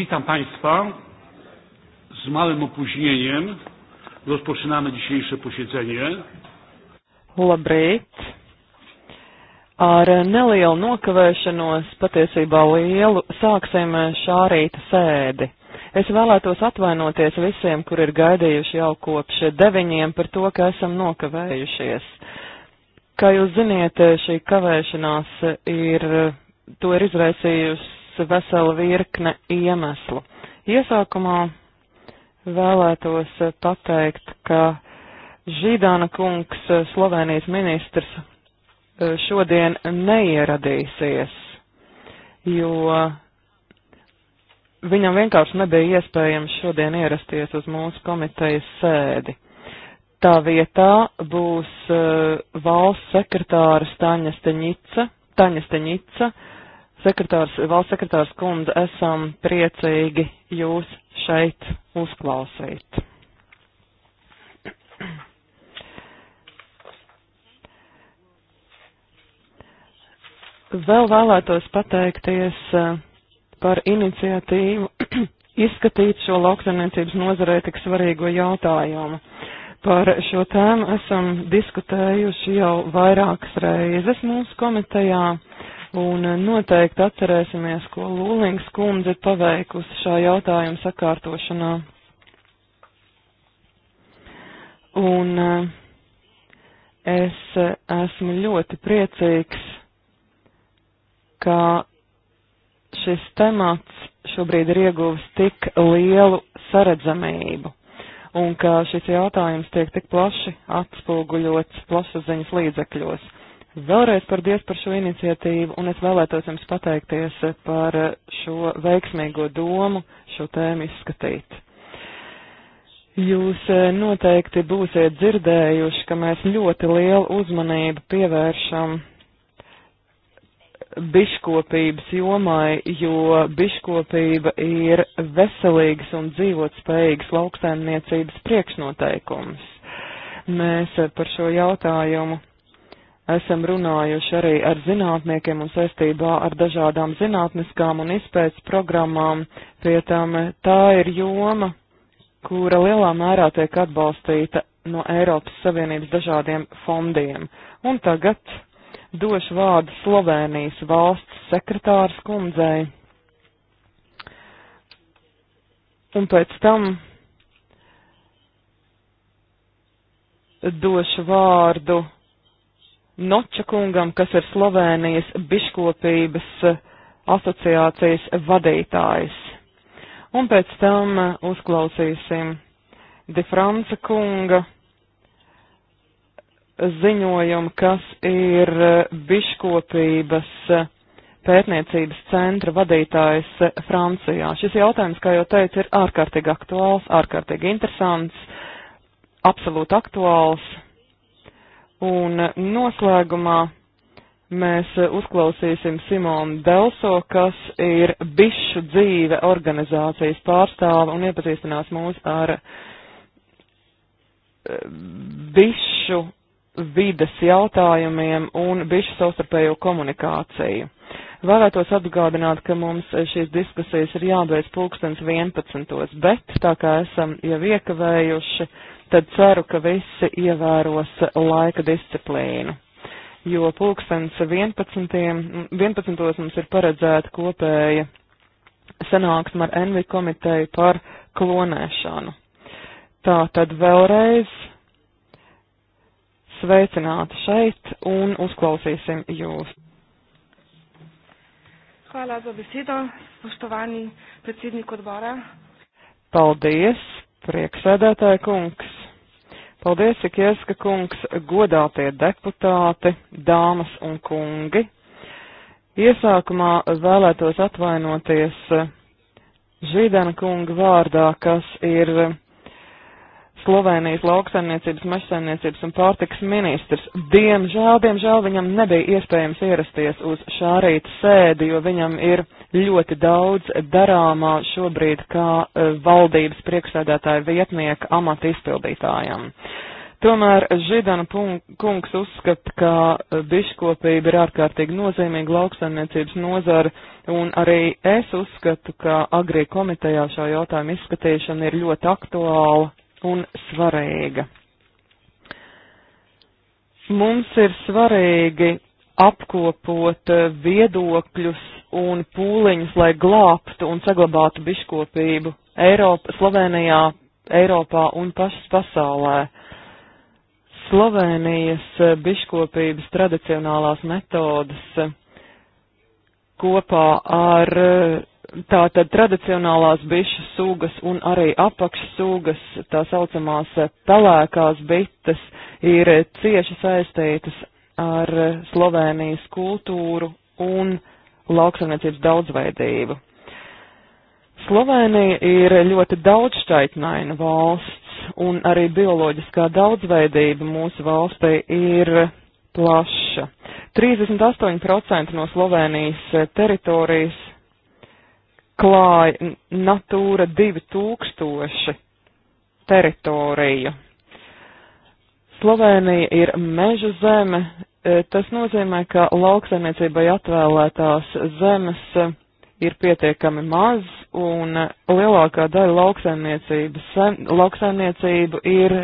Witam Państwa. Z małym opóźnieniem rozpoczynamy dzisiejsze posiedzenie. Labrīt! Ar nelielu nokavēšanos, patiesībā lielu, sāksim šā rīta sēdi. Es vēlētos atvainoties visiem, kur ir gaidījuši jau kopš deviņiem par to, ka esam nokavējušies. Kā jūs ziniet, šī kavēšanās ir, to ir izraisījusi vesela virkne iemeslu. Iesākumā vēlētos pateikt, ka Žīdāna kungs, Slovenijas ministrs, šodien neieradīsies, jo viņam vienkārši nebija iespējams šodien ierasties uz mūsu komitejas sēdi. Tā vietā būs uh, valsts sekretāra Staņa Steņica, Taņa Steņica, sekretārs, valsts sekretārs kundze, esam priecīgi jūs šeit uzklausīt. Vēl vēlētos pateikties eh, par iniciatīvu izskatīt šo lauksaimniecības nozarē tik svarīgo jautājumu. Par šo tēmu esam diskutējuši jau vairākas reizes mūsu komitejā Un eh, noteikti atcerēsimies, ko Lūlings kundze paveikusi šā jautājuma sakārtošanā. Un eh, es eh, esmu ļoti priecīgs, ka šis temats šobrīd ir ieguvis tik lielu saredzamību un ka šis jautājums tiek tik plaši atspoguļots plašsaziņas līdzekļos. Vēlreiz paldies par šo iniciatīvu, un es vēlētos jums pateikties par šo veiksmīgo domu šo tēmu izskatīt. Jūs eh, noteikti būsiet dzirdējuši, ka mēs ļoti lielu uzmanību pievēršam biškopības jomai, jo biškopība ir veselīgas un dzīvotspējīgas lauksaimniecības priekšnoteikums. Mēs eh, par šo jautājumu Esam runājuši arī ar zinātniekiem un saistībā ar dažādām zinātniskām un izpētes programmām. Pie tam tā ir joma, kura lielā mērā tiek atbalstīta no Eiropas Savienības dažādiem fondiem. Un tagad došu vārdu Slovenijas valsts sekretāras kundzei. Un pēc tam došu vārdu Noča kungam, kas ir Slovēnijas biškopības eh, asociācijas vadītājs. Un pēc tam eh, uzklausīsim De Franca kunga ziņojumu, kas ir eh, biškopības pētniecības centra vadītājs Francijā. Šis jautājums, kā jau teicu, ir ārkārtīgi aktuāls, ārkārtīgi interesants, absolūti aktuāls. Un noslēgumā mēs uzklausīsim Simonu Delso, kas ir Bišu dzīve organizācijas pārstāva un iepazīstinās mūs ar eh, bišu vides jautājumiem un bišu savstarpējo komunikāciju. Vēlētos atgādināt, ka mums šīs diskusijas ir jābeidz pulkstens 11. bet tā kā esam jau iekavējuši, uh, tad ceru, ka visi ievēros laika disciplīnu. Jo pulkstens 11. 11. mums ir paredzēta kopēja sanāksme ar Envi komiteju par klonēšanu. Tā tad vēlreiz sveicināti šeit un uzklausīsim jūs. Hvala za besedo, spoštovani predsednik odbora. Paldies, Prieksēdētāja kungs, paldies, cik ieska kungs, godātie deputāti, dāmas un kungi. Iesākumā vēlētos atvainoties Žīdena kunga vārdā, kas ir Slovenijas lauksaimniecības, mežsaimniecības un pārtikas ministrs. Diemžēl, diemžēl viņam nebija iespējams ierasties uz šā rīta sēdi, jo viņam ir ļoti daudz darāmā šobrīd kā e, valdības priekšsēdētāja vietnieka amata izpildītājam. Tomēr Židana kungs uzskata, ka e, biškopība ir ārkārtīgi nozīmīga lauksaimniecības nozara, un arī es uzskatu, ka agrī komitejā šo jautājumu izskatīšana ir ļoti aktuāla un svarīga. Mums ir svarīgi apkopot viedokļus un pūliņus, lai glābtu un saglabātu biškopību Eiropa, Slovenijā, Eiropā un pašas pasaulē. Slovenijas biškopības tradicionālās metodas kopā ar Tātad tradicionālās bišu sugas un arī apakšsugas, tā saucamās pelēkās bites, ir cieši saistītas ar Slovenijas kultūru un lauksaimniecības daudzveidību. Slovenija ir ļoti daudzšķaitnaina valsts, un arī bioloģiskā daudzveidība mūsu valstī ir plaša. 38% no Slovenijas teritorijas klāja Natūra 2000 teritoriju. Slovenija ir meža zeme, e, tas nozīmē, ka lauksaimniecībai atvēlētās zemes e, ir pietiekami maz, un e, lielākā daļa lauksaimniecību ir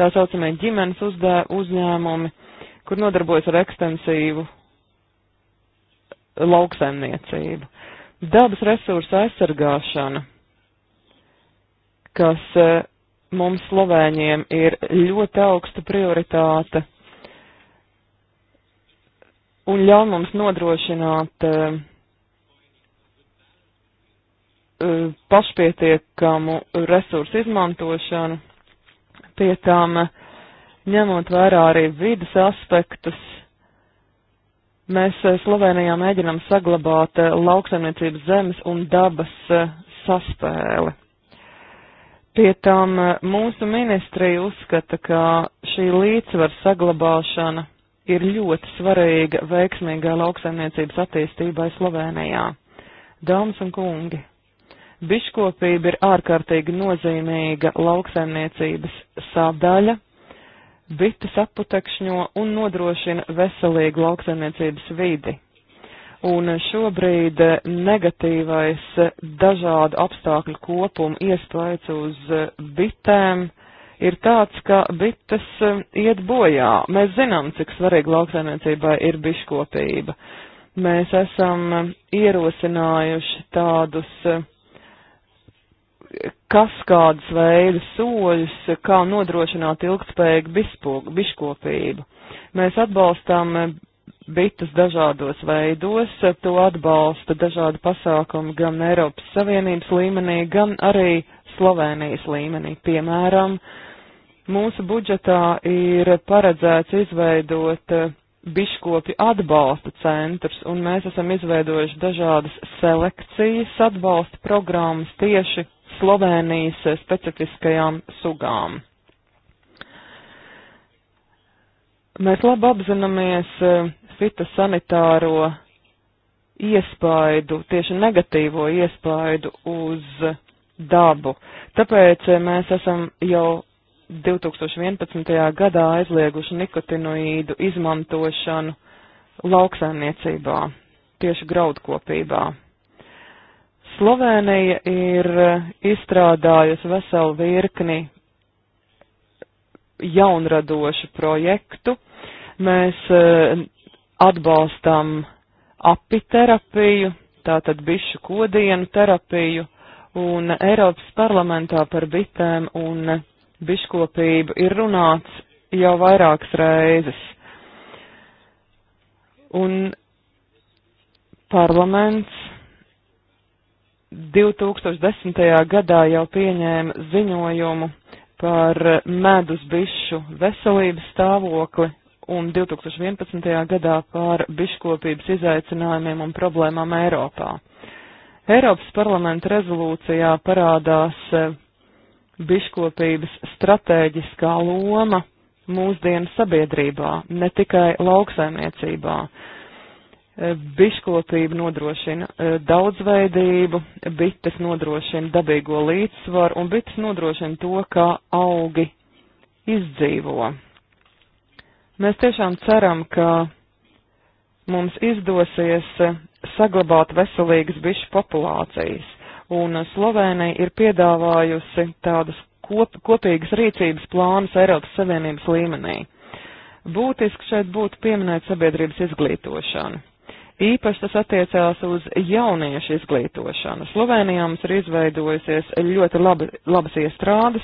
tā saucamie ģimenes uzdē, uzņēmumi, kur nodarbojas ar ekstensīvu lauksaimniecību. Dabas resursa aizsargāšana, kas e, mums slovēņiem ir ļoti augsta prioritāte un ļauj mums nodrošināt uh, pašpietiekamu resursu izmantošanu, pie tām ņemot vērā arī vidas aspektus, Mēs eh, Slovenijā mēģinām saglabāt eh, lauksaimniecības zemes un dabas eh, saspēli. Pie tam mūsu ministrija uzskata, ka šī līdzsvara saglabāšana ir ļoti svarīga veiksmīgā lauksaimniecības attīstībai Slovenijā. Dāmas un kungi, biškopība ir ārkārtīgi nozīmīga lauksaimniecības sadaļa bites aputekšņo un nodrošina veselīgu lauksaimniecības vidi. Un šobrīd eh, negatīvais eh, dažādu apstākļu kopumu iespējas uz eh, bitēm ir tāds, ka bites iet bojā. Mēs zinām, cik svarīgi lauksaimniecībai ir biškopība. Mēs esam ierosinājuši tādus uh, kas kādus veidu soļus, kā nodrošināt ilgspējīgu biškopību. Mēs atbalstām eh, bitas dažādos veidos, to atbalsta dažādi pasākumi gan Eiropas Savienības līmenī, gan arī Slovenijas līmenī. Piemēram, mūsu budžetā ir paredzēts izveidot eh, biškopi atbalsta centrs, un mēs esam izveidojuši dažādas selekcijas atbalsta programmas tieši Slovenijas specifiskajām sugām. Mēs labi apzināmies e, fitosanitāro iespaidu, tieši negatīvo iespaidu uz dabu. Tāpēc e, mēs esam jau 2011. gadā aizlieguši nikotinoīdu izmantošanu lauksaimniecībā, tieši graudkopībā. Slovēnija ir eh, izstrādājusi veselu virkni jaunradošu projektu. Mēs eh, atbalstam apiterapiju, tātad bišu kodienu terapiju, un Eiropas parlamentā par bitēm un biškopību ir runāts jau vairākas reizes. Un parlaments 2010. gadā jau pieņēma ziņojumu par medus bišu veselības stāvokli un 2011. gadā par biškopības izaicinājumiem un problēmām Eiropā. Eiropas parlamenta rezolūcijā parādās e, biškopības stratēģiskā loma mūsdienu sabiedrībā, ne tikai lauksaimniecībā. Biškopība nodrošina e, daudzveidību, bites nodrošina dabīgo līdzsvaru un bites nodrošina to, kā augi izdzīvo. Mēs tiešām ceram, ka mums izdosies e, saglabāt veselīgas bišu populācijas, un e, Slovēnija ir piedāvājusi tādas kop, kopīgas rīcības plānus Eiropas Savienības līmenī. Būtiski šeit būtu pieminēt sabiedrības izglītošanu Īpaši tas attiecās uz jauniešu izglītošanu. Slovenijā mums ir izveidojusies ļoti labi, labas iestrādes.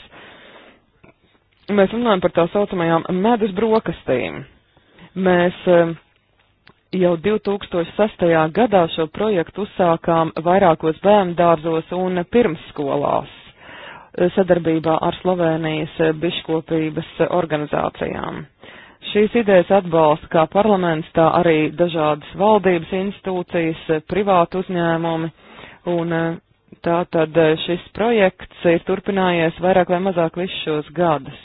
Mēs runājam par tā saucamajām medus brokastīm. Mēs eh, jau 2006. gadā šo projektu uzsākām vairākos bērnu dārzos un pirmsskolās eh, sadarbībā ar Slovenijas eh, biškopības organizācijām. Šīs idejas atbalsta kā parlaments, tā arī dažādas valdības institūcijas, privātu uzņēmumi, un eh, tā tad eh, šis projekts ir turpinājies vairāk vai mazāk visus šos gadus.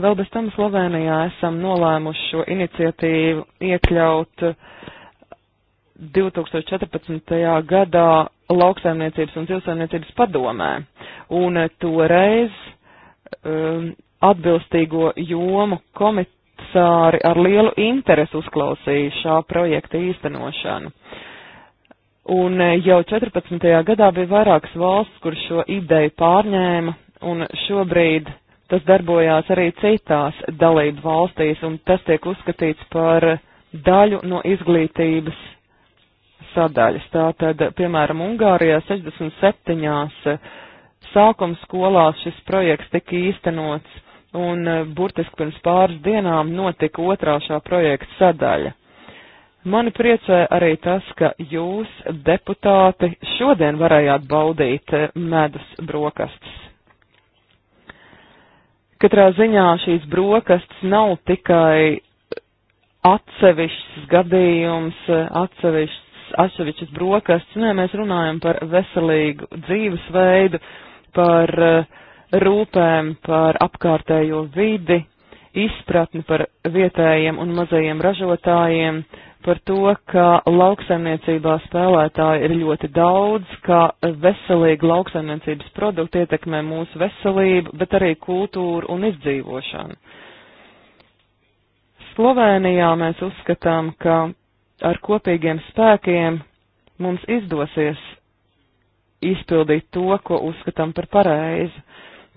Vēl bez tam Slovenijā esam nolēmuši šo iniciatīvu iekļaut 2014. Eh, gadā lauksaimniecības un zilsaimniecības padomē, un toreiz um, atbilstīgo jomu komiteju komisāri ar lielu interesi uzklausīja šā projekta īstenošanu. Un eh, jau 14. gadā bija vairākas valsts, kur šo ideju pārņēma, un šobrīd tas darbojās arī citās dalību valstīs, un tas tiek uzskatīts par daļu no izglītības sadaļas. Tātad, piemēram, Ungārijā 67. sākums skolās šis projekts tika īstenots, un eh, burtiski pirms pāris dienām notika otrā šā projekta sadaļa. Mani priecē arī tas, ka jūs, deputāti, šodien varējāt baudīt eh, medus brokastis. Katrā ziņā šīs brokastis nav tikai atsevišķs gadījums, eh, atsevišķs, atsevišķs brokastis, nē, mēs runājam par veselīgu dzīvesveidu, par uh, rūpēm par apkārtējo vidi, izpratni par vietējiem un mazajiem ražotājiem, par to, ka lauksaimniecībā spēlētāji ir ļoti daudz, ka veselīgi lauksaimniecības produkti ietekmē mūsu veselību, bet arī kultūru un izdzīvošanu. Slovenijā mēs uzskatām, ka ar kopīgiem spēkiem mums izdosies izpildīt to, ko uzskatām par pareizi.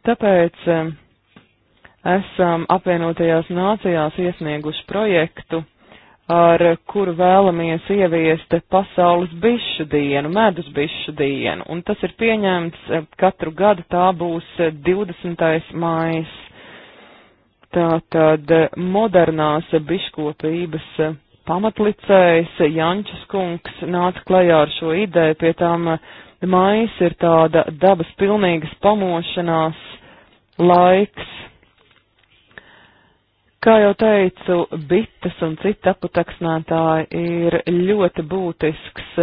Tāpēc eh, esam apvienotajās nācijās iesnieguši projektu, ar kuru vēlamies ieviest pasaules bišu dienu, medus bišu dienu, un tas ir pieņemts eh, katru gadu, tā būs 20. Eh, mājas. Tātad modernās biškopības pamatlicējs Jančus kungs nāca klajā ar šo ideju, pie tām uh, Mājas ir tāda dabas pilnīgas pamošanās laiks. Kā jau teicu, bites un citi aputeksnētāji ir ļoti būtisks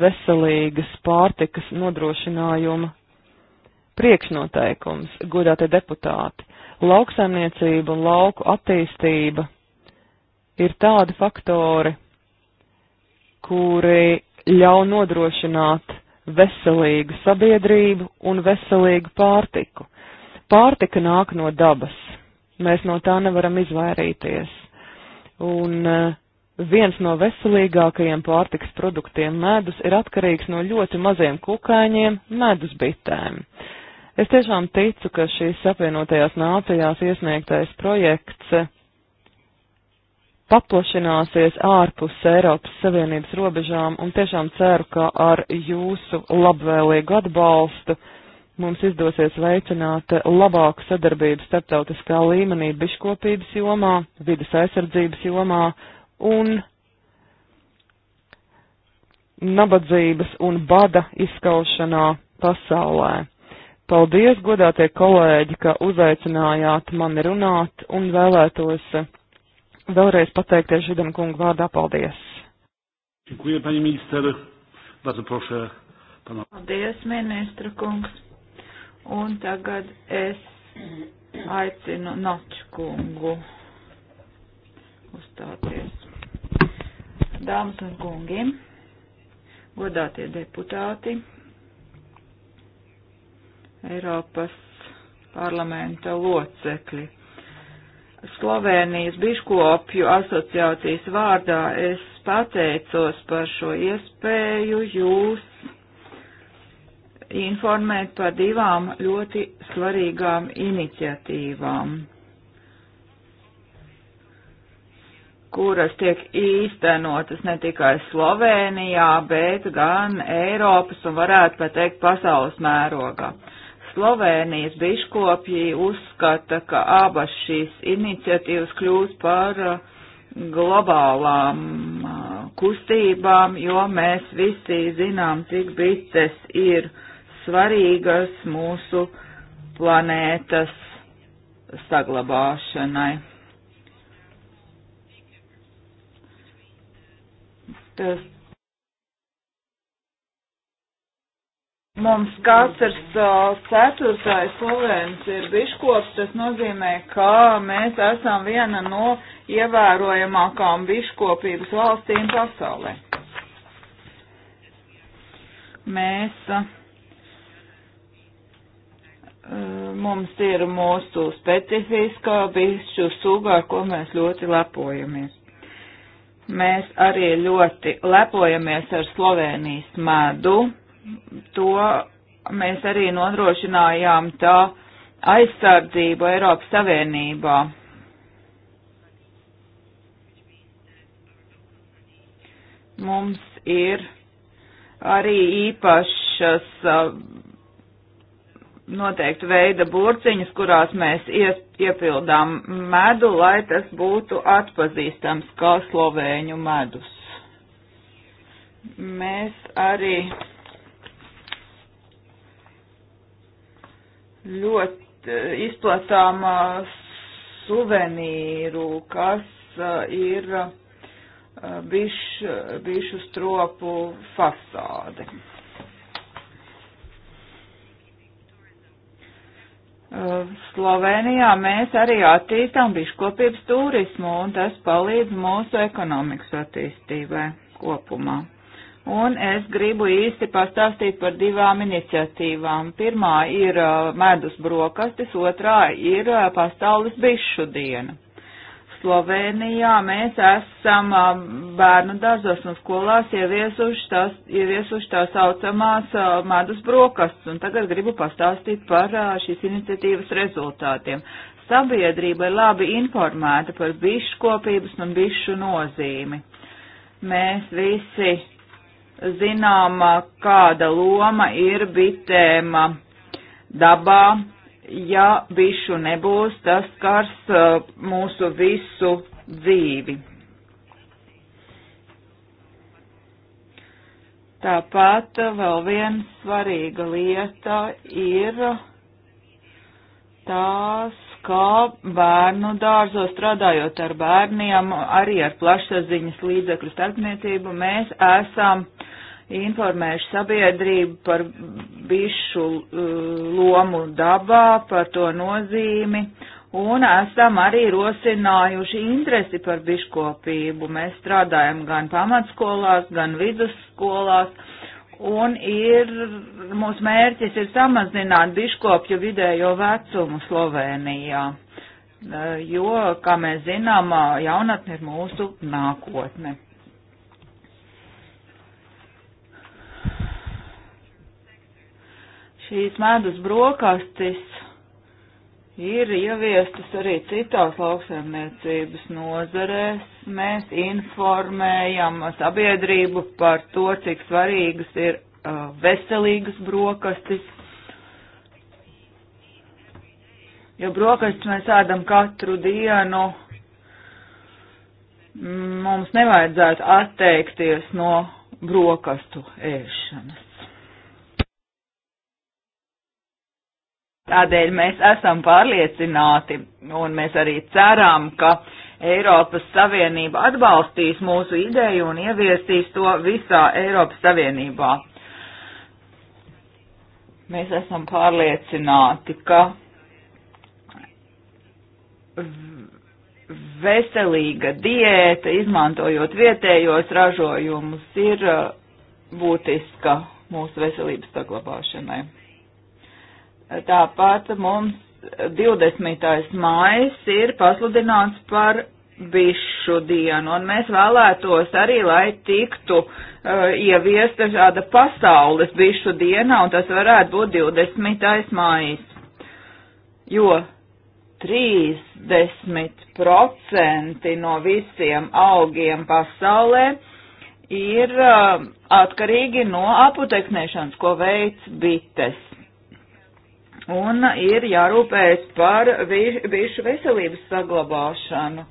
veselīgas pārtikas nodrošinājuma priekšnoteikums, godātie deputāti. Lauksaimniecība un lauku attīstība ir tādi faktori, kuri ļauj nodrošināt veselīgu sabiedrību un veselīgu pārtiku. Pārtika nāk no dabas. Mēs no tā nevaram izvairīties. Un eh, viens no veselīgākajiem pārtikas produktiem medus ir atkarīgs no ļoti maziem kukaiņiem medus bitēm. Es tiešām ticu, ka šīs apvienotajās nācijās iesniegtais projekts paplašināsies ārpus Eiropas Savienības robežām un tiešām ceru, ka ar jūsu labvēlīgu atbalstu mums izdosies veicināt labāku sadarbību starptautiskā līmenī biškopības jomā, vidas aizsardzības jomā un nabadzības un bada izskaušanā pasaulē. Paldies, godātie kolēģi, ka uzaicinājāt mani runāt un vēlētos vēlreiz pateikties Židam kungu vārdā. Paldies! Dziękuję, pani minister. Bardzo proszę pana. Paldies, ministra kungs. Un tagad es aicinu Noču kungu uzstāties. Dāmas un kungi, godātie deputāti, Eiropas parlamenta locekļi. Slovenijas biškopju asociācijas vārdā es pateicos par šo iespēju jūs informēt par divām ļoti svarīgām iniciatīvām, kuras tiek īstenotas ne tikai Slovenijā, bet gan Eiropas un varētu pat teikt pasaules mērogā. Uh, Slovēnijas biškopji uzskata, ka abas šīs iniciatīvas kļūs par uh, globālām uh, kustībām, jo mēs visi zinām, cik bites ir svarīgas mūsu planētas saglabāšanai. Tas Mums katrs uh, ceturtais slovenis ir biškops, tas nozīmē, ka mēs esam viena no ievērojamākām biškopības valstīm pasaulē. Mēs, uh, mums ir mūsu specifiskā bišu sugā, ko mēs ļoti lepojamies. Mēs arī ļoti lepojamies ar Slovenijas medu to mēs arī nodrošinājām tā aizsardzību Eiropas Savienībā. Mums ir arī īpašas noteikti veida burciņas, kurās mēs iepildām medu, lai tas būtu atpazīstams kā slovēņu medus. Mēs arī ļoti eh, izplatām eh, suvenīru, kas eh, ir bišu, bišu stropu fasāde. Slovenijā mēs arī attīstām biškopības turismu, un tas palīdz mūsu ekonomikas attīstībai kopumā. Un es gribu īsti pastāstīt par divām iniciatīvām. Pirmā ir uh, medus brokastis, otrā ir uh, pasaules bišu diena. Slovenijā mēs esam uh, bērnu dārzos un skolās ieviesuši tās, ieviesuši tās saucamās medus brokastis, un tagad gribu pastāstīt par šīs iniciatīvas rezultātiem. Sabiedrība ir labi informēta par bišu kopības un bišu nozīmi. Mēs visi zinām, kāda loma ir bitēm dabā. Ja bišu nebūs, tas skars uh, mūsu visu dzīvi. Tāpat vēl viena svarīga lieta ir tās, kā bērnu dārzo strādājot ar bērniem, arī ar plašsaziņas līdzekļu starpniecību, mēs esam informējuši sabiedrību par bišu uh, lomu dabā, par to nozīmi, un esam arī rosinājuši interesi par biškopību. Mēs strādājam gan pamatskolās, gan vidusskolās, un ir, mūsu mērķis ir samazināt biškopju vidējo vecumu Slovenijā, uh, jo, kā mēs zinām, uh, jaunatne ir mūsu nākotne. Šīs medus brokastis ir ieviestas arī citās lauksaimniecības nozarēs. Mēs informējam sabiedrību par to, cik svarīgas ir uh, veselīgas brokastis. Jo brokastis mēs ēdam katru dienu, mums nevajadzētu atteikties no brokastu ēšanas. Tādēļ mēs esam pārliecināti un mēs arī ceram, ka Eiropas Savienība atbalstīs mūsu ideju un ieviesīs to visā Eiropas Savienībā. Mēs esam pārliecināti, ka veselīga diēta, izmantojot vietējos ražojumus, ir uh, būtiska mūsu veselības saglabāšanai. Tāpat mums 20. mājas ir pasludināts par bišu dienu, un mēs vēlētos arī, lai tiktu uh, ieviesta šāda pasaules bišu dienā, un tas varētu būt 20. mājas. Jo 30% no visiem augiem pasaulē ir uh, atkarīgi no aputeknēšanas, ko veic bites un ir jārūpējas par bišu veselības saglabāšanu.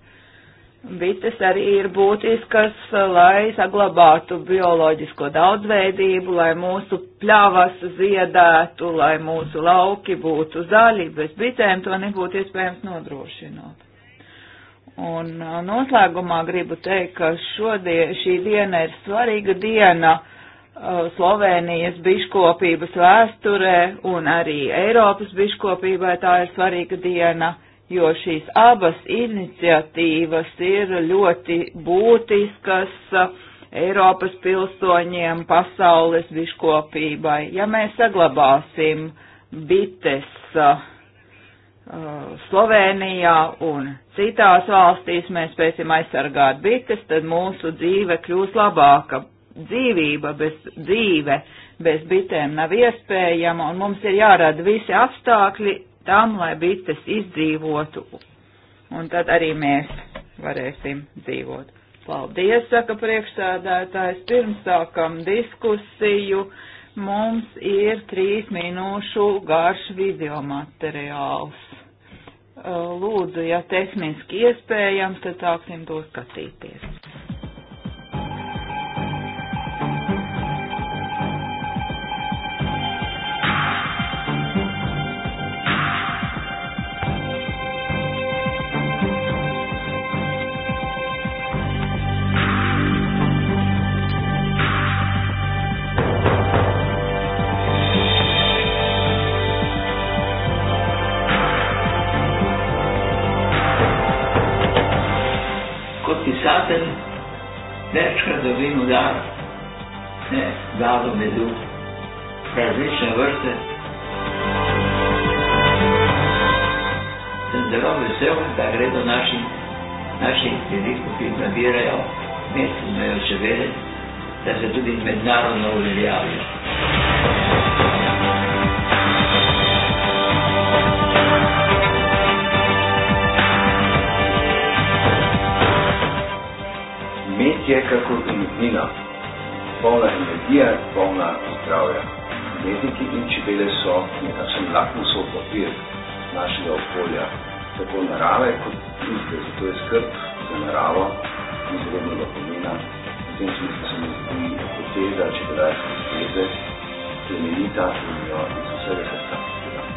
Bites arī ir būtiskas, lai saglabātu bioloģisko daudzveidību, lai mūsu pļavas ziedētu, lai mūsu lauki būtu zaļi, bez bitēm to nebūtu iespējams nodrošināt. Un uh, noslēgumā gribu teikt, ka šodien, šī diena ir svarīga diena Uh, Slovenijas biškopības vēsturē un arī Eiropas biškopībai tā ir svarīga diena, jo šīs abas iniciatīvas ir ļoti būtiskas Eiropas pilsoņiem, pasaules biškopībai. Ja mēs saglabāsim bites uh, Slovenijā un citās valstīs, mēs spēsim aizsargāt bites, tad mūsu dzīve kļūs labāka dzīvība, bez dzīve, bez bitēm nav iespējama, un mums ir jārada visi apstākļi tam, lai bites izdzīvotu, un tad arī mēs varēsim dzīvot. Paldies, saka priekšsādātājs, pirms sākam diskusiju. Mums ir trīs minūšu garš video materiāls. Lūdzu, ja tehniski iespējams, tad sāksim to skatīties. надо ведут различные върте. Зelo vesel, da gre do naših, naših jezikov in nabirajo mesto Mejosevede, da se tudi mednarodno uveljavijo. Med je kakor umetnina, polna energije, polna zdravja. Medniki in čebele so nekakšen lakmusov papir našega okolja, tako narave kot družbe. Zato je skrb za naravo izrednega pomena. V tem smislu se mi zdi poteza čebelarske zveze plemenita in jo iz vsega srca podpiram.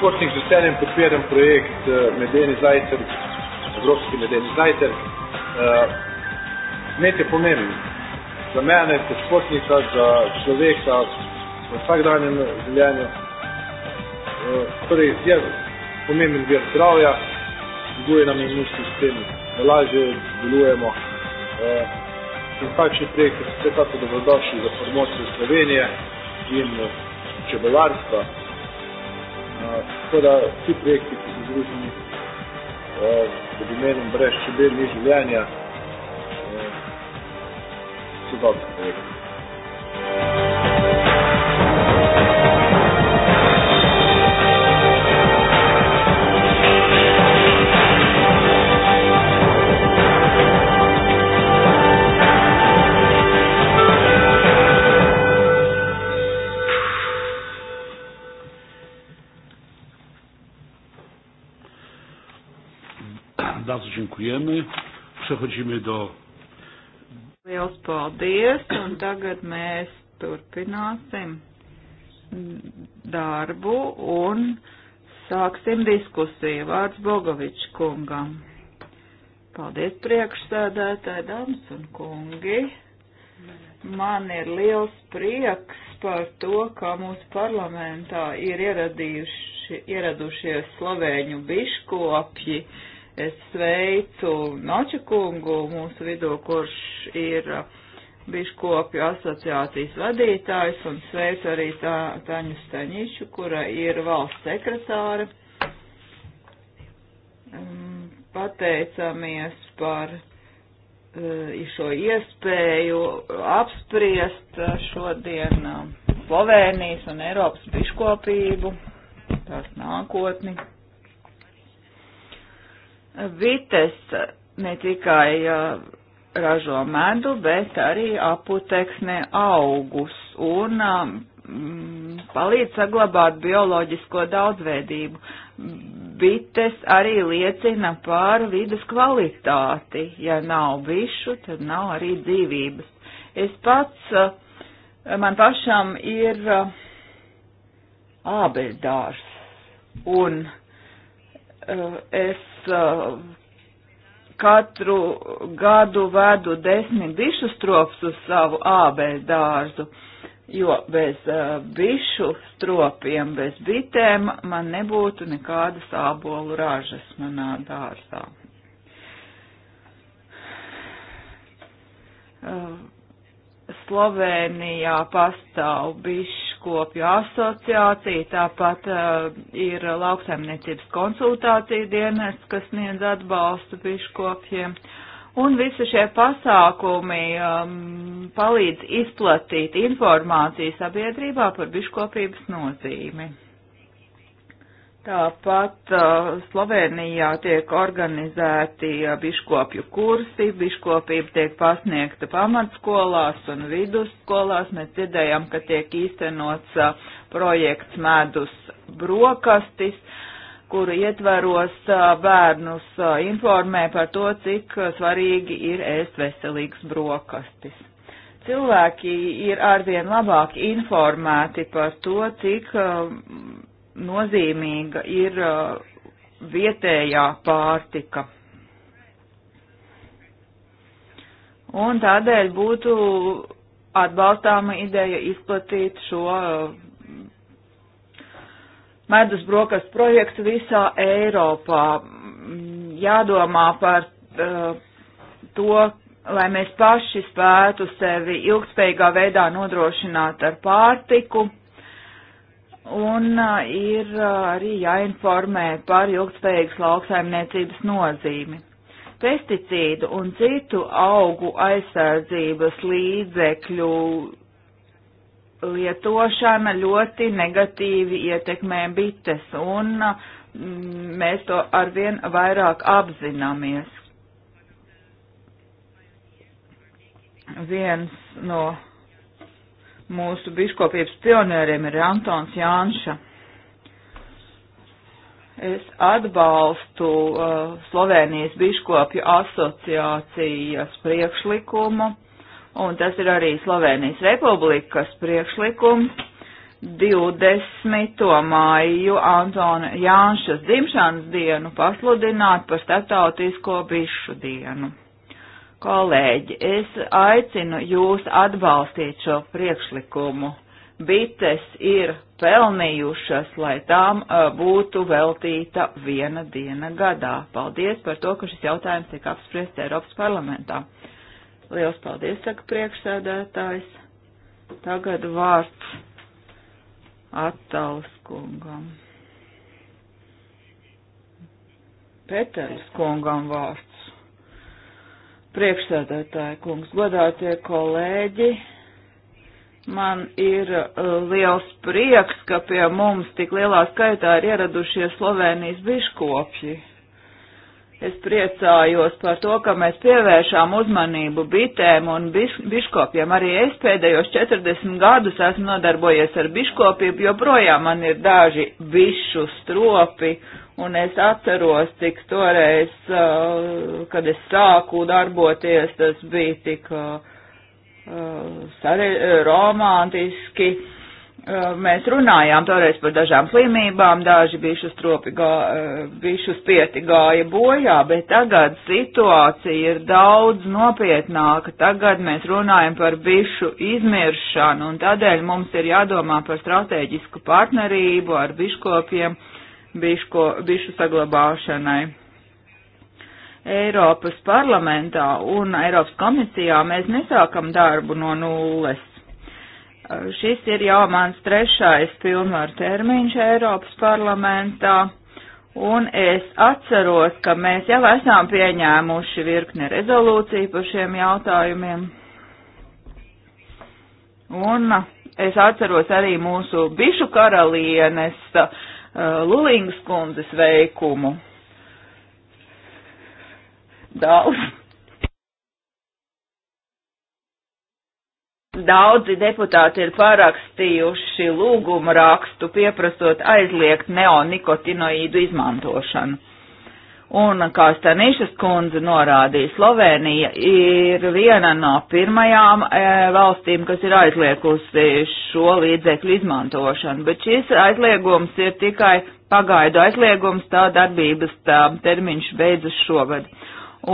športnik z veseljem podpiram projekt eh, Medeni zajtrk, Evropski medeni zajtrk. Eh, Med je pomemben. Za mene, kot športnika, za človeka, v vsakdanjem življenju. Eh, torej, je pomemben vir zdravja, zbuje nam imunski sistem, da lažje delujemo. In takšni projekti so vsekakor dobrodošli za promocijo Slovenije in čebelarstva. Tako da vsi projekti, ki so združeni pod imenom Brez čebel ni življenja, so dobri projekti. dziękujemy. Przechodzimy do. Liels paldies, un tagad mēs turpināsim darbu un sāksim diskusiju. Vārds Bogovičs kungam. Paldies priekšsēdētāji, dāmas un kungi. Man ir liels prieks par to, ka mūsu parlamentā ir ieradījuši, ieradušies slovēņu biškopji. Uh, Es sveicu Nočakungu mūsu vidū, kurš ir biškopju asociācijas vadītājs, un sveicu arī tā, Taņu Staņišu, kura ir valsts sekretāra. Mm, pateicamies par eh, šo iespēju apspriest šodien eh, Slovenijas un Eiropas biškopību, tās nākotni. Bites ne tikai uh, ražo medu, bet arī aputeksnē augus un um, palīdz saglabāt bioloģisko daudzveidību. Bites arī liecina par vidas kvalitāti. Ja nav bišu, tad nav arī dzīvības. Es pats, uh, man pašam ir uh, ābeļdārs un uh, es Uh, katru gadu vedu desmit bišu strops uz savu ābēļu dārzu, jo bez bišu uh, stropiem, bez bitēm man nebūtu nekādas ābolu ražas manā dārzā. Uh, Slovenijā pastāv bišu biškopju asociācija, tāpat uh, ir lauksaimniecības konsultācija dienests, kas sniedz atbalstu biškopiem. Un visi šie pasākumi um, palīdz izplatīt informāciju sabiedrībā par biškopības nozīmi. Tāpat uh, Slovenijā tiek organizēti uh, biškopju kursi, biškopība tiek pasniegta pamatskolās un vidusskolās. Mēs dzirdējām, ka tiek īstenots uh, projekts medus brokastis, kuru ietveros uh, bērnus uh, informē par to, cik uh, svarīgi ir ēst veselīgs brokastis cilvēki ir arvien labāk informēti par to, cik um, nozīmīga ir uh, vietējā pārtika. Un tādēļ būtu atbalstāma ideja izplatīt šo uh, medus brokastu projektu visā Eiropā. Jādomā par uh, to, lai mēs paši spētu sevi ilgspējīgā veidā nodrošināt ar pārtiku Un uh, ir uh, arī jāinformē par ilgspējīgas lauksaimniecības nozīmi. Pesticīdu un citu augu aizsardzības līdzekļu lietošana ļoti negatīvi ietekmē bites, un mm, mēs to arvien vairāk apzināmies. Viens no mūsu biškopības pionieriem ir Antons Jānša. Es atbalstu uh, Slovenijas biškopju asociācijas priekšlikumu, un tas ir arī Slovenijas republikas priekšlikums. 20. māju Antona Jānšas dzimšanas dienu pasludināt par starptautisko bišu dienu. Kolēģi, es aicinu jūs atbalstīt šo priekšlikumu. Bites ir pelnījušas, lai tām būtu veltīta viena diena gadā. Paldies par to, ka šis jautājums tiek apspriests Eiropas parlamentā. Liels paldies, saka priekšsēdētājs. Tagad vārds attalskungam. Peteris kungam vārds. Priekšsēdētāji kungs, godātie kolēģi, man ir uh, liels prieks, ka pie mums tik lielā skaitā ir ieradušies Slovenijas biškopļi. Es priecājos par to, ka mēs pievēršām uzmanību bitēm un biš biškopiem. Arī es pēdējos 40 gadus esmu nodarbojies ar biškopību, jo projām man ir daži bišu stropi Un es atceros, cik toreiz, uh, kad es sāku darboties, tas bija tik uh, uh, romantiski. Mēs runājām toreiz par dažām slimībām, daži bišu, stropi gā, bišu spieti gāja bojā, bet tagad situācija ir daudz nopietnāka. Tagad mēs runājam par bišu izmiršanu, un tādēļ mums ir jādomā par strateģisku partnerību ar biškopiem. Uh, biško, bišu saglabāšanai. Eiropas parlamentā un Eiropas komisijā mēs nesākam darbu no nulles. Šis ir jau mans trešais pilnvaru termiņš Eiropas parlamentā, un es atceros, ka mēs jau esam pieņēmuši virkni rezolūciju par šiem jautājumiem. Un es atceros arī mūsu bišu karalienes uh, Uh, Lulingas kundzes veikumu. Daudz. Daudzi deputāti ir pārakstījuši lūgumu rakstu pieprasot aizliegt neonikotinoīdu izmantošanu. Un, kā Stanīšas kundze norādīja, Slovenija ir viena no pirmajām e, valstīm, kas ir aizliekusi šo līdzekļu izmantošanu, bet šis aizliegums ir tikai pagaidu aizliegums, tā darbības tā, termiņš beidzas šogad.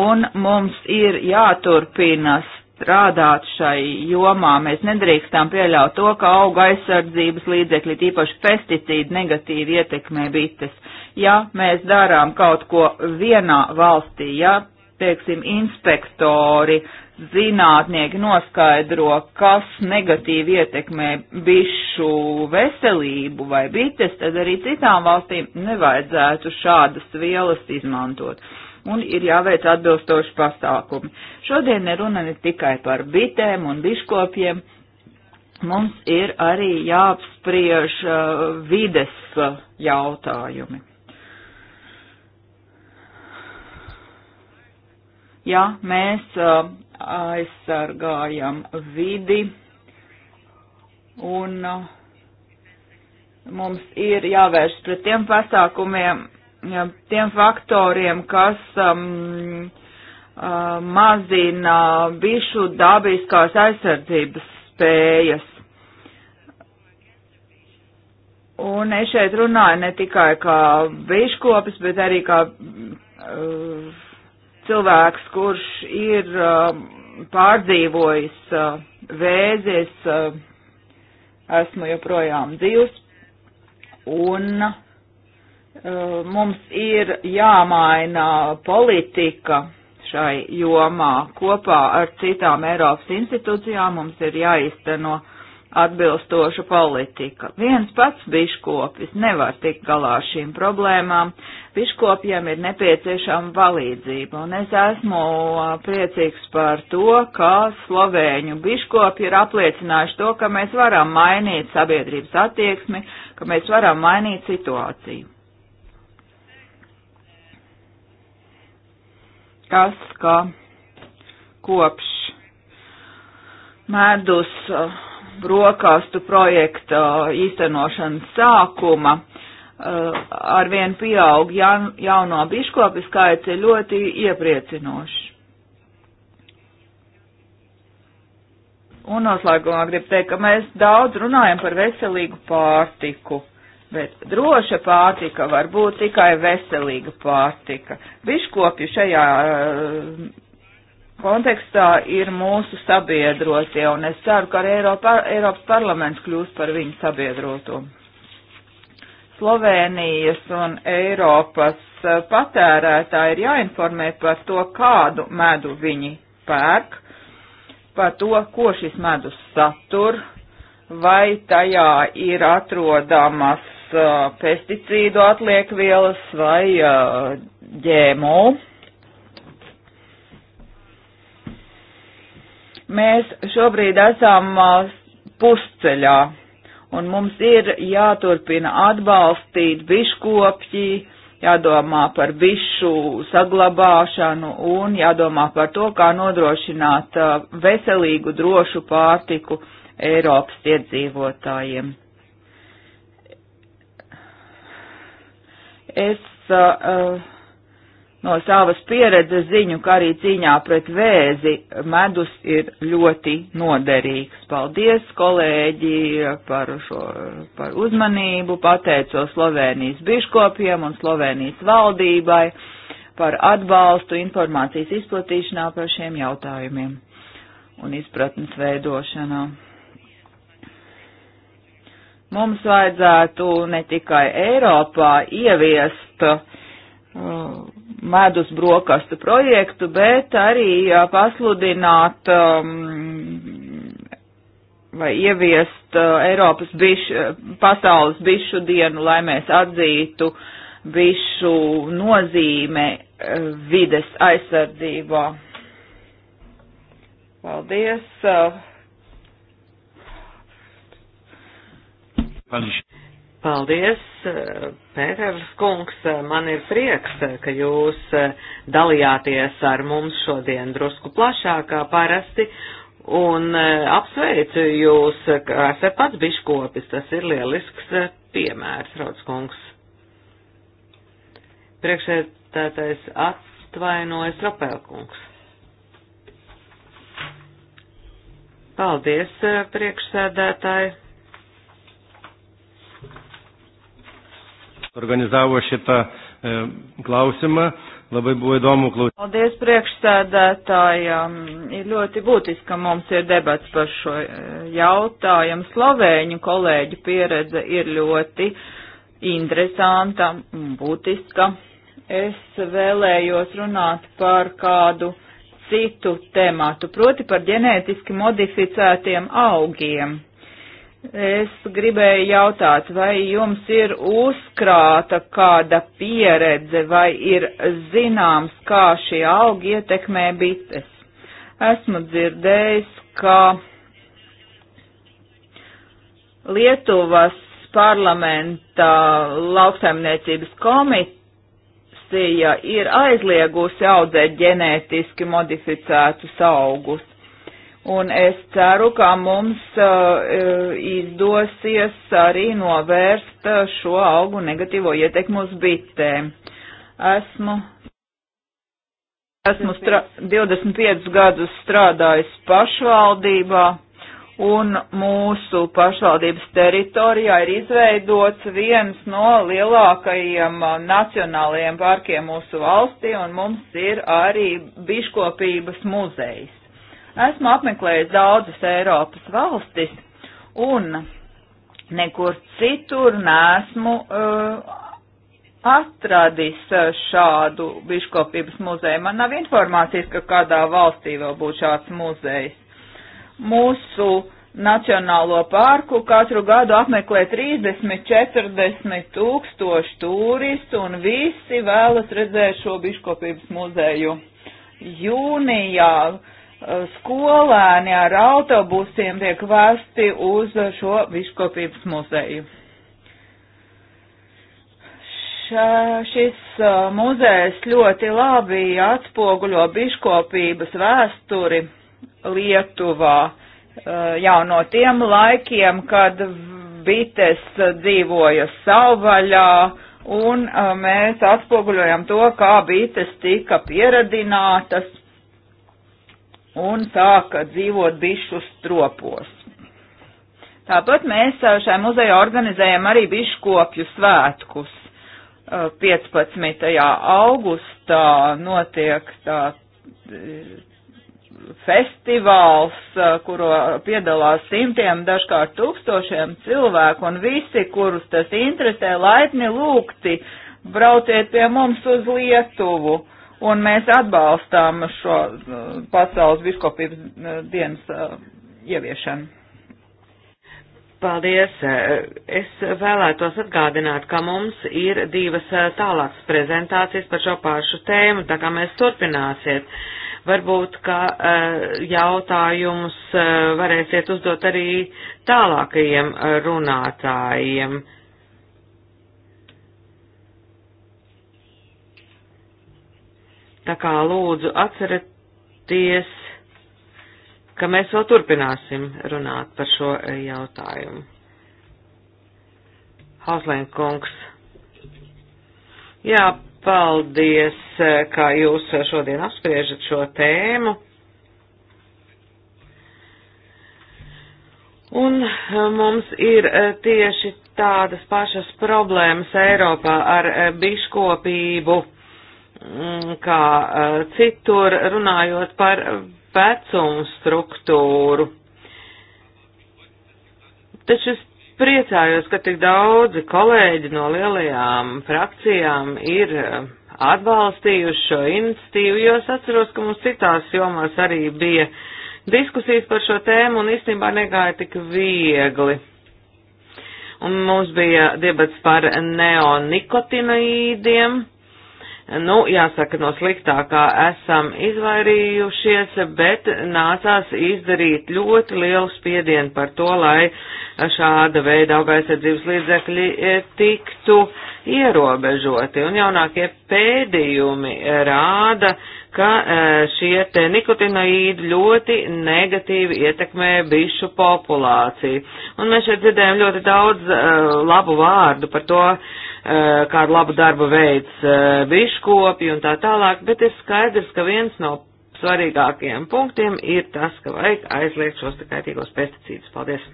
Un mums ir jāturpina strādāt šai jomā. Mēs nedrīkstam pieļaut to, ka auga aizsardzības līdzekļi, tīpaši pesticīdi, negatīvi ietekmē bites ja mēs darām kaut ko vienā valstī, ja, teiksim, inspektori, zinātnieki noskaidro, kas negatīvi ietekmē bišu veselību vai bites, tad arī citām valstīm nevajadzētu šādas vielas izmantot. Un ir jāveic atbilstoši pasākumi. Šodien runa ne tikai par bitēm un biškopiem, mums ir arī jāapspriež uh, vides uh, jautājumi. ja mēs uh, aizsargājam vidi un uh, mums ir jāvērš pret tiem pasākumiem, tiem faktoriem, kas um, uh, mazina bišu dabiskās aizsardzības spējas. Un es šeit runāju ne tikai kā biškopis, bet arī kā uh, cilvēks, kurš ir um, pārdzīvojis uh, vēzies, uh, esmu joprojām dzīvs, un uh, mums ir jāmaina politika šai jomā kopā ar citām Eiropas institūcijām mums ir jāizteno atbilstoša politika. Viens pats biškopis nevar tikt galā šīm problēmām, piškopiem ir nepieciešama palīdzība. Un es esmu priecīgs par to, ka slovēņu biškopi ir apliecinājuši to, ka mēs varam mainīt sabiedrības attieksmi, ka mēs varam mainīt situāciju. Kas, ka kopš medus brokastu projekta īstenošanas sākuma, Uh, arvien pieaug jauno biškopu skaits ir ļoti iepriecinošs. Un noslēgumā gribu teikt, ka mēs daudz runājam par veselīgu pārtiku, bet droša pārtika var būt tikai veselīga pārtika. Biškopi šajā uh, kontekstā ir mūsu sabiedrotie, un es ceru, ka arī Eiropa, Eiropas parlaments kļūs par viņu sabiedrotumu. Slovenijas un Eiropas e, patērētāji ir jāinformē par to, kādu medu viņi pērk, par to, ko šis medus satur, vai tajā ir atrodamas uh, pesticīdu atliekvielas vai uh, ģēmo. Mēs šobrīd esam uh, pusceļā un mums ir jāturpina atbalstīt biškopķi, jādomā par bišu saglabāšanu un jādomā par to, kā nodrošināt uh, veselīgu, drošu pārtiku Eiropas iedzīvotājiem. Es uh, uh no savas pieredzes ziņu, ka arī cīņā pret vēzi medus ir ļoti noderīgs. Paldies, kolēģi, par, šo, par uzmanību, pateicos Slovenijas biškopiem un Slovenijas valdībai par atbalstu informācijas izplatīšanā par šiem jautājumiem un izpratnes veidošanā. Mums vajadzētu ne tikai Eiropā ieviest uh, medus brokastu projektu, bet arī pasludināt um, vai ieviest uh, Eiropas bišu, pasaules bišu dienu, lai mēs atzītu bišu nozīme uh, vides aizsardzībā. Paldies! Uh. Paldies. Paldies, eh, Pēters kungs, eh, man ir prieks, eh, ka jūs dalījāties ar mums šodien drusku plašākā parasti, un apsveicu jūs, ka esat pats biškopis, tas ir lielisks piemērs, Rauds kungs. Priekšētātais atvainojas Rapēlkungs. Paldies, priekšsēdētāji. organizavo šitą e, klausimą. Labai buvo įdomu klausyti. Paldies priekšstādātājiem. Ir ļoti būtiski, ka mums ir debats par šo e, jautājumu. Slovēņu kolēģu pieredze ir ļoti interesanta un būtiska. Es vēlējos runāt par kādu citu tematu, proti par ģenētiski modificētiem augiem. Es gribēju jautāt, vai jums ir uzkrāta kāda pieredze vai ir zināms, kā šie augi ietekmē bites? Esmu dzirdējis, ka Lietuvas parlamenta lauksaimniecības komisija ir aizliegusi audzēt ģenētiski modificētus augus Un es ceru, ka mums uh, izdosies arī novērst uh, šo augu negatīvo ietekmu uz bitēm. Esmu, esmu 25 gadus strādājis pašvaldībā, un mūsu pašvaldības teritorijā ir izveidots viens no lielākajiem uh, nacionālajiem parkiem mūsu valstī, un mums ir arī biškopības muzejs Esmu apmeklējis daudzas Eiropas valstis un nekur citur nesmu uh, atradis uh, šādu biškopības muzeju. Man nav informācijas, ka kādā valstī vēl būtu šāds muzejs. Mūsu Nacionālo parku katru gadu apmeklē 30-40 tūkstoši turistu un visi vēlas redzēt šo biškopības muzeju. Jūnijā uh, skolēni ar autobusiem tiek vēsti uz šo viškopības muzeju. Šā, šis uh, muzejs ļoti labi atspoguļo biškopības vēsturi Lietuvā uh, jau no tiem laikiem, kad bites dzīvoja savvaļā, un uh, mēs atspoguļojam to, kā bites tika pieradinātas un sāka dzīvot bišu stropos. Tāpat mēs šai muzejā organizējam arī bišu kopju svētkus. 15. augustā notiek tā festivāls, kuro piedalās simtiem, dažkārt tūkstošiem cilvēku, un visi, kurus tas interesē, laipni lūgti, brauciet pie mums uz Lietuvu un mēs atbalstām šo eh, pasaules biškopības eh, dienas eh, ieviešanu. Paldies! Es vēlētos atgādināt, ka mums ir divas tālākas prezentācijas par šo pašu tēmu, tā kā mēs turpināsiet. Varbūt, ka jautājumus varēsiet uzdot arī tālākajiem runātājiem. Tā kā lūdzu atcerieties, ka mēs vēl turpināsim runāt par šo eh, jautājumu. Hauslēn kungs. Jā, paldies, eh, kā jūs eh, šodien apspriežat šo tēmu. Un mums ir tieši tādas pašas problēmas Eiropā ar biškopību Mm, kā eh, citur, runājot par vecumu struktūru. Taču es priecājos, ka tik daudzi kolēģi no lielajām frakcijām ir eh, atbalstījuši šo iniciatīvu, jo es atceros, ka mums citās jomās arī bija diskusijas par šo tēmu un īstenībā negāja tik viegli. Un mums bija debats par neonikotinoīdiem Nu, jāsaka, no sliktākā esam izvairījušies, bet nācās izdarīt ļoti lielu spiedienu par to, lai šāda veida augaisardzības līdzekļi e, tiktu ierobežoti. Un jaunākie pēdījumi rāda, ka e, šie te nikotinoīdi ļoti negatīvi ietekmē bišu populāciju. Un mēs šeit dzirdējam ļoti daudz e, labu vārdu par to, Eh, kādu labu darbu veids eh, biškopi un tā tālāk, bet ir skaidrs, ka viens no svarīgākajiem punktiem ir tas, ka vajag aizliegt šos kaitīgos pesticīdus. Paldies!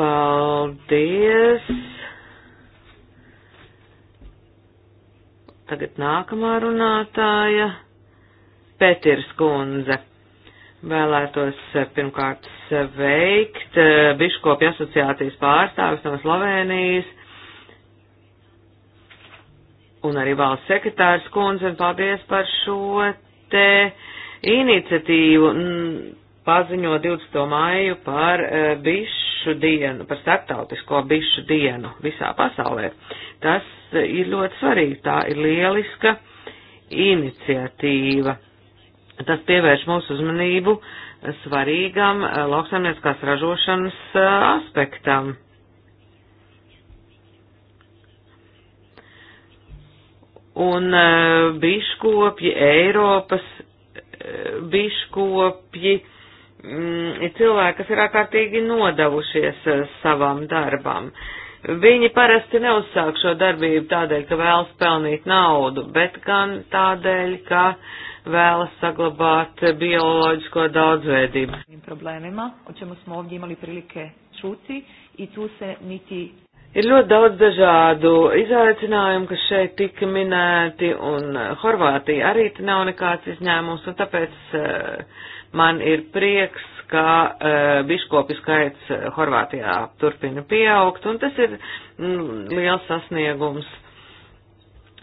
Paldies! Tagad nākamā runātāja - Petirs Kundze. Vēlētos eh, pirmkārt sveikt eh, Biškopja asociācijas pārstāvis no Slovenijas un arī valsts sekretārs kundze, un paldies par šo te iniciatīvu paziņo 20. māju par eh, bišu dienu, par starptautisko bišu dienu visā pasaulē. Tas ir ļoti svarīgi, tā ir lieliska iniciatīva Tas pievērš mūsu uzmanību svarīgam eh, lauksaimnieciskās ražošanas eh, aspektam. Un eh, biškopji, Eiropas biškopji mm, ir cilvēki, kas ir ārkārtīgi nodavušies savam darbam. Uh, Viņi parasti neuzsāk šo darbību tādēļ, ka vēlas pelnīt naudu, bet gan tādēļ, ka vēlas saglabāt bioloģisko daudzveidību. Problēmēmā, o čemu smo ovdje imali prilike čuti, i tu se niti. Ir ļoti daudz dažādu izaicinājumu, kas šeit tika minēti, un eh, Horvātija arī nav nekāds izņēmums, un tāpēc eh, man ir prieks ka uh, biškopi skaits e, Horvātijā turpina pieaugt, un tas ir mm, liels sasniegums.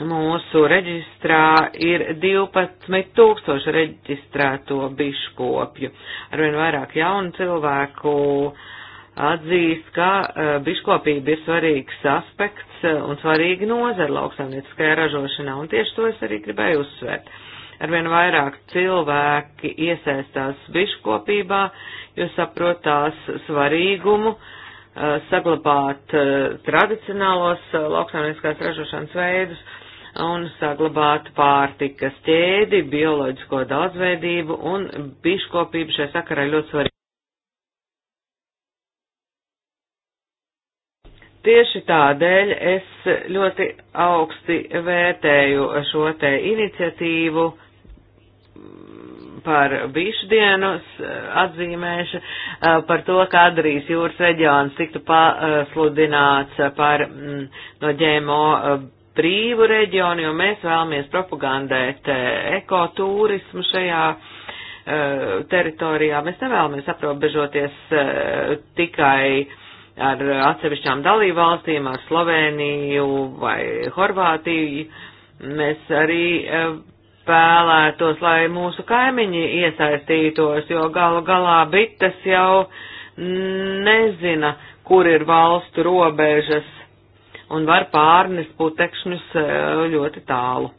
Mūsu reģistrā ir 12 tūkstoši reģistrēto biškopju. Arvien vairāk jaunu cilvēku atzīst, ka uh, biškopība ir svarīgs aspekts uh, un svarīga nozara lauksaimnieciskajā ražošanā, un tieši to es arī gribēju uzsvērt. Uh, arvien vairāk cilvēki iesaistās biškopībā, jo saprot tās svarīgumu uh, saglabāt uh, tradicionālos uh, lauksaimnieciskās ražošanas veidus un saglabāt pārtikas ķēdi, bioloģisko daudzveidību un biškopību šai sakarā ļoti svarīgi. Tieši tādēļ es ļoti augsti vērtēju šo te iniciatīvu, uh, par bišu dienu eh, atzīmēšu, eh, par to, ka Adrijas jūras reģions tiktu pasludināts eh, par mm, no ģēmo brīvu reģionu, jo mēs vēlamies propagandēt ekoturismu šajā teritorijā. Mēs nevēlamies aprobežoties tikai ar atsevišķām dalībvalstīm, ar Sloveniju vai Horvātiju. Mēs arī vēlētos, lai mūsu kaimiņi iesaistītos, jo galu galā bites jau nezina, kur ir valstu robežas un var pārnest putekšņus eh, ļoti tālu.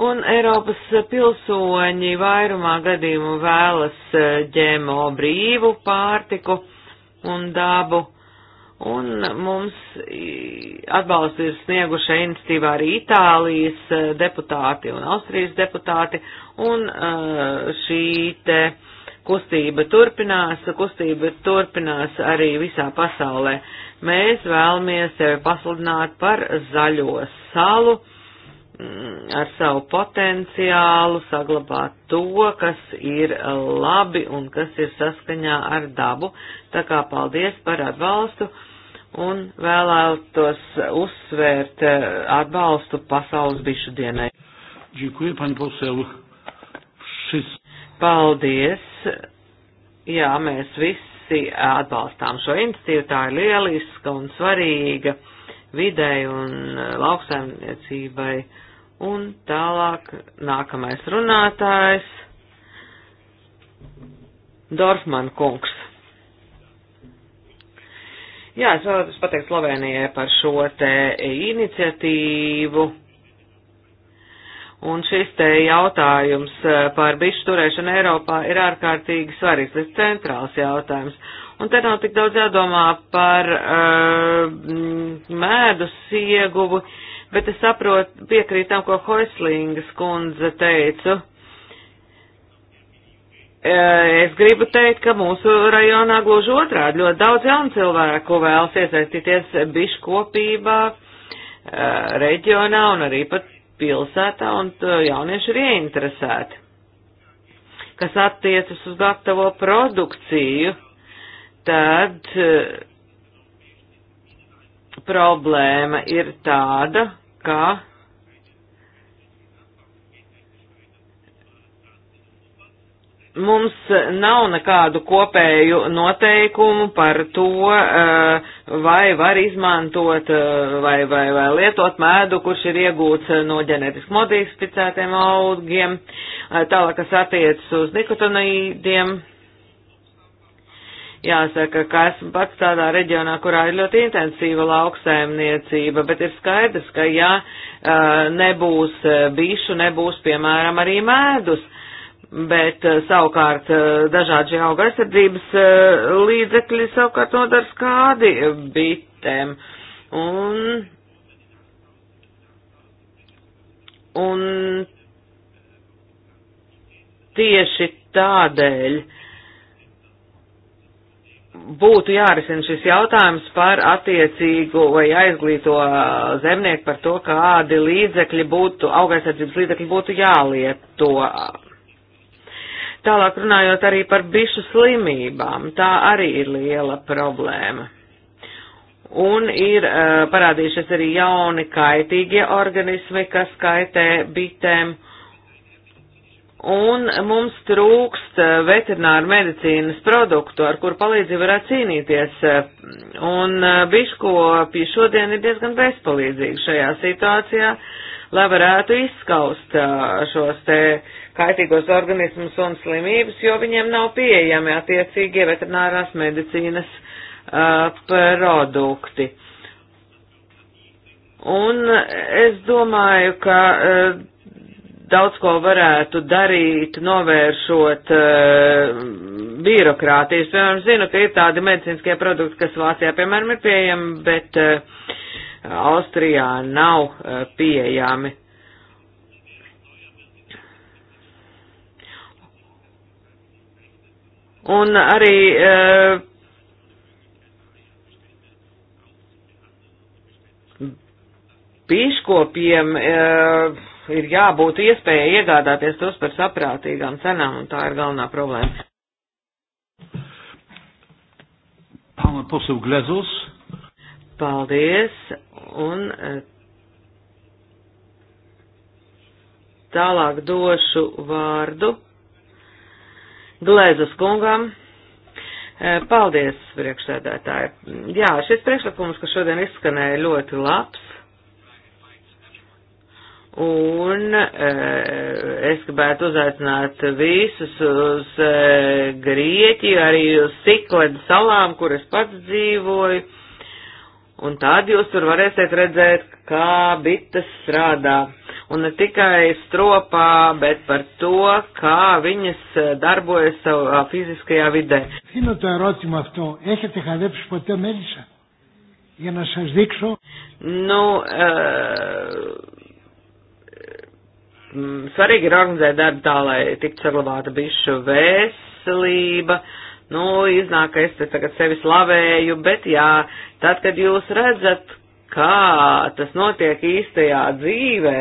Un Eiropas pilsoņi vairumā gadījumu vēlas eh, ģemo brīvu pārtiku un dabu Un mums atbalstu ir snieguši iniciatīvā arī Itālijas e, deputāti un Austrijas deputāti, un e, šī te kustība turpinās, kustība turpinās arī visā pasaulē. Mēs vēlamies sevi pasludināt par zaļo salu mm, ar savu potenciālu, saglabāt to, kas ir labi un kas ir saskaņā ar dabu. Tā kā paldies par atbalstu un vēlētos uzsvērt eh, atbalstu pasaules bišu dienai. Dziekuji, paņi posēlu. Šis. Paldies. Jā, mēs visi atbalstām šo institīvu, tā ir lieliska un svarīga videi un eh, lauksaimniecībai. Un tālāk nākamais runātājs - Dorfman kungs. Jā, es vēlētos pateikt Slovenijai par šo te iniciatīvu. Un šis te jautājums eh, par bišu turēšanu Eiropā ir ārkārtīgi svarīgs, tas centrāls jautājums. Un te nav tik daudz jādomā par uh, eh, mēdus ieguvu, bet es saprotu, piekrītam, ko Hoislingas kundze teicu E, es gribu teikt, ka mūsu rajonā gluži otrādi ļoti daudz jaunu cilvēku vēlas iesaistīties biškopībā, e, reģionā un arī pat pilsētā, un e, jaunieši ir ieinteresēti. Kas attiecas uz gatavo produkciju, tad problēma ir tāda, ka Mums nav nekādu kopēju noteikumu par to, eh, vai var izmantot eh, vai, vai, vai lietot mēdu, kurš ir iegūts no ģenetiski modificētiem augiem, eh, tālāk, kas attiecas uz nikotinoīdiem. Jāsaka, ka esmu pats tādā reģionā, kurā ir ļoti intensīva lauksaimniecība, bet ir skaidrs, ka ja nebūs bišu, nebūs, piemēram, arī mēdus bet eh, savukārt eh, dažādi šie auga aizsardzības eh, līdzekļi savukārt nodara skādi bitēm. Un, un tieši tādēļ būtu jārisina šis jautājums par attiecīgu vai aizglīto zemnieku par to, kādi līdzekļi būtu, augaisardzības līdzekļi būtu jālieto Tālāk runājot arī par bišu slimībām, tā arī ir liela problēma. Un ir uh, parādījušies arī jauni kaitīgie organismi, kas kaitē bitēm. Un mums trūkst eh, veterināru medicīnas produktu, ar kur palīdzību varētu cīnīties. Un eh, biškopji šodien ir diezgan bezpalīdzīgi šajā situācijā, lai varētu izskaust šos te uh, kaitīgos organismus un slimības, jo viņiem nav pieejami attiecīgie veterinārās medicīnas uh, produkti. Un es domāju, ka uh, daudz ko varētu darīt, novēršot uh, birokrātijas. Piemēram, zinu, ka ir tādi medicīniskie produkti, kas Vācijā, piemēram, ir pieejami, bet uh, Austrijā nav uh, pieejami. Un arī uh, biškopiem uh, ir jābūt iespēja iegādāties tos par saprātīgām cenām, un tā ir galvenā problēma. Pana poseł Glezus. Paldies. Un eh, tālāk došu vārdu Glezas kungam. E, paldies, priekšsēdētāji. Jā, šis priekšlikums, kas šodien izskanēja, ļoti labs. Un e, es gribētu uzaicināt visus uz e, Grieķiju, arī uz Sikladu salām, kur es pats dzīvoju Un tad jūs tur varēsiet redzēt, kā bites strādā. Un ne tikai stropā, bet par to, kā viņas darbojas savā fiziskajā vidē. Zinu to erotimu αυτό. Έχετε χαδέψει ποτέ μέλισσα. Για να σας δείξω. Nu, uh, svarīgi ir organizēt darbu tā, lai tiktu saglabāta bišu vēselība. Uh, Nu, iznāk, ka es te tagad sevi slavēju, bet jā, tad, kad jūs redzat, kā tas notiek īstajā dzīvē,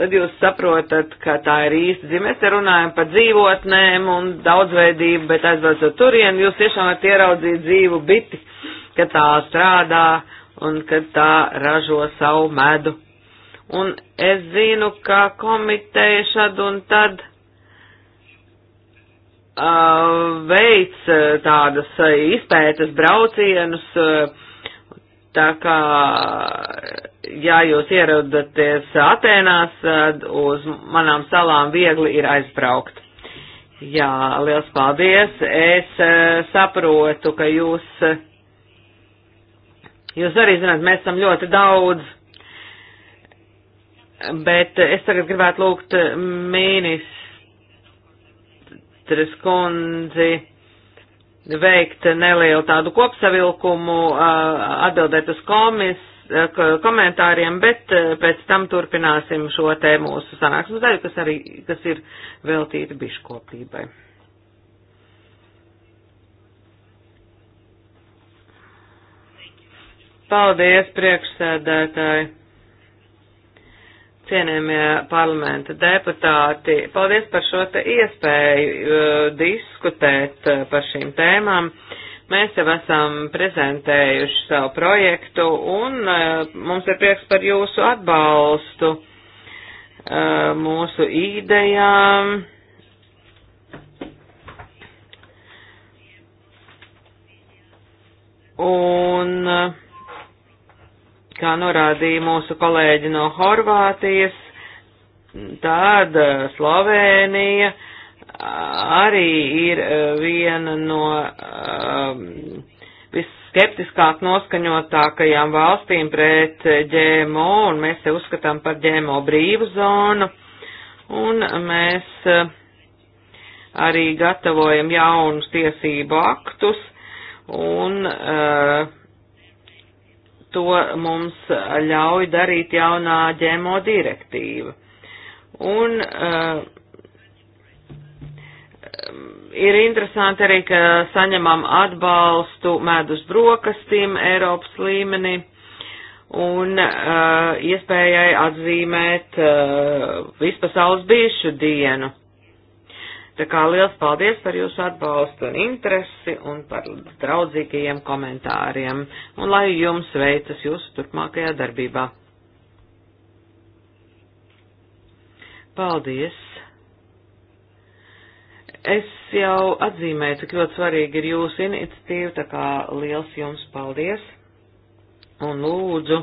tad jūs saprotat, ka tā ir īsta dzīve. Mēs te runājam par dzīvotnēm un daudzveidību, bet aizbraucot turien, jūs tiešām varat ieraudzīt dzīvu biti, ka tā strādā un ka tā ražo savu medu. Un es zinu, ka komiteja šad un tad veids eh, tādas eh, izpētes braucienus, eh, tā kā, ja jūs ierodaties Atēnās, tad uz manām salām viegli ir aizbraukt. Jā, liels paldies. Es saprotu, ka jūs, jūs arī zināt, mēs esam ļoti daudz, bet es tagad gribētu lūgt ministru ministres kundzi veikt nelielu tādu kopsavilkumu, atbildēt uz komis, komentāriem, bet pēc tam turpināsim šo te mūsu sanāksmes daļu, kas arī, kas ir veltīta biškopībai. Paldies, priekšsēdētāji! cienējamie parlamenta deputāti, paldies par šo te iespēju uh, diskutēt uh, par šīm tēmām. Mēs jau esam prezentējuši savu projektu un uh, mums ir prieks par jūsu atbalstu mūsu idejām. Un uh, kā norādīja mūsu kolēģi no Horvātijas, tad eh, Slovēnija eh, arī ir eh, viena no visskeptiskāk noskaņotākajām valstīm pret ģēmo, un mēs te uzskatām par ģēmo brīvu zonu, un mēs arī gatavojam jaunus tiesību aktus, un uh, to mums ļauj darīt jaunā ģēmo direktīva. Un uh, ir interesanti arī, ka saņemam atbalstu medus brokastīm Eiropas līmenī un uh, iespējai atzīmēt uh, vispasaules bijušu dienu. Tā kā liels paldies par jūsu atbalstu un interesi un par draudzīgajiem komentāriem, un lai jums veicas jūsu turpmākajā darbībā. Paldies! Es jau atzīmēju, cik ļoti svarīgi ir jūsu iniciatīva, tā kā liels jums paldies! Un lūdzu,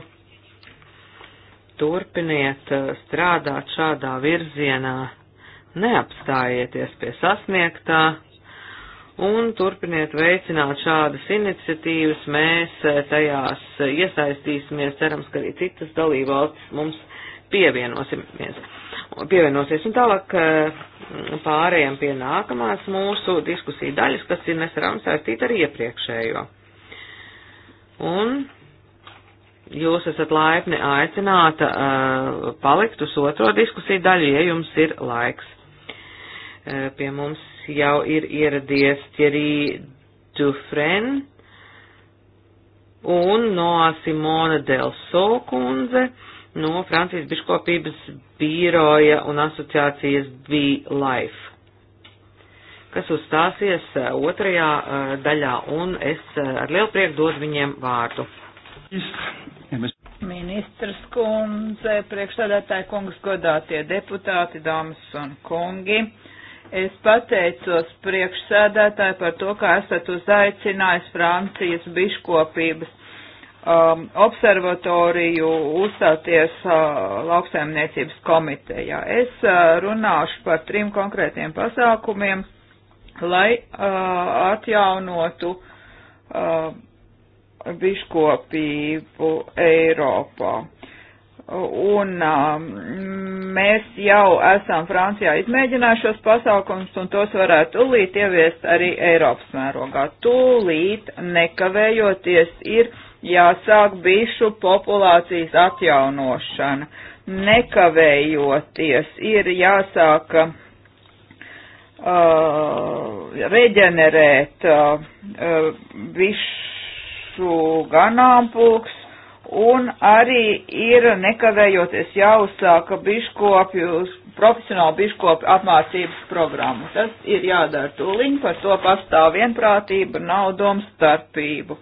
turpiniet uh, strādāt šādā virzienā neapstājieties pie sasniegtā un turpiniet veicināt šādas iniciatīvas. Mēs eh, tajās eh, iesaistīsimies, cerams, ka arī citas dalībvalstis mums pievienosimies. Pievienosies un tālāk eh, pārējām pie nākamās mūsu diskusiju daļas, kas ir nesaram saistīta ar iepriekšējo. Un jūs esat laipni aicināta uh, palikt uz otro diskusiju daļu, ja jums ir laiks. Eh, pie mums jau ir ieradies Thierry Dufresne un no Simona Delso kundze no Francijas biškopības bīroja un asociācijas Be Life kas uzstāsies eh, otrajā eh, daļā, un es ar lielu prieku dodu viņiem vārdu. Ministrs kundze, priekšstādātāji kungs, godātie deputāti, dāmas un kungi. Es pateicos priekšsēdētāji par to, ka esat uzaicinājis Francijas biškopības um, observatoriju uzstāties uh, lauksaimniecības komitejā. Es uh, runāšu par trim konkrētiem pasākumiem, lai uh, atjaunotu uh, biškopību Eiropā. Uh, Un um, mēs jau esam Francijā izmēģinājuši šos pasākumus, un tos varētu tūlīt ieviest arī Eiropas mērogā. Tūlīt nekavējoties ir jāsāk bišu populācijas atjaunošana. Nekavējoties ir jāsāk uh, reģenerēt uh, bišu uh, ganāmpulks un arī ir nekavējoties jāuzsāka biškopju, profesionāla biškopju apmācības programma. Tas ir jādara tūliņ, par to pastāv vienprātība, nav domstarpību.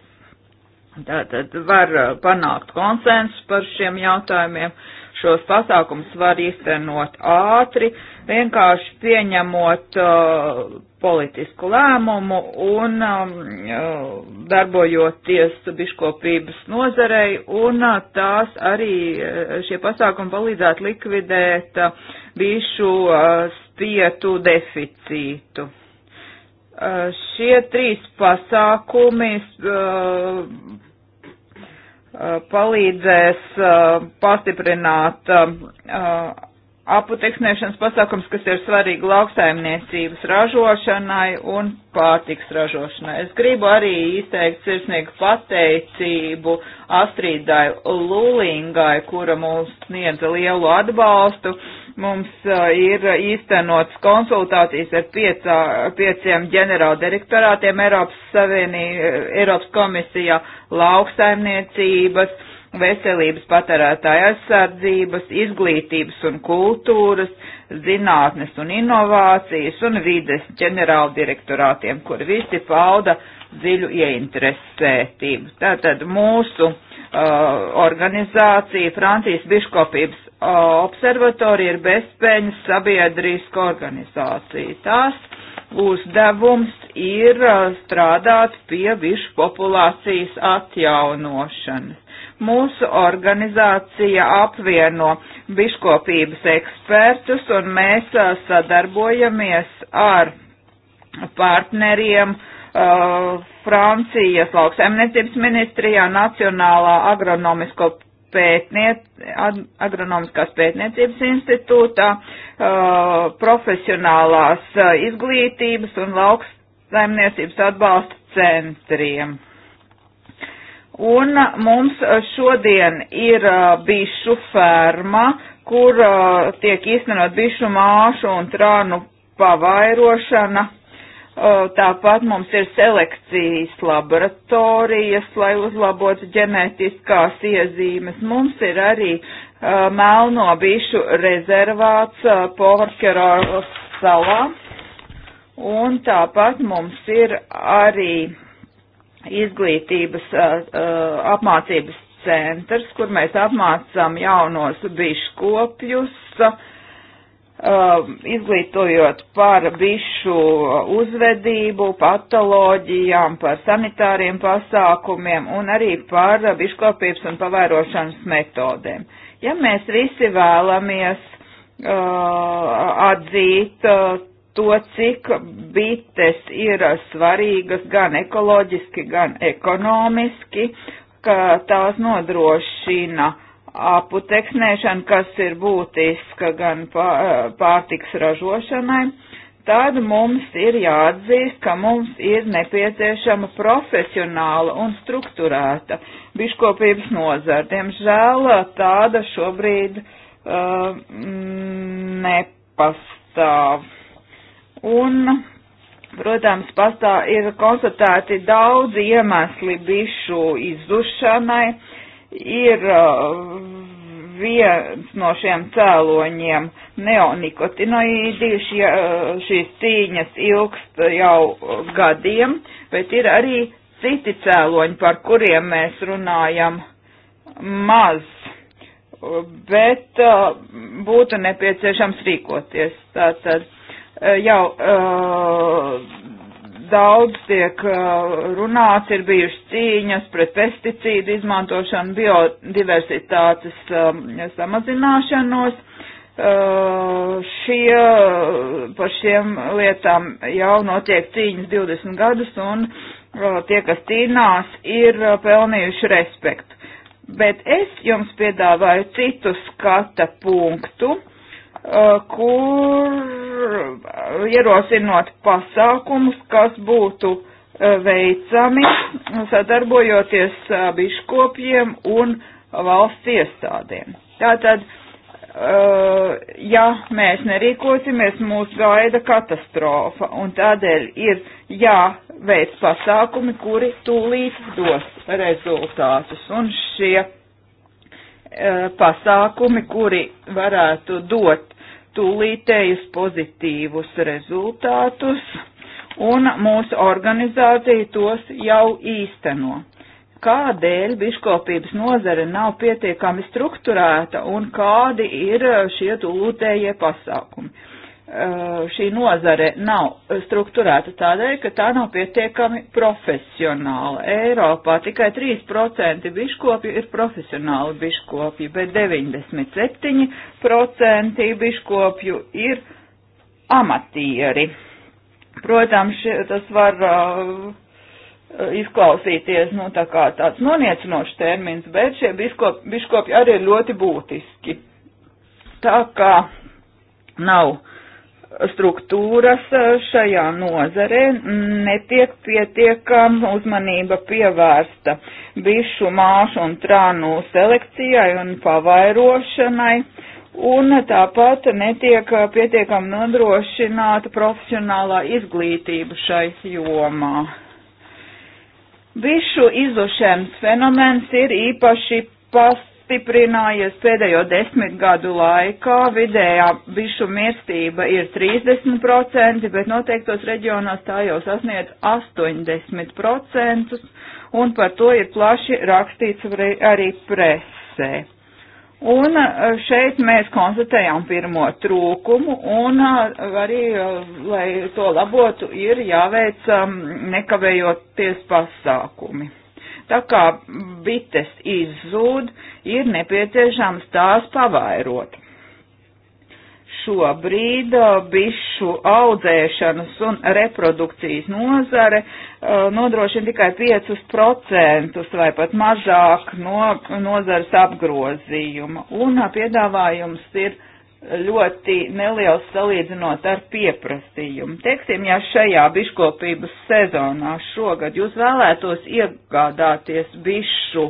Tātad var uh, panākt konsensus par šiem jautājumiem. Šos pasākums var īstenot ātri, vienkārši pieņemot uh, politisku lēmumu un um, darbojoties biškopības nozarei, un uh, tās arī uh, šie pasākumi palīdzētu likvidēt bišu uh, spietu deficītu. Šie trīs pasākumi palīdzēs pastiprināt aputeksnēšanas pasākums, kas ir svarīgi lauksaimniecības ražošanai un pārtiks ražošanai. Es gribu arī izteikt sirsnīgu pateicību Astridai Lulingai, kura mums sniedza lielu atbalstu. Mums uh, ir īstenots konsultācijas ar piecā, pieciem ģenerāldirektorātiem Eiropas, Savienī, Eiropas komisijā lauksaimniecības veselības patērētāja aizsardzības, izglītības un kultūras, zinātnes un inovācijas un vides ģenerāla direktorātiem, kur visi pauda dziļu ieinteresētību. Tātad mūsu uh, organizācija Francijas biškopības uh, observatorija ir bezspēļņas sabiedriska organizācija. Tās uzdevums ir uh, strādāt pie višu populācijas atjaunošanas. Mūsu organizācija apvieno biškopības ekspertus un mēs sadarbojamies ar partneriem uh, Francijas lauksaimniecības ministrijā, Nacionālā agronomisko pētniec, agronomiskās pētniecības institūtā, uh, profesionālās izglītības un lauksaimniecības atbalsta centriem. Un uh, mums uh, šodien ir uh, bišu ferma, kur tiek īstenot bišu māšu un trānu pavairošana. Tāpat mums ir selekcijas laboratorijas, lai uzlabotu ģenētiskās iezīmes. Mums ir arī uh, melno bišu rezervāts uh, Porkero salā. Un tāpat mums ir arī izglītības apmācības centrs, kur mēs apmācām jaunos biškopjus, izglītojot par bišu uzvedību, patoloģijām, par sanitāriem pasākumiem un arī par biškopības un pavērošanas metodēm. Ja mēs visi vēlamies atzīt to, cik bites ir svarīgas gan ekoloģiski, gan ekonomiski, ka tās nodrošina aputeksnēšanu, kas ir būtiska gan pārtiks ražošanai, tad mums ir jāatzīst, ka mums ir nepieciešama profesionāla un struktūrēta biškopības nozara. Diemžēl tāda šobrīd uh, mm, nepastāv. Un, protams, pastā ir konstatēti daudzi iemesli bišu izdušanai. Ir uh, viens no šiem cēloņiem neonikotinoīdi, šie, uh, šīs cīņas ilgst jau gadiem, bet ir arī citi cēloņi, par kuriem mēs runājam maz uh, bet uh, būtu nepieciešams rīkoties. Tātad Eh, jau eh, daudz tiek eh, runāts, ir bijušas cīņas pret pesticīdu izmantošanu, biodiversitātes samazināšanos. Šie, par šiem lietām jau notiek cīņas 20 gadus un tie, kas cīnās, ir pelnījuši respektu. Bet es jums piedāvāju citu skata punktu Uh, kur uh, ierosinot pasākumus, kas būtu uh, veicami sadarbojoties biškopiem un valsts iestādēm. Tātad, ja mēs nerīkosimies, mūs gaida katastrofa, un tādēļ ir jāveic pasākumi, kuri tūlīt dos rezultātus, un šie Eh, pasākumi, kuri varētu dot tūlītējus pozitīvus rezultātus, un mūsu organizācija tos jau īsteno. Kādēļ biškopības nozare nav pietiekami strukturēta un kādi ir eh, šie tūlītējie pasākumi? Eh, šī nozare nav strukturēta tādēļ, ka tā nav pietiekami profesionāla. Eiropā tikai 3% biškopju ir profesionāli biškopji, bet 97% biškopju ir amatieri. Protams, tas var uh, izklausīties, nu, tā kā tāds noniecinošs termins, bet šie biškopi, biškopi arī ir ļoti būtiski. Tā kā nav uh, struktūras e, šajā nozarē netiek pietiekama uzmanība pievērsta bišu, māšu un trānu selekcijai un pavairošanai, un tāpat netiek e, pietiekami nodrošināta profesionālā izglītība šai jomā. Bišu izušanas fenomens ir īpaši pas pastiprinājies pēdējo desmit gadu laikā. Vidējā bišu mirstība ir 30%, bet noteiktos reģionos tā jau sasniedz 80%, un par to ir plaši rakstīts arī presē. Un e, šeit mēs konstatējām pirmo trūkumu, un e, arī, e, lai to labotu, ir jāveic nekavējoties pasākumi. Tā kā bites izzūd, ir nepieciešams tās pavairot. Šobrīd uh, bišu audzēšanas un reprodukcijas nozare uh, nodrošina tikai 5% vai pat mazāk no nozares apgrozījuma, un uh, piedāvājums ir ļoti neliels salīdzinot ar pieprasījumu. Teiksim, ja šajā biškopības sezonā šogad jūs vēlētos iegādāties bišu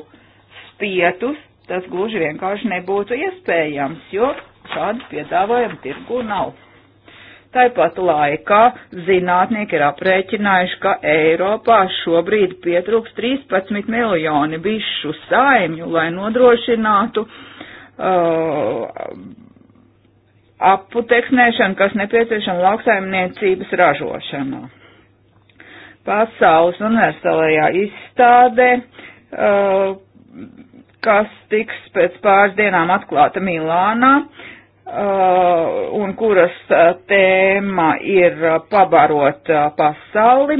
spietus, tas gluži vienkārši nebūtu iespējams, jo šādu piedāvājumu tirgu nav. Tāpat laikā zinātnieki ir aprēķinājuši, ka Eiropā šobrīd pietrūks 13 miljoni bišu saimju, lai nodrošinātu uh, aputeksnēšanu, kas nepieciešama lauksaimniecības ražošanā. Pasaules universālajā izstādē, uh, kas tiks pēc pāris dienām atklāta Milānā, uh, un kuras uh, tēma ir uh, pabarot uh, pasauli,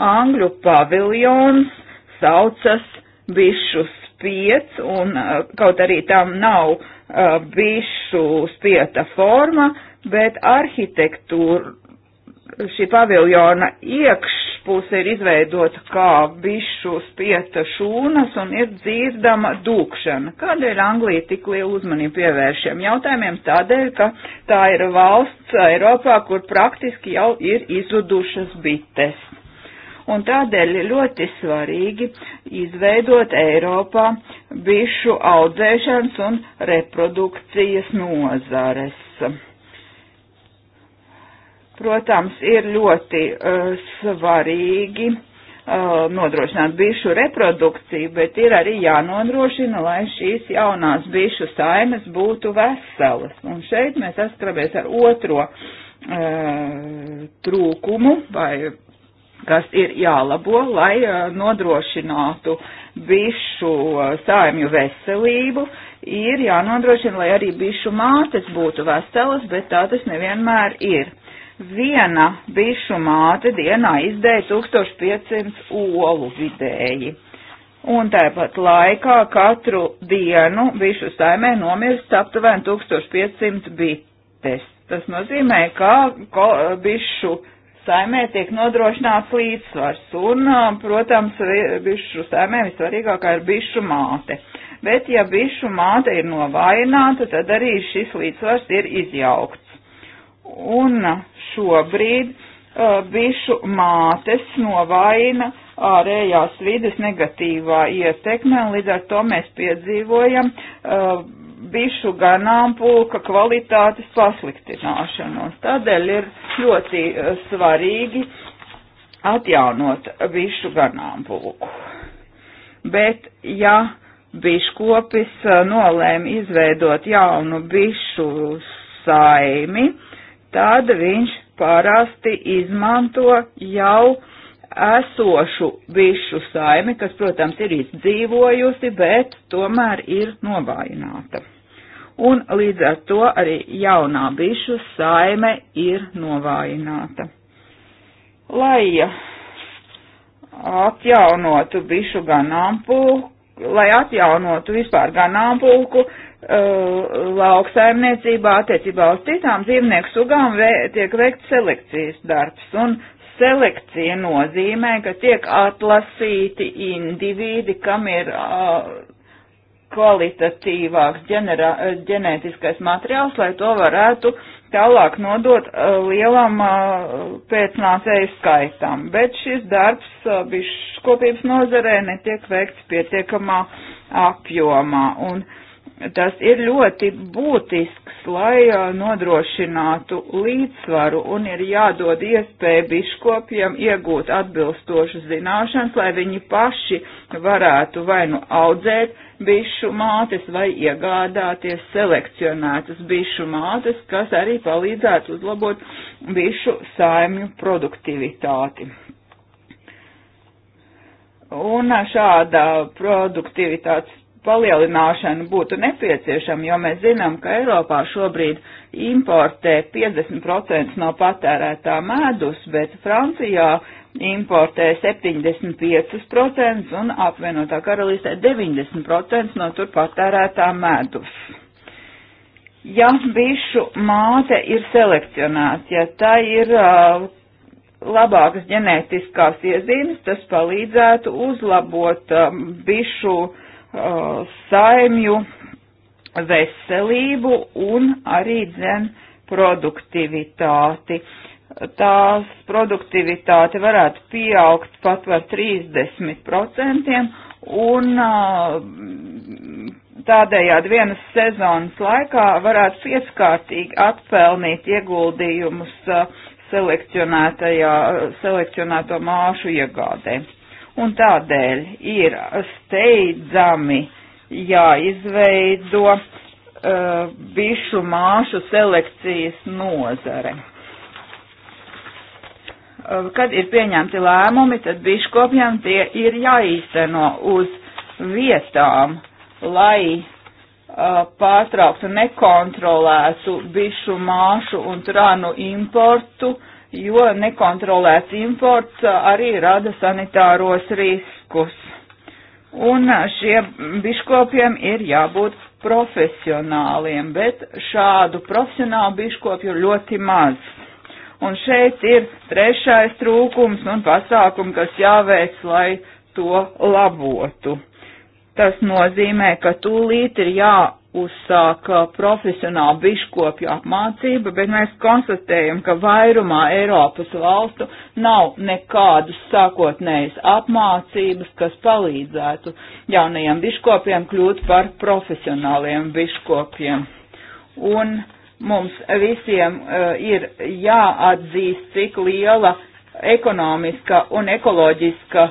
Angļu paviljons saucas Bišus 5, un kaut arī tam nav uh, bišu uh, spieta forma, bet arhitektūra šī paviljona iekšpuse ir izveidota kā bišu spieta šūnas un ir dzirdama dūkšana. Kādēļ Anglija tik lielu uzmanību pievērš šiem jautājumiem? Tādēļ, ka tā ir valsts Eiropā, kur praktiski jau ir izudušas bites un tādēļ ļoti svarīgi izveidot Eiropā bišu audzēšanas un reprodukcijas nozares. Protams, ir ļoti uh, svarīgi uh, nodrošināt bišu reprodukciju, bet ir arī jānodrošina, lai šīs jaunās bišu saimes būtu veselas. Un šeit mēs saskaramies ar otro uh, trūkumu vai kas ir jālabo, lai uh, nodrošinātu bišu uh, sājumju veselību, ir jānodrošina, lai arī bišu mātes būtu veselas, bet tā tas nevienmēr ir. Viena bišu māte dienā izdēja 1500 olu vidēji. Un tāpat laikā katru dienu bišu saimē nomirst aptuveni 1500 bites. Tas nozīmē, ka bišu saimē tiek nodrošināts līdzsvars. Un, uh, protams, bišu saimē visvarīgākā ir bišu māte. Bet, ja bišu māte ir novājināta, tad arī šis līdzsvars ir izjaukts. Un uh, šobrīd uh, bišu mātes novājina ārējās vides negatīvā ietekme, un līdz ar to mēs piedzīvojam uh, bišu ganāmpulka kvalitātes pasliktināšanos. Tādēļ ir ļoti e, svarīgi atjaunot bišu ganāmpulku. Bet, ja biškopis e, nolēma izveidot jaunu bišu saimi, tad viņš parasti izmanto jau esošu višu saimi, kas, protams, ir izdzīvojusi, bet tomēr ir novājināta. Un līdz ar to arī jaunā bišu saime ir novājināta. Lai atjaunotu bišu ganāmpulku, lai atjaunotu vispār ganāmpulku, uh, lauksaimniecībā attiecībā uz citām dzīvnieku sugām vē, tiek veikts selekcijas darbs, un Selekcija nozīmē, ka tiek atlasīti indivīdi, kam ir uh, kvalitatīvāks ģenerā, ģenētiskais materiāls, lai to varētu tālāk nodot uh, lielam uh, pēcnācēju skaitam. Bet šis darbs uh, bišķkopības nozarē netiek veikts pietiekamā apjomā. Un, uh, tas ir ļoti būtisks, lai nodrošinātu līdzsvaru un ir jādod iespēja biškopiem iegūt atbilstošas zināšanas, lai viņi paši varētu vai nu audzēt bišu mātes vai iegādāties selekcionētas bišu mātes, kas arī palīdzētu uzlabot bišu saimju produktivitāti. Un šāda produktivitātes palielināšana būtu nepieciešama, jo mēs zinām, ka Eiropā šobrīd importē 50% no patērētā medus, bet Francijā importē 75% un apvienotā karalistē 90% no tur patērētā medus. Ja bišu māte ir selekcionēta, ja tā ir uh, labākas ģenētiskās iezīmes, tas palīdzētu uzlabot um, bišu uh, uh, saimju veselību un arī dzen produktivitāti. Tās produktivitāte varētu pieaugt pat par 30% un uh, tādējādi vienas sezonas laikā varētu pieskārtīgi atpelnīt ieguldījumus uh, selekcionētajā, uh, selekcionēto māšu iegādē un tādēļ ir steidzami jāizveido uh, bišu māšu selekcijas nozare. Uh, kad ir pieņemti lēmumi, tad biškopjiem tie ir jāīsteno uz vietām, lai uh, pārtrauktu nekontrolētu bišu māšu un trānu importu, uh, jo nekontrolēts imports arī rada sanitāros riskus. Un šiem biškopiem ir jābūt profesionāliem, bet šādu profesionālu biškopju ir ļoti maz. Un šeit ir trešais trūkums un pasākumi, kas jāveic, lai to labotu. Tas nozīmē, ka tūlīt ir jā uzsāka uh, profesionālu biškopju apmācību, bet mēs konstatējam, ka vairumā Eiropas valstu nav nekādas sākotnējas apmācības, kas palīdzētu jaunajiem biškopiem kļūt par profesionāliem biškopiem. Un mums visiem uh, ir jāatzīst, cik liela ekonomiska un ekoloģiska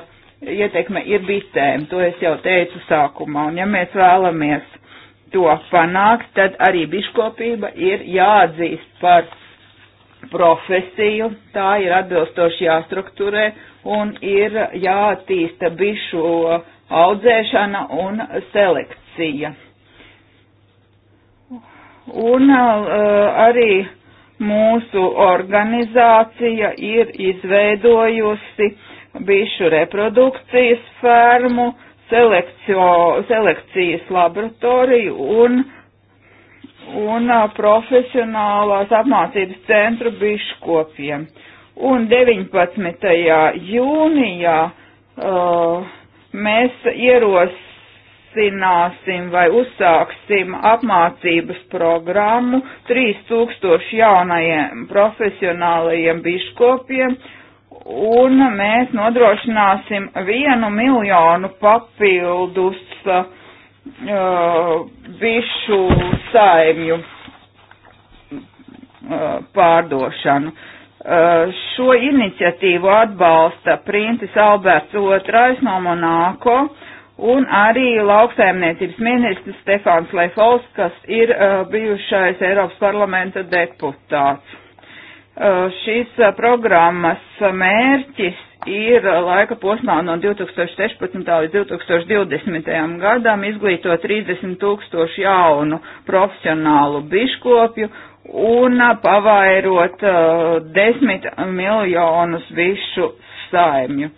ietekme ir bitēm, to es jau teicu sākumā. Un ja mēs vēlamies to panākt, tad arī biškopība ir jāatzīst par profesiju, tā ir atbilstoši jāstrukturē un ir jātīsta bišu audzēšana un selekcija. Un uh, arī mūsu organizācija ir izveidojusi bišu reprodukcijas fermu, uh, selekcio, selekcijas laboratoriju un, un profesionālās apmācības centru biškopiem. Un 19. jūnijā uh, mēs ierosināsim vai uzsāksim apmācības programmu 3000 jaunajiem profesionālajiem biškopiem un mēs nodrošināsim vienu miljonu papildus uh, bišu saimju uh, pārdošanu. Uh, šo iniciatīvu atbalsta princis Alberts II no Monāko un arī lauksaimniecības ministrs Stefāns Lefols, kas ir uh, bijušais Eiropas parlamenta deputāts. Uh, šīs uh, programmas mērķis ir laika posmā no 2016. līdz 2020. gadam izglītot 30 tūkstošu jaunu profesionālu biškopju un uh, pavairot 10 miljonus bišu saimju.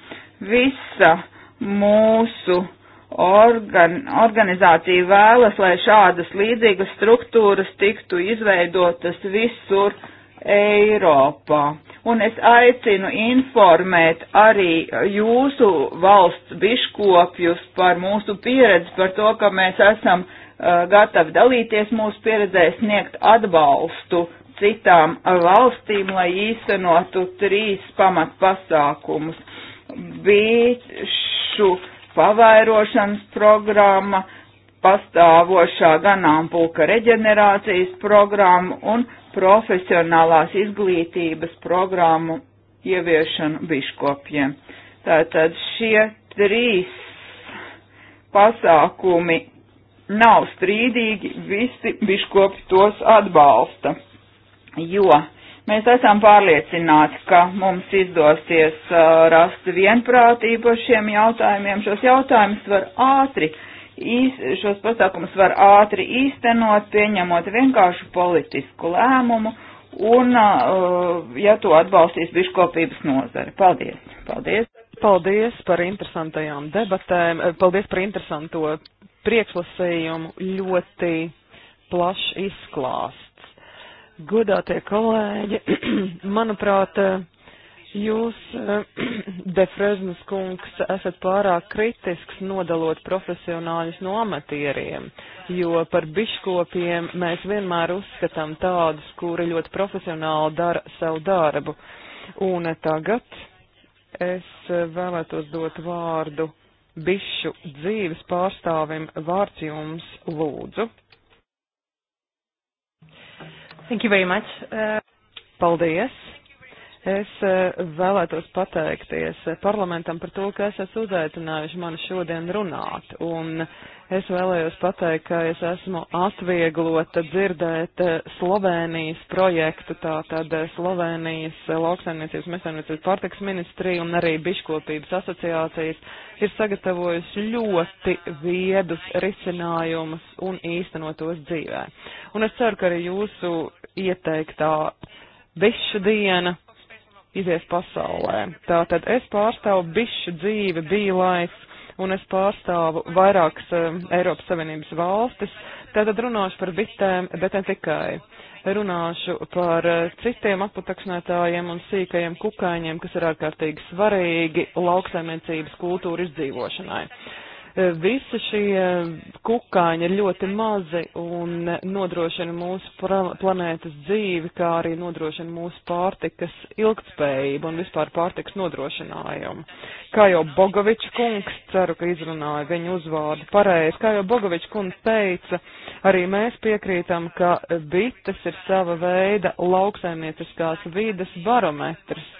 Visa mūsu organ, organizācija vēlas, lai šādas līdzīgas struktūras tiktu izveidotas visur Eiropā. Un es aicinu informēt arī jūsu valsts biškopjus par mūsu pieredzi, par to, ka mēs esam uh, gatavi dalīties mūsu pieredzē, sniegt atbalstu citām valstīm, lai īstenotu trīs pamatpasākumus. Bīšu pavairošanas programma, pastāvošā ganāmpulka reģenerācijas programma un profesionālās izglītības programmu ieviešanu biškopiem. Tātad šie trīs pasākumi nav strīdīgi, visi biškopi tos atbalsta, jo mēs esam pārliecināti, ka mums izdosies uh, rast vienprātību par šiem jautājumiem. Šos jautājumus var ātri šos pasākumus var ātri īstenot, pieņemot vienkāršu politisku lēmumu un, uh, ja to atbalstīs biškopības nozare. Paldies! Paldies! Paldies par interesantajām debatēm, paldies par interesanto priekšlasējumu, ļoti plašs izklāsts. Godātie kolēģi, manuprāt, Jūs, eh, Defreznas kungs, esat pārāk kritisks nodalot profesionāļus no amatieriem, jo par biškopiem mēs vienmēr uzskatām tādus, kuri ļoti profesionāli dara savu darbu. Un tagad es vēlētos dot vārdu bišu dzīves pārstāvim vārds jums lūdzu. Thank you very much. Uh... Paldies. Es eh, vēlētos pateikties parlamentam par to, ka esat uzaicinājuši mani šodien runāt, un es vēlējos pateikt, ka es esmu atvieglota dzirdēt eh, Slovenijas projektu, tātad eh, Slovenijas lauksaimniecības mesaimniecības pārtiks ministrija un arī biškopības asociācijas ir sagatavojusi ļoti viedus risinājumus un īstenotos dzīvē. Un es ceru, ka arī jūsu ieteiktā bešu diena izies pasaulē. Tātad es pārstāvu bišu dzīvi, bīlais, un es pārstāvu vairākas uh, Eiropas Savienības valstis. Tātad runāšu par bitēm, bet ne tikai. Runāšu par uh, citiem aputakšnētājiem un sīkajiem kukaiņiem, kas ir ārkārtīgi svarīgi lauksaimniecības kultūra izdzīvošanai. Uh, Eh, visi šie kukaiņi ir ļoti mazi un nodrošina mūsu planētas dzīvi, kā arī nodrošina mūsu pārtikas ilgtspējību un vispār pārtikas nodrošinājumu. Kā jau Bogovičs kungs, ceru, ka izrunāju viņu uzvārdu pareizi, kā jau Bogovičs kungs teica, arī mēs piekrītam, ka bites ir sava veida lauksaimnieciskās vides barometrs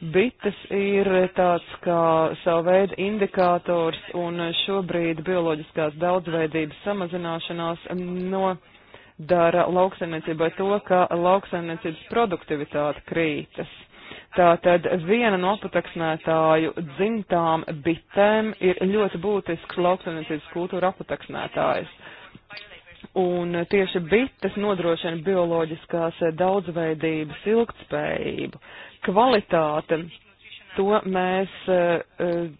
Bites ir tāds kā savu veidu indikators, un šobrīd bioloģiskās daudzveidības samazināšanās nodara lauksaimniecībai to, ka lauksaimniecības produktivitāte krītas. Tātad viena no apateksnētāju dzimtām bitēm ir ļoti būtisks lauksaimniecības kultūra apateksnētājs un tieši bites nodrošina bioloģiskās daudzveidības ilgtspējību. Kvalitāte, to mēs uh,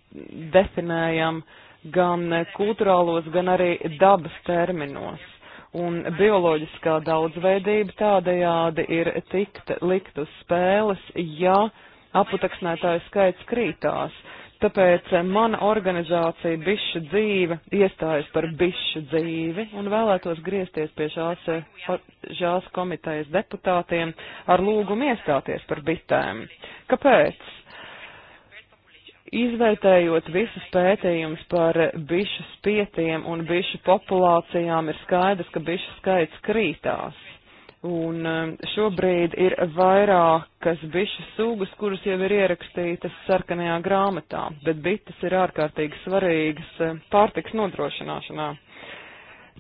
definējam gan kultūrālos, gan arī dabas terminos. Un bioloģiskā daudzveidība tādajādi ir tikt likt uz spēles, ja aputeksnētāju skaits krītās. Uh, Tāpēc eh, mana organizācija Bišu dzīve iestājas par bišu dzīvi un vēlētos griezties pie šās, eh, šās komitejas deputātiem ar lūgumu iestāties par bitēm. Kāpēc? Izvērtējot visus pētījumus par bišu spietiem un bišu populācijām, ir skaidrs, ka bišu skaits krītās. Un um, šobrīd ir vairākas bišu sugas, kuras jau ir ierakstītas sarkanajā grāmatā, bet bites ir ārkārtīgi svarīgas um, pārtiks nodrošināšanā.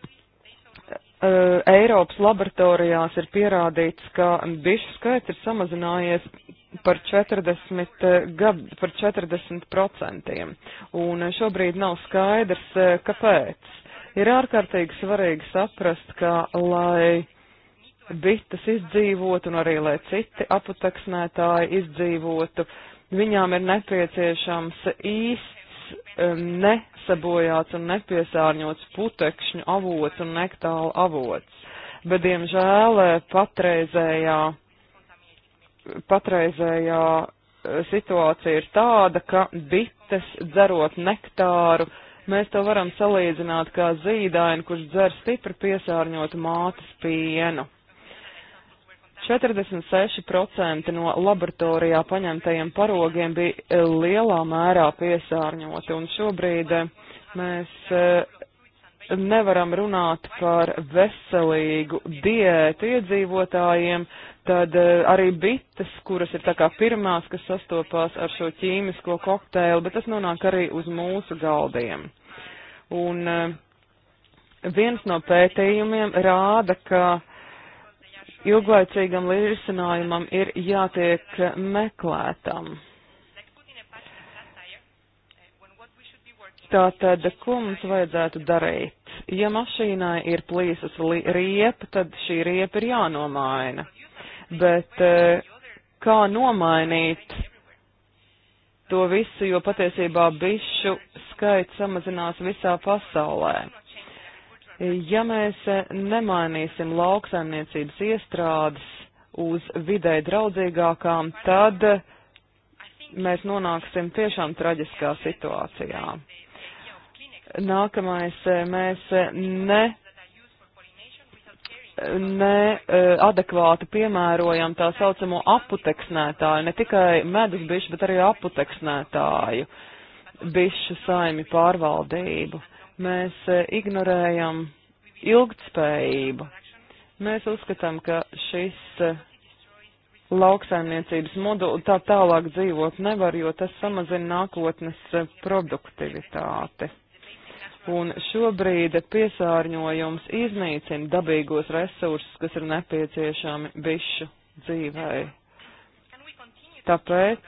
Uh, Eiropas laboratorijās ir pierādīts, ka bišu skaits ir samazinājies par 40, uh, gad, par 40%, un uh, šobrīd nav skaidrs, kāpēc. Ir ārkārtīgi svarīgi saprast, ka, lai bites izdzīvotu un arī, lai citi aputeksnētāji izdzīvotu, viņām ir nepieciešams īsts um, nesabojāts un nepiesārņots putekšņu avots un nektāla avots. Bet, diemžēl, patreizējā, patreizējā uh, situācija ir tāda, ka bites dzerot nektāru, mēs to varam salīdzināt kā zīdaini, kurš dzer stipri piesārņotu mātes pienu. 46% no laboratorijā paņemtajiem parogiem bija e, lielā mērā piesārņoti, un šobrīd e, mēs e, nevaram runāt par veselīgu diētu iedzīvotājiem, tad arī bites, kuras ir tā kā pirmās, kas sastopās ar šo ķīmisko kokteili, bet tas nonāk arī uz mūsu galdiem. Un viens no pētījumiem rāda, ka ilglaicīgam risinājumam ir jātiek meklētam. Tātad, ko mums vajadzētu darīt? Ja mašīnai ir plīsas riepa, tad šī riepa ir jānomaina. Bet eh, kā nomainīt to visu, jo patiesībā bišu skaits samazinās visā pasaulē? Ja mēs eh, nemainīsim lauksaimniecības iestrādes uz vidē draudzīgākām, tad eh, mēs nonāksim tiešām traģiskā situācijā. Nākamais, eh, mēs ne neadekvāti piemērojam tā saucamo aputeksnētāju, ne tikai medus bišu, bet arī aputeksnētāju bišu saimi pārvaldību mēs e, ignorējam ilgtspējību. Mēs uzskatām, ka šis e, lauksaimniecības moduli tā tālāk dzīvot nevar, jo tas samazina nākotnes e, produktivitāti. Un šobrīd piesārņojums iznīcina dabīgos resursus, kas ir nepieciešami bišu dzīvēi. Tāpēc,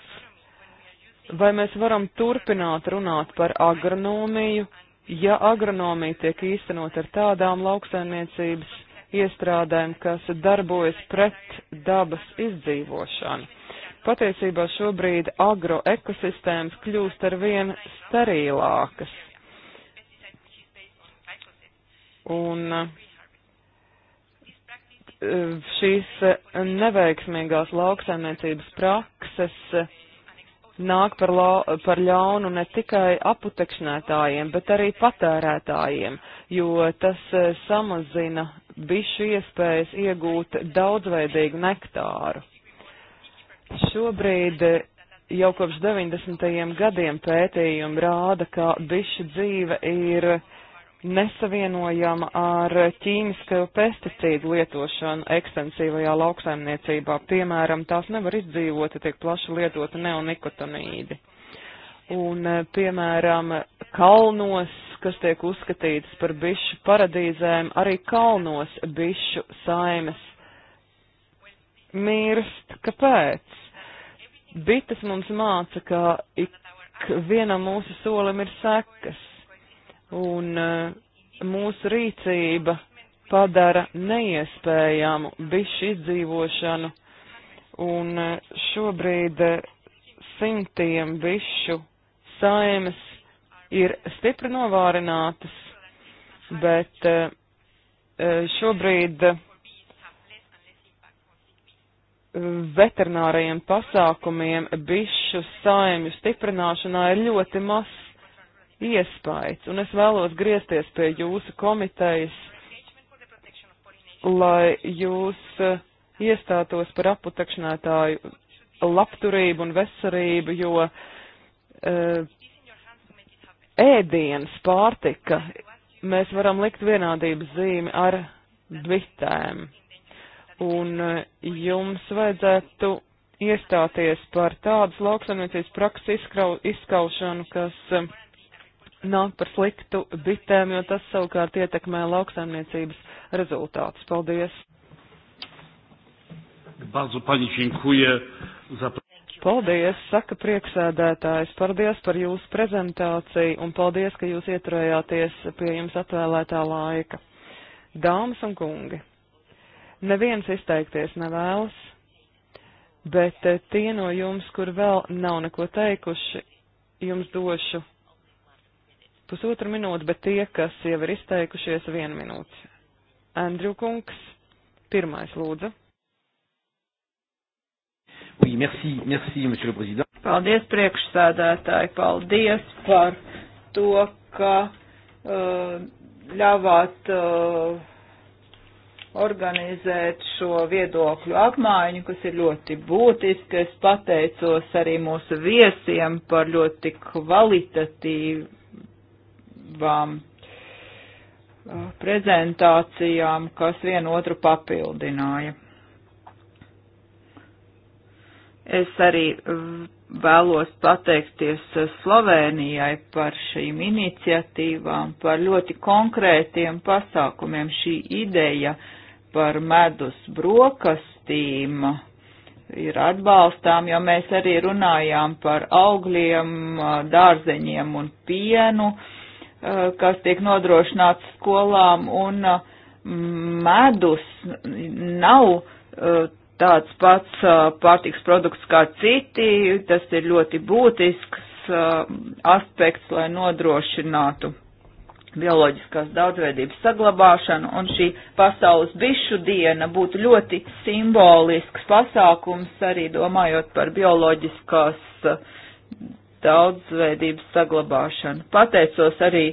vai mēs varam turpināt runāt par agronomiju, ja agronomija tiek īstenot ar tādām lauksaimniecības iestrādēm, kas darbojas pret dabas izdzīvošanu. Patiesībā šobrīd agroekosistēmas kļūst ar vien sterīlākas. Un eh, šīs neveiksmīgās lauksaimniecības prakses nāk par, lau, par ļaunu ne tikai aputekšnētājiem, bet arī patērētājiem, jo tas eh, samazina bišu iespējas iegūt daudzveidīgu nektāru. Šobrīd eh, jau kopš 90. gadiem pētījumi rāda, ka bišu dzīve ir nesavienojama ar ķīmisko pesticīdu lietošanu ekstensīvajā lauksaimniecībā. Piemēram, tās nevar izdzīvot, ja tiek plaši lietota neonikotamīdi. Un, eh, piemēram, kalnos, kas tiek uzskatītas par bišu paradīzēm, arī kalnos bišu saimes mirst. Kāpēc? Bites mums māca, ka ik vienam mūsu solim ir sekas un eh, mūsu rīcība padara neiespējamu bišu izdzīvošanu, un eh, šobrīd eh, simtiem bišu saimes ir stipri novārinātas, bet šobrīd veterinārajiem pasākumiem bišu saimju stiprināšanā ir ļoti mazs iespējas, un es vēlos griezties pie jūsu komitejas, lai jūs eh, iestātos par aputekšanētāju labturību un veselību, jo uh, ēdienas pārtika mēs varam likt vienādības zīmi ar bitēm. Un uh, jums vajadzētu iestāties par tādas lauksaimniecības prakses izkrau, izskaušanu, kas uh, nāk par sliktu bitēm, jo tas savukārt ietekmē lauksaimniecības rezultātus. Paldies! Bardzo pani dziękuję za. Paldies, saka prieksēdētājs, paldies par jūsu prezentāciju un paldies, ka jūs ieturējāties pie jums atvēlētā laika. Dāmas un kungi, neviens izteikties nevēlas, bet tie no jums, kur vēl nav neko teikuši, jums došu pusotru minūti, bet tie, kas jau ir izteikušies, vienu minūti. Andriu Kungs, pirmais lūdzu. Oui, merci, merci, monsieur le président. Paldies, priekšsēdētāji, paldies par to, ka uh, ļāvāt uh, organizēt šo viedokļu apmaiņu, kas ir ļoti būtiski. Es pateicos arī mūsu viesiem par ļoti kvalitatīvu divām uh, prezentācijām, kas vienotru papildināja. Es arī vēlos pateikties uh, Slovenijai par šīm iniciatīvām, par ļoti konkrētiem pasākumiem. Šī ideja par medus brokastīm ir atbalstām, jo mēs arī runājām par augļiem, uh, dārzeņiem un pienu. Uh, Eh, kas tiek nodrošināts skolām, un eh, medus nav eh, tāds pats pārtiks produkts kā citi, tas ir ļoti būtisks aspekts, lai nodrošinātu bioloģiskās daudzveidības saglabāšanu, un šī pasaules bišu diena būtu ļoti simbolisks pasākums arī domājot par bioloģiskās daudzveidības saglabāšanu. Pateicos arī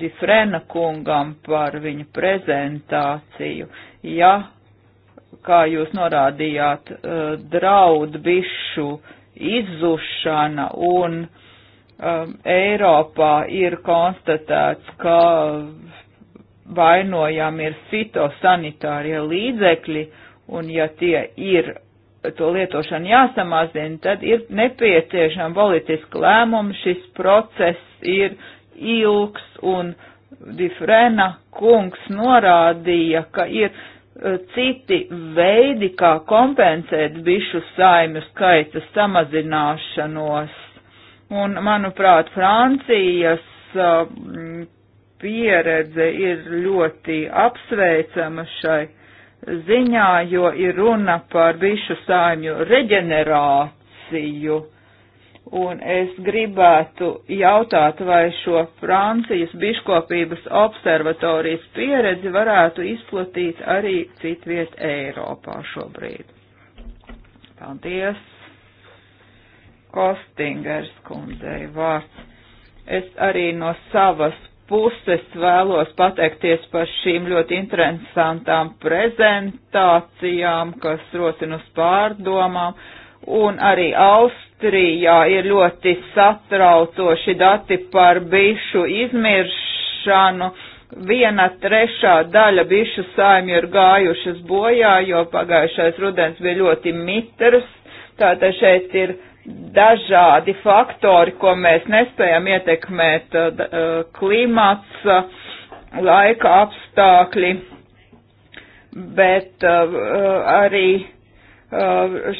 Difrena kungam par viņa prezentāciju. Ja, kā jūs norādījāt, eh, draud bišu izzušana un um, Eiropā ir konstatēts, ka vainojami ir fitosanitārie līdzekļi, un ja tie ir to lietošanu jāsamazina, tad ir nepieciešama politiska lēmuma. Šis process ir ilgs un Difrena kungs norādīja, ka ir e, citi veidi, kā kompensēt bišu saimju skaita samazināšanos. Un, manuprāt, Francijas e, pieredze ir ļoti apsveicama šai ziņā, jo ir runa par bišu saimju reģenerāciju. Un es gribētu jautāt, vai šo Francijas biškopības observatorijas pieredzi varētu izplatīt arī citviet Eiropā šobrīd. Paldies! Kostingers kundzei vārds. Es arī no savas puses vēlos pateikties par šīm ļoti interesantām prezentācijām, kas rosina uz pārdomām, un arī Austrijā ir ļoti satraucoši dati par bišu izmiršanu. Viena trešā daļa bišu saimju ir gājušas bojā, jo pagājušais rudens bija ļoti mitrs, tātad šeit ir dažādi faktori, ko mēs nespējam ietekmēt, eh, eh, klimats, eh, laika apstākļi, bet arī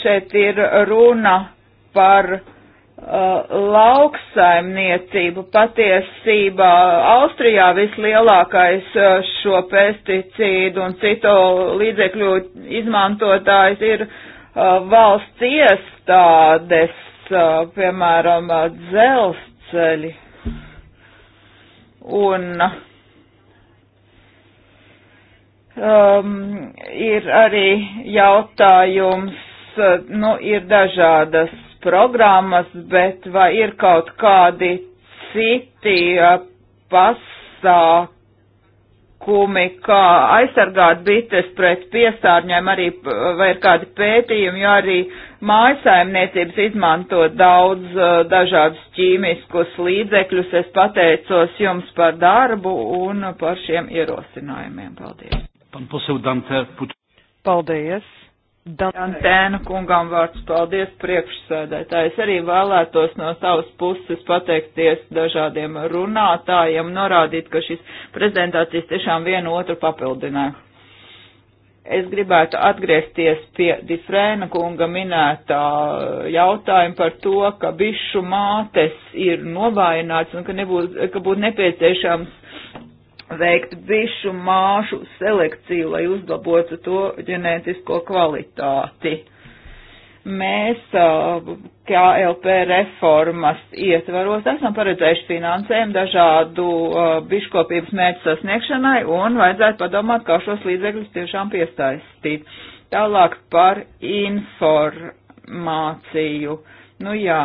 šeit ir runa par lauksaimniecību. Patiesībā Austrijā vislielākais šo pesticīdu un citu līdzekļu izmantotājs ir uh, Uh, valsts iestādes, uh, piemēram, uh, dzelzceļi un um, ir arī jautājums, nu, ir dažādas programmas, bet vai ir kaut kādi citi pasākumi, pasākumi, kā aizsargāt bites pret piesārņojumu, arī vai ir kādi pētījumi, jo arī mājasaimniecības izmanto daudz uh, dažādus ķīmiskus līdzekļus. Es pateicos jums par darbu un par šiem ierosinājumiem. Paldies! Paldies! Dantēna kungam vārds paldies priekšsēdētāji. Es arī vēlētos no savas puses pateikties dažādiem runātājiem, norādīt, ka šīs prezentācijas tiešām vienu otru papildināja. Es gribētu atgriezties pie Difrēna kunga minētā jautājuma par to, ka bišu mātes ir novājināts un ka, nebūs, ka būtu nepieciešams veikt bišu māšu selekciju, lai uzlabotu to ģenētisko kvalitāti. Mēs KLP reformas ietvaros esam paredzējuši finansējumu dažādu biškopības mērķu sasniegšanai un vajadzētu padomāt, kā šos līdzekļus tiešām piesaistīt. Tālāk par informāciju. Uh, Nu jā,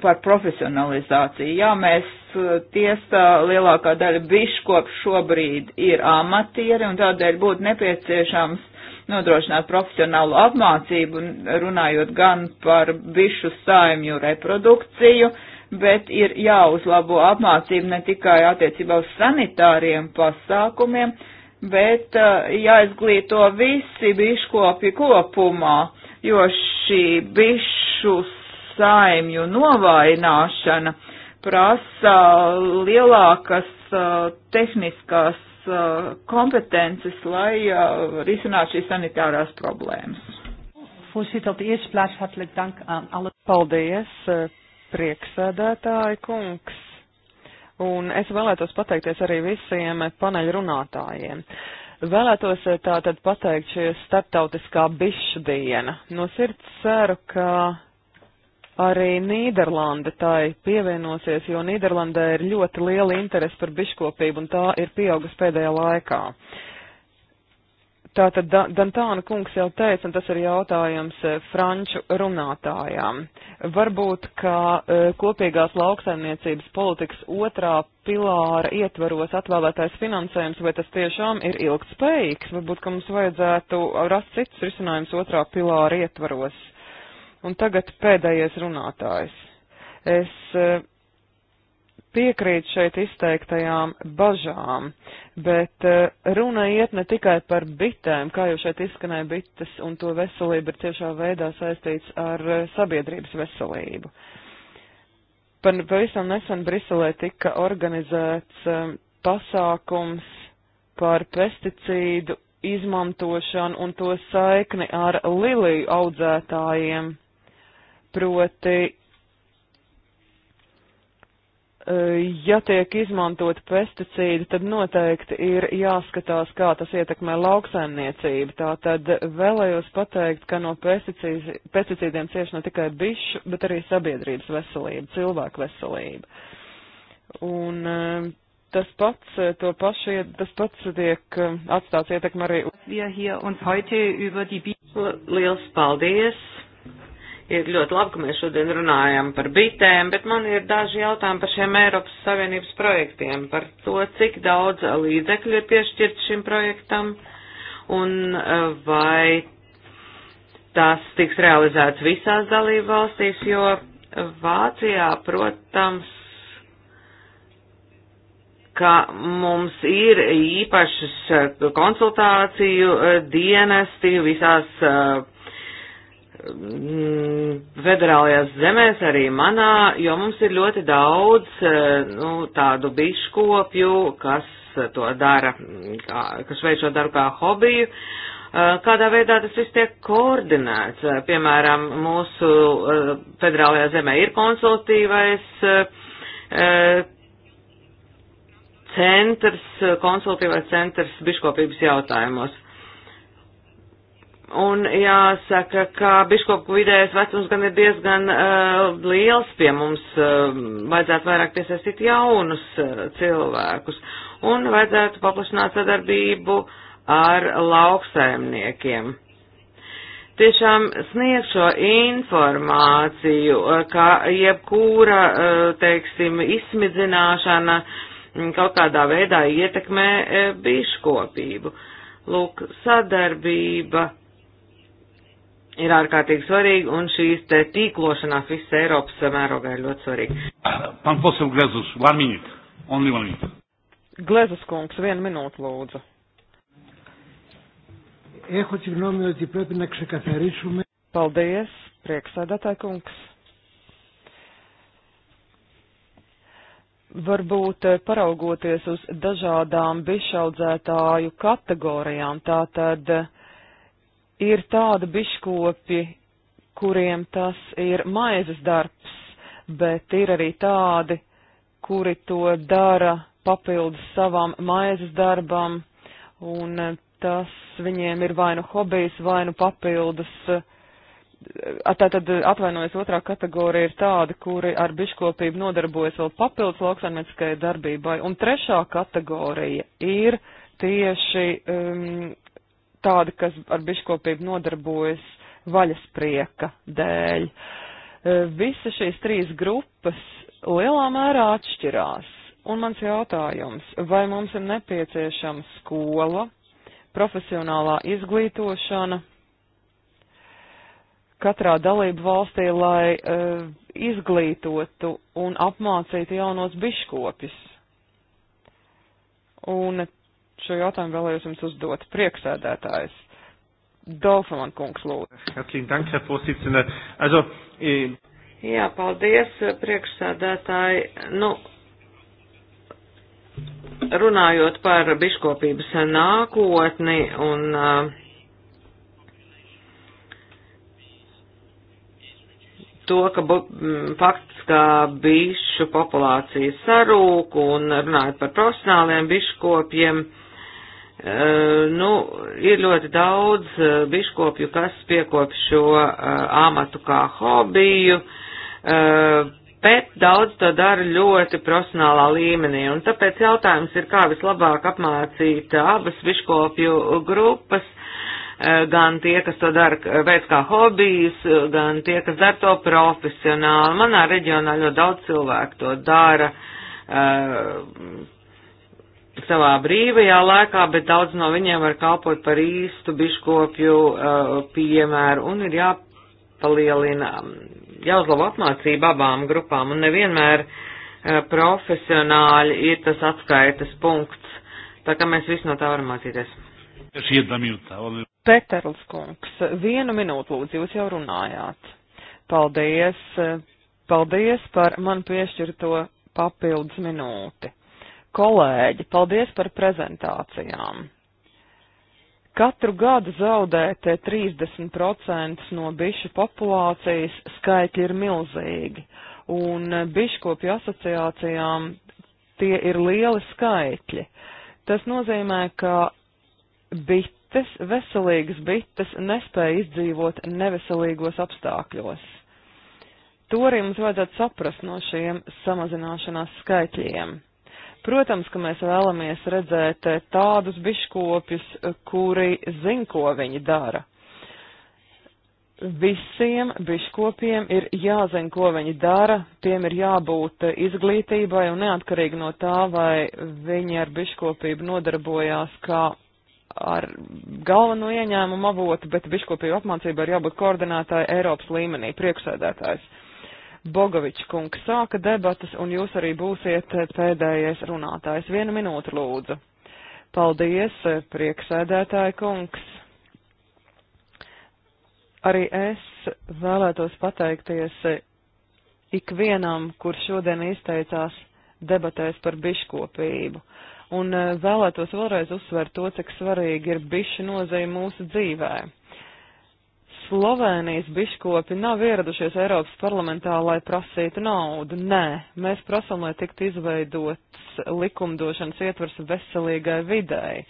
par profesionalizāciju. Jā, mēs uh, tiesā lielākā daļa biškopu šobrīd ir amatieri un tādēļ būtu nepieciešams nodrošināt profesionālu apmācību, runājot gan par bišu saimju reprodukciju, bet ir jāuzlabo apmācību ne tikai attiecībā uz sanitāriem pasākumiem, bet uh, jāizglīto visi biškopi kopumā, jo šī bišus saimju novājināšana prasa uh, lielākas uh, tehniskās uh, kompetences, lai risinātu šīs sanitārās problēmas. Voorzitter, op de eerste plaats hartelijk dank aan alle. Paldies, eh, prieksēdētāji kungs. Un es vēlētos pateikties arī visiem paneļrunātājiem. Vēlētos eh, tātad pateikt šī starptautiskā bišu diena. No sirds ceru, ka arī Nīderlanda tai pievienosies, jo Nīderlandē ir ļoti liela interese par biškopību un tā ir pieaugusi pēdējā laikā. Tātad Dantāna kungs jau teica, un tas ir jautājums eh, franču runātājām. Varbūt, ka eh, kopīgās lauksaimniecības politikas otrā pilāra ietvaros atvēlētais finansējums, vai tas tiešām ir ilgspējīgs? Varbūt, ka mums vajadzētu rast cits risinājums otrā pilāra ietvaros. Un tagad pēdējais runātājs. Es e, piekrītu šeit izteiktajām bažām, bet e, runa iet ne tikai par bitēm, kā jau šeit izskanēja bites, un to veselība ir tiešā veidā saistīts ar e, sabiedrības veselību. Par pavisam nesen Briselē tika organizēts pasākums par pesticīdu izmantošanu un to saikni ar liliju audzētājiem proti, e, ja tiek izmantot pesticīdi, tad noteikti ir jāskatās, kā tas ietekmē lauksaimniecību. Tātad vēlējos pateikt, ka no pesticīdiem cieš ne tikai bišu, bet arī sabiedrības veselība, cilvēku veselība. Un e, tas pats, e, to pašu, tas pats tiek atstāts ietekmē arī. Liels paldies! ir ļoti labi, ka mēs šodien runājam par bitēm, bet man ir daži jautājumi par šiem Eiropas Savienības projektiem, par to, cik daudz līdzekļu ir piešķirt šim projektam un eh, vai tas tiks realizēts visās dalību valstīs, jo Vācijā, protams, ka mums ir īpašas eh, konsultāciju eh, dienesti visās Mm, federālajās zemēs, arī manā, jo mums ir ļoti daudz eh, nu, tādu biškopju, kas to dara, kas veic šo darbu kā hobiju. Eh, kādā veidā tas viss tiek koordinēts? Eh, piemēram, mūsu federālajā zemē ir konsultīvais centrs, konsultīvais centrs biškopības jautājumos. Un jāsaka, ka biškopu vidējais vecums gan ir diezgan uh, liels pie mums, uh, vajadzētu vairāk piesaistīt jaunus uh, cilvēkus un vajadzētu paplašināt sadarbību ar lauksaimniekiem. Tiešām sniegšo informāciju, uh, ka jebkura, uh, teiksim, izsmidzināšana mm, kaut kādā veidā ietekmē uh, biškopību. Lūk, sadarbība ir ārkārtīgi svarīgi, un šīs te tīklošanās visas Eiropas mērogā ir ļoti svarīgi. Pan posel Glezus, one minute, only one minute. Glezus kungs, vienu minūtu lūdzu. Έχω τη γνώμη ότι πρέπει να ξεκαθαρίσουμε. Paldies, priekšsēdētāj kungs. Varbūt eh, paraugoties uz dažādām bišaudzētāju kategorijām, tātad uh, ir tāda biškopi, kuriem tas ir maizes darbs, bet ir arī tādi, kuri to dara papildus savam maizes darbam, un eh, tas viņiem ir vai nu hobijs, vai nu papildus. Eh, tātad eh, atvainojas otrā kategorija ir tāda, kuri ar biškopību nodarbojas vēl papildus lauksaimnieciskajai darbībai, un trešā kategorija ir tieši um, tādi, kas ar biškopību nodarbojas vaļasprieka dēļ. E, visa šīs trīs grupas lielā mērā atšķirās. Un mans jautājums, vai mums ir nepieciešama skola, profesionālā izglītošana katrā dalību valstī, lai uh, izglītotu un apmācītu jaunos biškopjus? Un šo jautājumu vēlējos jums uzdot. Prieksēdētājs. Dolfaman kungs lūdzu. Herzlichen Dank, Herr Vorsitzender. Also, eh... Jā, paldies, priekšsēdētāji. Nu, runājot par biškopības nākotni un uh, to, ka mm, fakts, ka bišu populācija sarūk un runājot par profesionāliem biškopiem, uh, Eh, nu, ir ļoti daudz eh, biškopju, kas piekop šo eh, amatu kā hobiju, bet daudz to dara ļoti profesionālā līmenī, un tāpēc jautājums ir, kā vislabāk apmācīt abas biškopju grupas, gan tie, kas to dara veids kā hobijas, gan tie, kas dara to profesionāli. Manā reģionā ļoti daudz cilvēku to dara savā brīvajā laikā, bet daudz no viņiem var kalpot par īstu biškopju uh, piemēru un ir jāpalielina, jāuzlabo apmācība abām grupām un nevienmēr uh, profesionāļi ir tas atskaites punkts, tā kā mēs visi no tā varam mācīties. Peterls kungs, vienu minūtu lūdzu, jūs jau runājāt. Paldies, paldies par man piešķirto papildus minūti kolēģi, paldies par prezentācijām. Katru gadu zaudēt 30% no bišu populācijas skaitļi ir milzīgi, un eh, biškopju asociācijām tie ir lieli skaitļi. Tas nozīmē, ka bites, veselīgas bites nespēja izdzīvot neveselīgos apstākļos. To arī mums vajadzētu saprast no šiem samazināšanās skaitļiem. Protams, ka mēs vēlamies redzēt eh, tādus biškopjus, eh, kuri zin, ko viņi dara. Visiem biškopiem ir jāzina, ko viņi dara, tiem ir jābūt eh, izglītībai un neatkarīgi no tā, vai viņi ar biškopību nodarbojās kā ar galveno ieņēmumu avotu, bet biškopību apmācība ir jābūt koordinētāja Eiropas līmenī, priekšsēdētājs. Bogovičs kungs sāka debatas, un jūs arī būsiet pēdējais runātājs. Vienu minūtu lūdzu. Paldies, prieksēdētāja kungs. Arī es vēlētos pateikties ikvienam, kurš šodien izteicās debatēs par biškopību. Un eh, vēlētos vēlreiz uzsvērt to, cik svarīgi ir bišu nozīme mūsu dzīvēm Slovēnijas biškopi nav ieradušies Eiropas parlamentā, lai prasītu naudu. Nē, mēs prasam, lai tiktu izveidots likumdošanas ietvers veselīgai videi.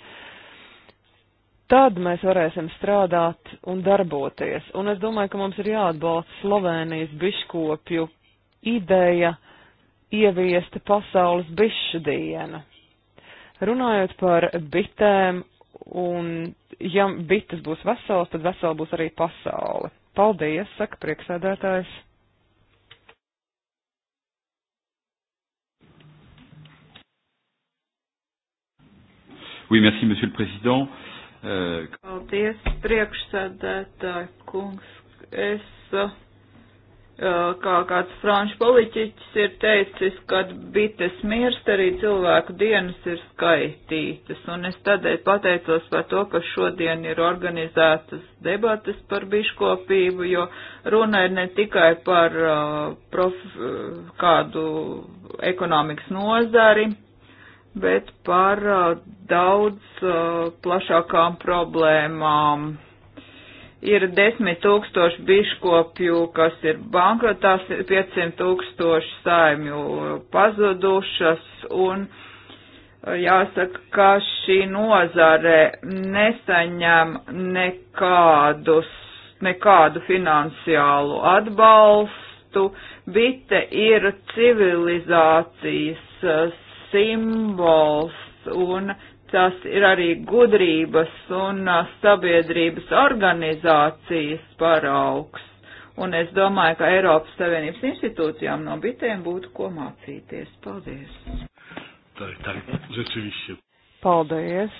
Tad mēs varēsim strādāt un darboties. Un es domāju, ka mums ir jāatbalsta Slovēnijas biškopju ideja ieviesta pasaules bišu dienu. Runājot par bitēm un ja bites būs veselas, tad vesela būs arī pasaule. Paldies, saka prieksēdētājs. Oui, merci, monsieur le président. Euh... Paldies, priekšsēdētāji kungs. Es uh, Eh, kā kāds franču politiķis ir teicis, kad bites mirst, arī cilvēku dienas ir skaitītas, un es tādēļ pateicos par to, ka šodien ir organizētas debatas par biškopību, jo runa ir ne tikai par eh, prof, kādu ekonomikas nozari, bet par eh, daudz plašākām problēmām ir 10 tūkstoši biškopju, kas ir bankrotās, 500 tūkstoši saimju pazudušas, un e, jāsaka, ka šī nozare nesaņem nekādus, nekādu finansiālu atbalstu. Bite ir civilizācijas e, simbols un tas ir arī gudrības un sabiedrības organizācijas paraugs. Un es domāju, ka Eiropas Savienības institūcijām no bitēm būtu ko mācīties. Paldies! Tā ir tā, rzeczywiście. Paldies!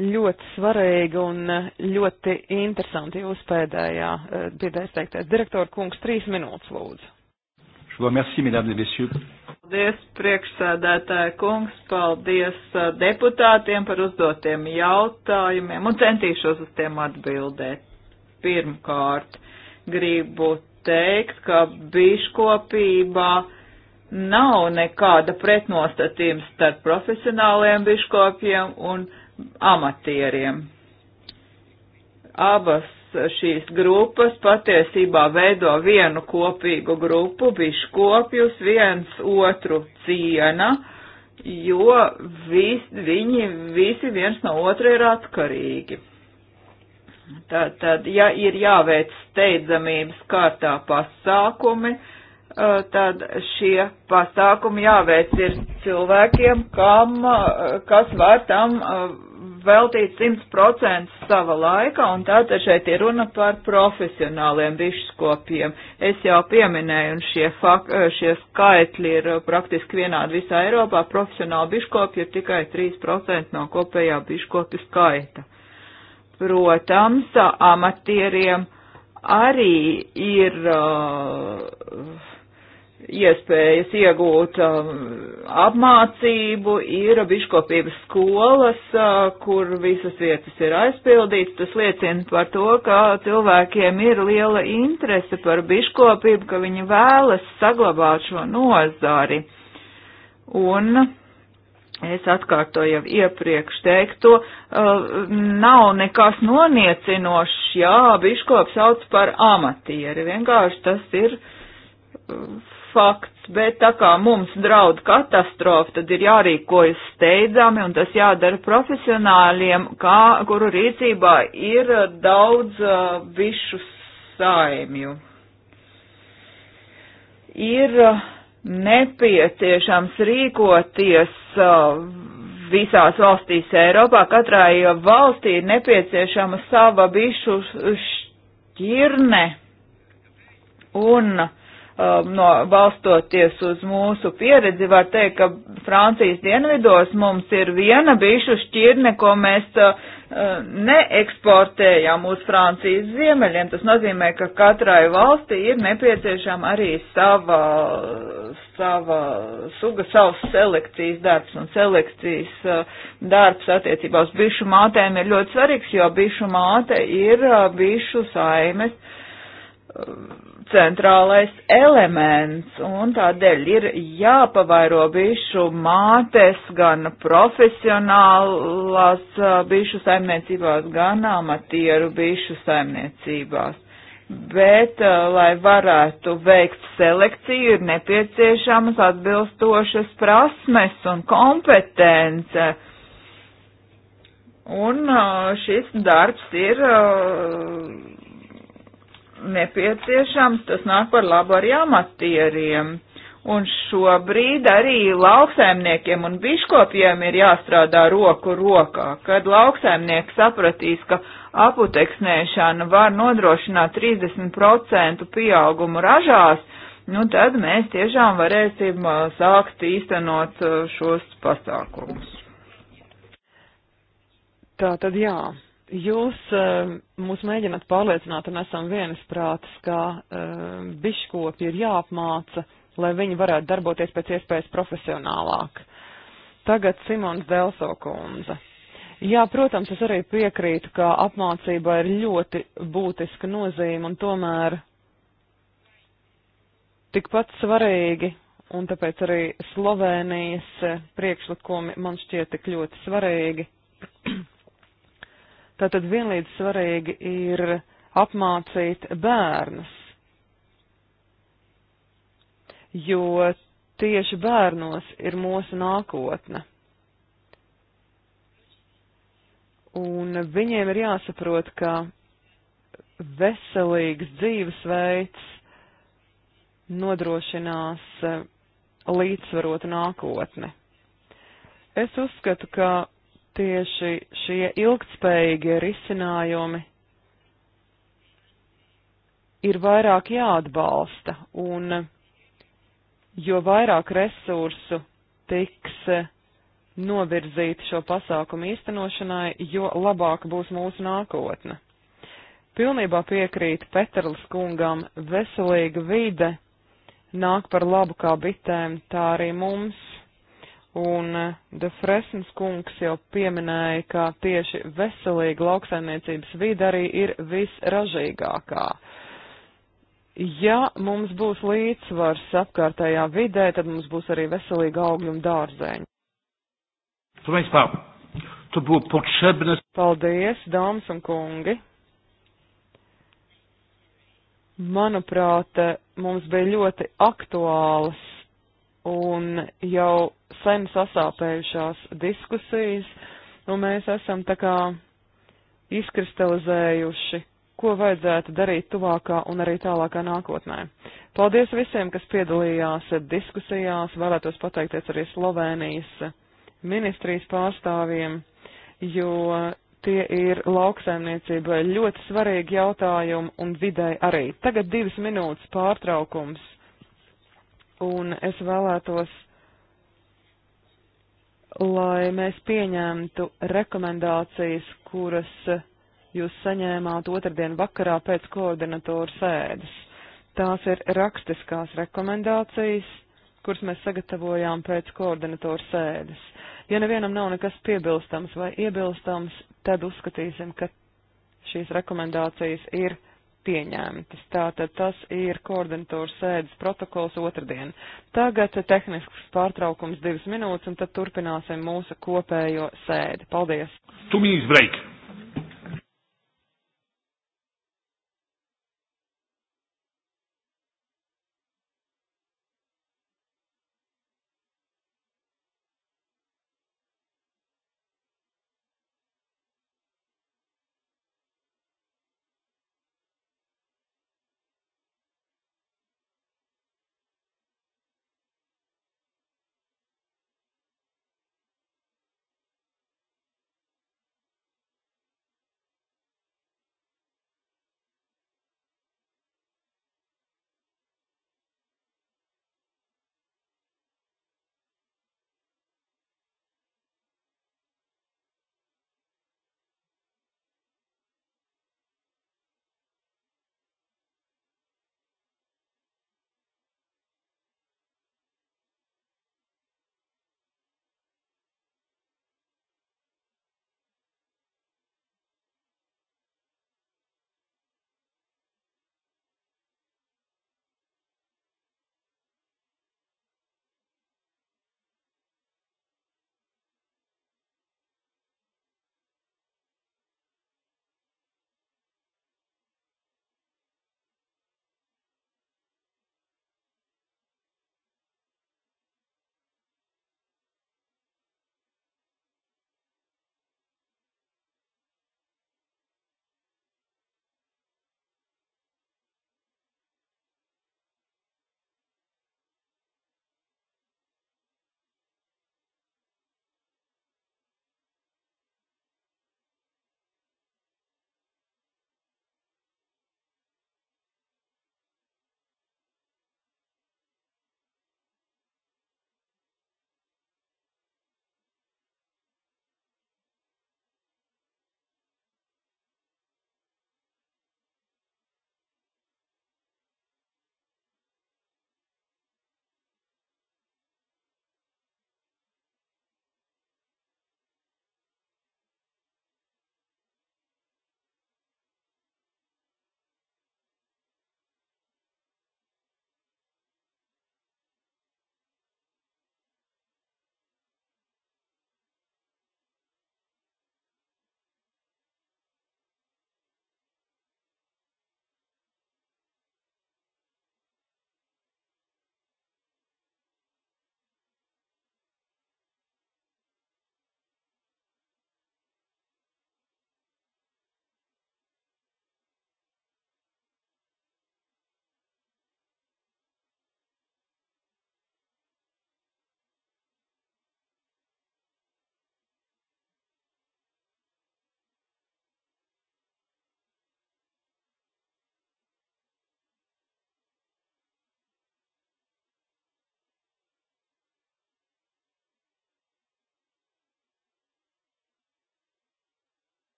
Ļoti svarīga un ļoti interesanti jūs pēdējā eh, bija izteiktais. Direktora kungs, trīs minūtes lūdzu. Je vous remercie, mesdames et messieurs. Paldies, priekšsēdētāja kungs, paldies uh, deputātiem par uzdotiem jautājumiem un centīšos uz tiem atbildēt. Pirmkārt, gribu teikt, ka biškopībā nav nekāda pretnostatījuma starp profesionāliem biškopiem un amatieriem. Abas Eh, šīs grupas patiesībā veido vienu kopīgu grupu, biškopjus viens otru ciena, jo vis, viņi visi viens no otra ir atkarīgi. Tad, tad ja ir jāveic steidzamības kārtā pasākumi, eh, tad šie pasākumi jāveic ir cilvēkiem, kam, eh, kas var tam veltīt 100% sava laika, un tātad šeit ir runa par profesionāliem bišskopiem. Es jau pieminēju, un šie, fak, eh, šie skaitļi ir eh, praktiski vienādi visā Eiropā, profesionāli biškopi ir tikai 3% no kopējā biškopi skaita. Protams, amatieriem arī ir. Uh, iespējas iegūt um, apmācību, ir biškopības skolas, uh, kur visas vietas ir aizpildītas. Tas liecina par to, ka cilvēkiem ir liela interese par biškopību, ka viņi vēlas saglabāt šo nozari. Un es atkārtoju jau iepriekš teikto, uh, nav nekas noniecinošs, jā, biškops sauc par amatieri, vienkārši tas ir uh, fakts, bet tā kā mums draud katastrofa, tad ir jārīkojas steidzami un tas jādara profesionāļiem, kā, kuru rīcībā ir daudz uh, višu saimju. Ir uh, nepieciešams rīkoties uh, visās valstīs Eiropā, katrai valstī ir nepieciešama sava bišu šķirne un uh, Um, no balstoties uz mūsu pieredzi, var teikt, ka Francijas dienvidos mums ir viena bišu šķirne, ko mēs uh, uh, neeksportējam uz Francijas ziemeļiem. Tas nozīmē, ka katrai valsti ir nepieciešama arī sava, sava suga, savs selekcijas darbs, un selekcijas uh, darbs attiecībā uz bišu mātēm ir ļoti svarīgs, jo bišu māte ir bišu saimes centrālais elements, un tādēļ ir jāpavairo bišu mātes gan profesionālās bišu saimniecībās, gan amatieru bišu saimniecībās. Bet, lai varētu veikt selekciju, ir nepieciešamas atbilstošas prasmes un kompetence. Un šis darbs ir nepieciešams, tas nāk par labu arī amatieriem. Un šobrīd arī lauksaimniekiem un biškopiem ir jāstrādā roku rokā, kad lauksaimnieks sapratīs, ka aputeksnēšana var nodrošināt 30% pieaugumu ražās, nu tad mēs tiešām varēsim sākt īstenot šos pasākumus. Tā tad jā. Jūs eh, mūs mēģināt pārliecināt un esam vienas prātas, ka eh, biškopi ir jāapmāca, lai viņi varētu darboties pēc iespējas profesionālāk. Tagad Simons Delso kundze. Jā, protams, es arī piekrītu, ka apmācība ir ļoti būtiska nozīme un tomēr tikpat svarīgi, un tāpēc arī Slovēnijas priekšlikumi man šķiet tik ļoti svarīgi. Tātad vienlīdz svarīgi ir apmācīt bērnus, jo tieši bērnos ir mūsu nākotne. Un viņiem ir jāsaprot, ka veselīgs dzīvesveids nodrošinās eh, līdzsvarotu nākotni. Es uzskatu, ka tieši šie ilgtspējīgie risinājumi ir vairāk jāatbalsta, un jo vairāk resursu tiks novirzīt šo pasākumu īstenošanai, jo labāk būs mūsu nākotne. Pilnībā piekrīt Petrls kungam, veselīga vide nāk par labu kā bitēm, tā arī mums Un eh, De Fresnes kungs jau pieminēja, ka tieši veselīga lauksaimniecības vide arī ir visražīgākā. Ja mums būs līdzsvars apkārtējā vidē, tad mums būs arī veselīga augļu un dārzeņu. Paldies, dāmas un kungi! Manuprāt, eh, mums bija ļoti aktuāls un jau sen sasāpējušās diskusijas, un nu, mēs esam tā kā izkristalizējuši, ko vajadzētu darīt tuvākā un arī tālākā nākotnē. Paldies visiem, kas piedalījās diskusijās, vēlētos pateikties arī Slovenijas ministrijas pārstāvjiem, jo tie ir lauksaimniecībai ļoti svarīgi jautājumi un videi arī. Tagad divas minūtes pārtraukums un es vēlētos, lai mēs pieņemtu rekomendācijas, kuras jūs saņēmāt otrdien vakarā pēc koordinatoru sēdes. Tās ir rakstiskās rekomendācijas, kuras mēs sagatavojām pēc koordinatoru sēdes. Ja nevienam nav nekas piebilstams vai iebilstams, tad uzskatīsim, ka šīs rekomendācijas ir pieņemtas. Tātad tas ir koordinatoru sēdes protokols otrdien. Tagad tehnisks pārtraukums divas minūtes, un tad turpināsim mūsu kopējo sēdi. Paldies! Two minutes break.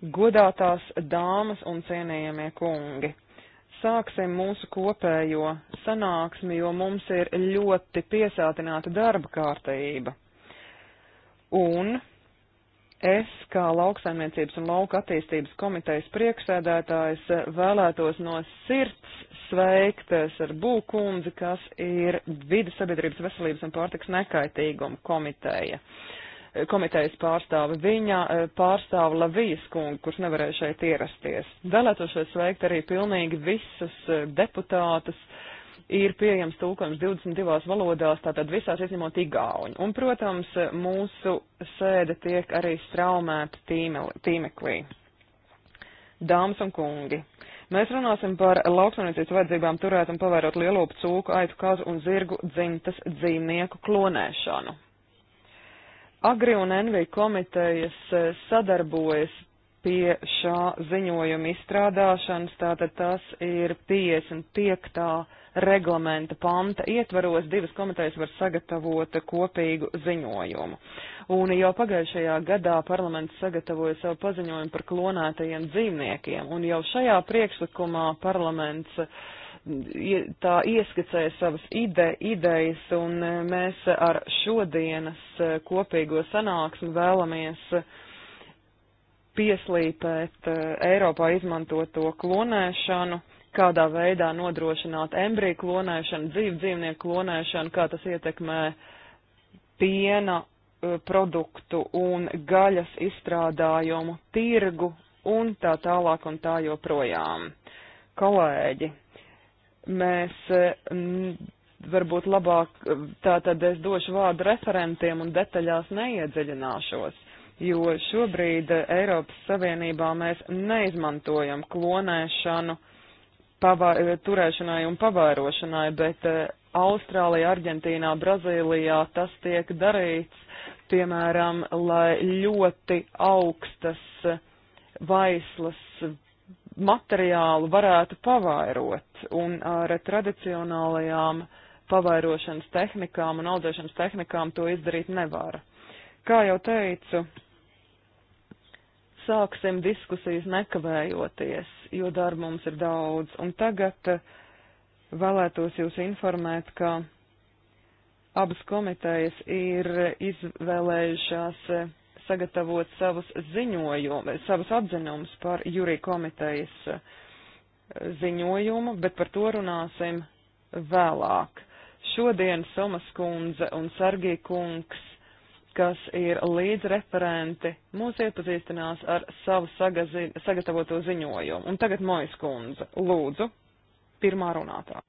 Godātās dāmas un cienījamie kungi, sāksim mūsu kopējo sanāksmi, jo mums ir ļoti piesātināta darba kārtība. Un es, kā lauksaimniecības un lauka attīstības komitejas priekšsēdētājs, vēlētos no sirds sveikt ar Būkundzi, kas ir vidas sabiedrības veselības un pārtiks nekaitīguma komiteja. Uh, Eh, komitejas pārstāvi. Viņa eh, pārstāv Lavijas kungu, kurš nevarēja šeit ierasties. Vēlētos šeit sveikt arī pilnīgi visus eh, deputātus. Ir pieejams tulkojums 22 valodās, tātad visās izņemot igauņu. Un, protams, mūsu sēde tiek arī straumēta tīmeklī. Dāmas un kungi, Mēs runāsim par lauksaimniecības vajadzībām turēt un pavērot lielopu cūku, aitu kazu un zirgu dzimtas dzīvnieku klonēšanu. Agri un NV komitejas eh, sadarbojas pie šā ziņojuma izstrādāšanas, tātad tas ir 55. reglamenta panta ietvaros, divas komitejas var sagatavot kopīgu ziņojumu. Un jau pagājušajā gadā parlaments sagatavoja savu paziņojumu par klonētajiem dzīvniekiem, un jau šajā priekšlikumā parlaments uh, tā ieskicēja savas ide, idejas, un e, mēs ar šodienas e, kopīgo sanāksmi vēlamies pieslīpēt e, Eiropā izmantoto klonēšanu, kādā veidā nodrošināt embriju klonēšanu, dzīvu dzīvnieku klonēšanu, kā tas ietekmē piena produktu un gaļas izstrādājumu tirgu un tā tālāk un tā joprojām. Kolēģi, mēs eh, varbūt labāk, tātad es došu vārdu referentiem un detaļās neiedziļināšos, jo šobrīd Eiropas Savienībā mēs neizmantojam klonēšanu pavā, turēšanai un pavairošanai, bet eh, Austrālijā, Argentīnā, Brazīlijā tas tiek darīts, piemēram, lai ļoti augstas eh, vaislas materiālu varētu pavairot un ar tradicionālajām pavairošanas tehnikām un audzēšanas tehnikām to izdarīt nevar. Kā jau teicu, sāksim diskusijas nekavējoties, jo darba mums ir daudz, un tagad vēlētos jūs informēt, ka abas komitejas ir izvēlējušās sagatavot savus ziņojumus, savus atzinumus par jūrī komitejas eh, ziņojumu, bet par to runāsim vēlāk. Šodien Somas kundze un Sargī kungs, kas ir līdzreferenti, mūs iepazīstinās ar savu sagazi, sagatavoto ziņojumu. Un tagad Mojas kundze, lūdzu, pirmā runātā.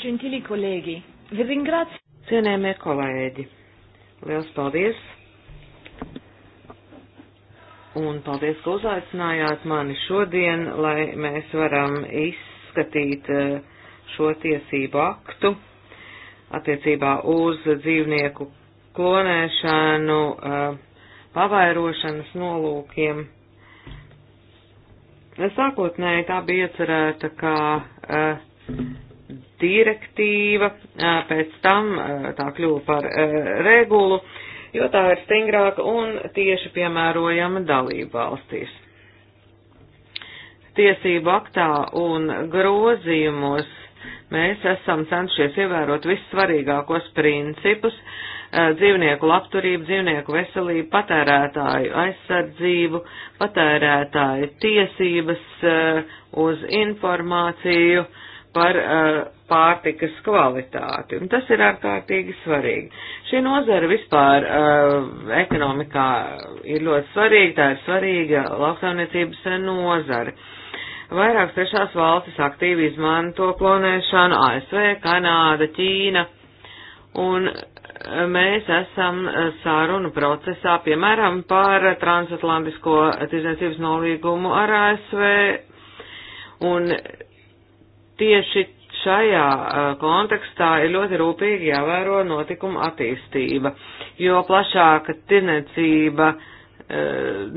Gentili kolēģi, vi ringrazio. Cienējamie kolēģi, Liels paldies! Un paldies, ka uzaicinājāt mani šodien, lai mēs varam izskatīt eh, šo tiesību aktu attiecībā uz dzīvnieku klonēšanu, eh, pavairošanas nolūkiem. Sākotnēji tā bija iecerēta kā direktīva, pēc tam tā kļuva par regulu, jo tā ir stingrāka un tieši piemērojama dalību valstīs. Tiesību aktā un grozījumos mēs esam cenšies ievērot vissvarīgākos principus - dzīvnieku labturību, dzīvnieku veselību, patērētāju aizsardzību, patērētāju tiesības uz informāciju, uh, par uh, pārtikas kvalitāti. Un tas ir ārkārtīgi svarīgi. Šī nozara vispār uh, ekonomikā ir ļoti svarīga, tā ir svarīga lauksaimniecības nozara. Vairākas trešās valstis aktīvi izmanto klonēšanu - ASV, Kanāda, Ķīna. Un eh, mēs esam sārunu procesā, piemēram, par transatlantisko tirdzniecības nolīgumu ar ASV. Un Tieši šajā kontekstā ir ļoti rūpīgi jāvēro notikuma attīstība, jo plašāka tirniecība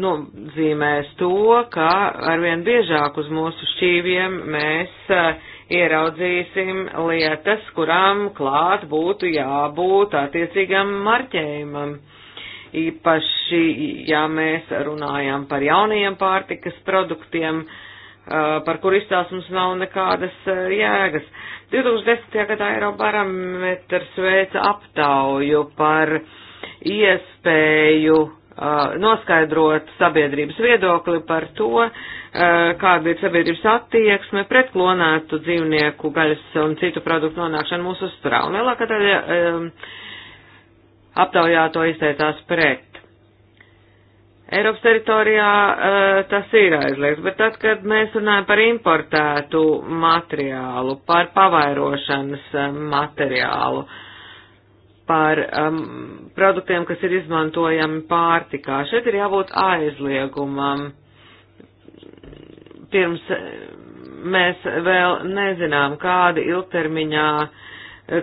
nozīmēs to, ka arvien biežāk uz mūsu šķīviem mēs ieraudzīsim lietas, kurām klāt būtu jābūt attiecīgam marķējumam. Īpaši, ja mēs runājam par jaunajiem pārtikas produktiem, uh, par kur izcelsmes nav nekādas jēgas. 2010. gadā Eirobarometrs veica aptauju par iespēju noskaidrot sabiedrības viedokli par to, kāda ir sabiedrības attieksme pret klonētu dzīvnieku gaļas un citu produktu nonākšanu mūsu uzturā. Un lielākā daļa aptaujā to izteicās pret. Eiropas teritorijā uh, tas ir aizliegts, bet tad, kad mēs runājam par importētu materiālu, par pavairošanas eh, materiālu, par um, produktiem, kas ir izmantojami pārtikā, šeit ir jābūt aizliegumam. Pirms eh, mēs vēl nezinām, kādi ilgtermiņā,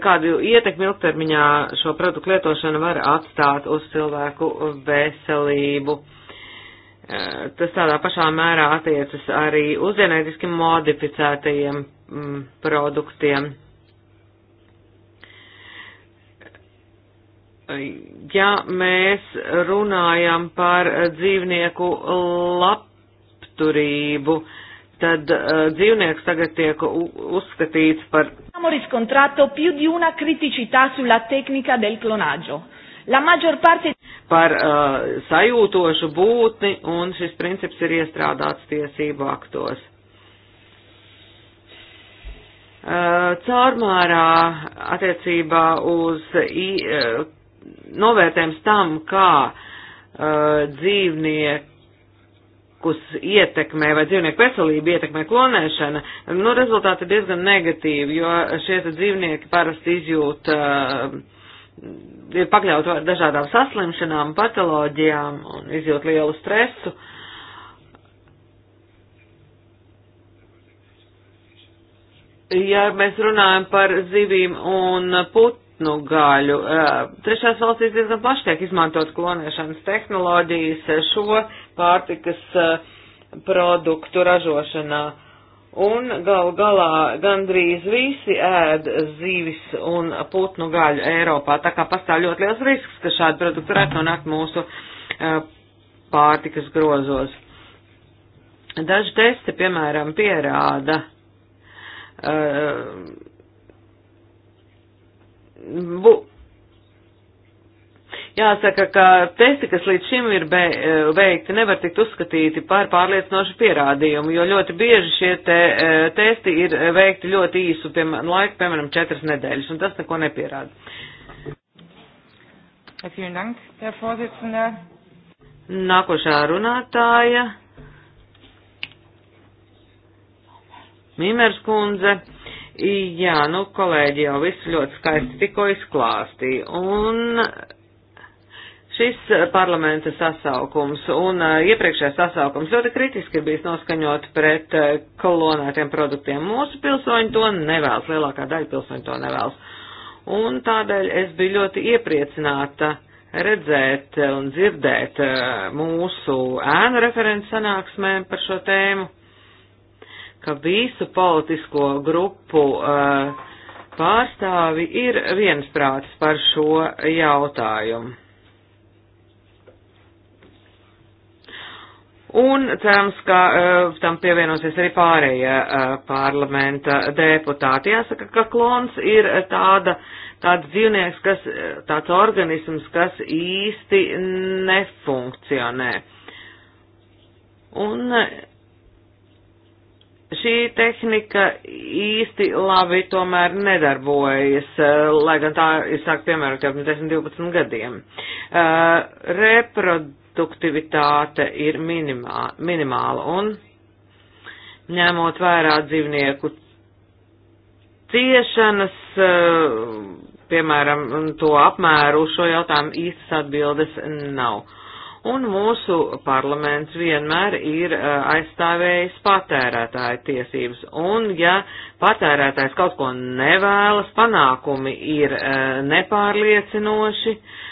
kādu ietekmi ilgtermiņā šo produktu lietošana var atstāt uz cilvēku veselību. Eh, tas tādā pašā mērā attiecas arī uz ģenētiski modificētajiem m, mm, produktiem. Ja mēs runājam par dzīvnieku labturību, tad uh, dzīvnieks tagad tiek uzskatīts par. Contratto più di una criticità sulla tecnica del clonaggio. La maggior parte par uh, sajūtošu būtni, un šis princips ir iestrādāts tiesību aktos. Uh, caurmārā attiecībā uz i, uh, novērtējums tam, kā uh, dzīvnieki kas ietekmē vai dzīvnieku veselību ietekmē klonēšana, nu, rezultāti ir diezgan negatīvi, jo šie dzīvnieki parasti izjūt uh, ir pakļauti dažādām saslimšanām, patoloģijām un izjūt lielu stresu. Ja mēs runājam par zivīm un putnu gaļu, eh, trešās valstīs diezgan plaši tiek izmantot klonēšanas tehnoloģijas eh, šo pārtikas eh, produktu ražošanā un gal galā gandrīz visi ēd zīvis un putnu gaļu Eiropā, tā kā pastāv ļoti liels risks, ka šādi produkti varētu nonākt mūsu uh, pārtikas grozos. Daži testi, piemēram, pierāda, uh, bu, Jāsaka, ka testi, kas līdz šim ir be, e, veikti, nevar tikt uzskatīti par pārliecinošu pierādījumu, jo ļoti bieži šie te, e, testi ir veikti ļoti īsu piem, laiku, piemēram, četras nedēļas, un tas neko nepierāda. Vielen Dank, Herr Vorsitzender. Nākošā runātāja. Mīmērs kundze. Jā, nu, kolēģi jau visu ļoti skaisti tikko izklāstīja. Un šis eh, parlamenta sasaukums un eh, iepriekšējais sasaukums ļoti kritiski ir bijis noskaņot pret eh, kolonētiem produktiem. Mūsu pilsoņi to nevēlas, lielākā daļa pilsoņu to nevēlas. Un tādēļ es biju ļoti iepriecināta redzēt un dzirdēt mūsu ēnu referents sanāksmē par šo tēmu, ka visu politisko grupu uh, pārstāvi ir viensprāts par šo jautājumu. Un cerams, ka uh, tam pievienosies arī pārējie uh, parlamenta deputāti. Jāsaka, ka klons ir tāda, tāds dzīvnieks, kas, eh, tāds organisms, kas īsti nefunkcionē. Un šī tehnika īsti labi tomēr nedarbojas, lai gan tā ir sākt piemērot jau pirms 10-12 gadiem. Uh, reprodu produktivitāte ir minimā, minimāla un ņemot vērā dzīvnieku ciešanas, eh, piemēram, to apmēru, šo jautājumu īstas atbildes nav. Un mūsu parlaments vienmēr ir eh, aizstāvējis patērētāju tiesības. Un ja patērētājs kaut ko nevēlas, panākumi ir eh, nepārliecinoši, uh,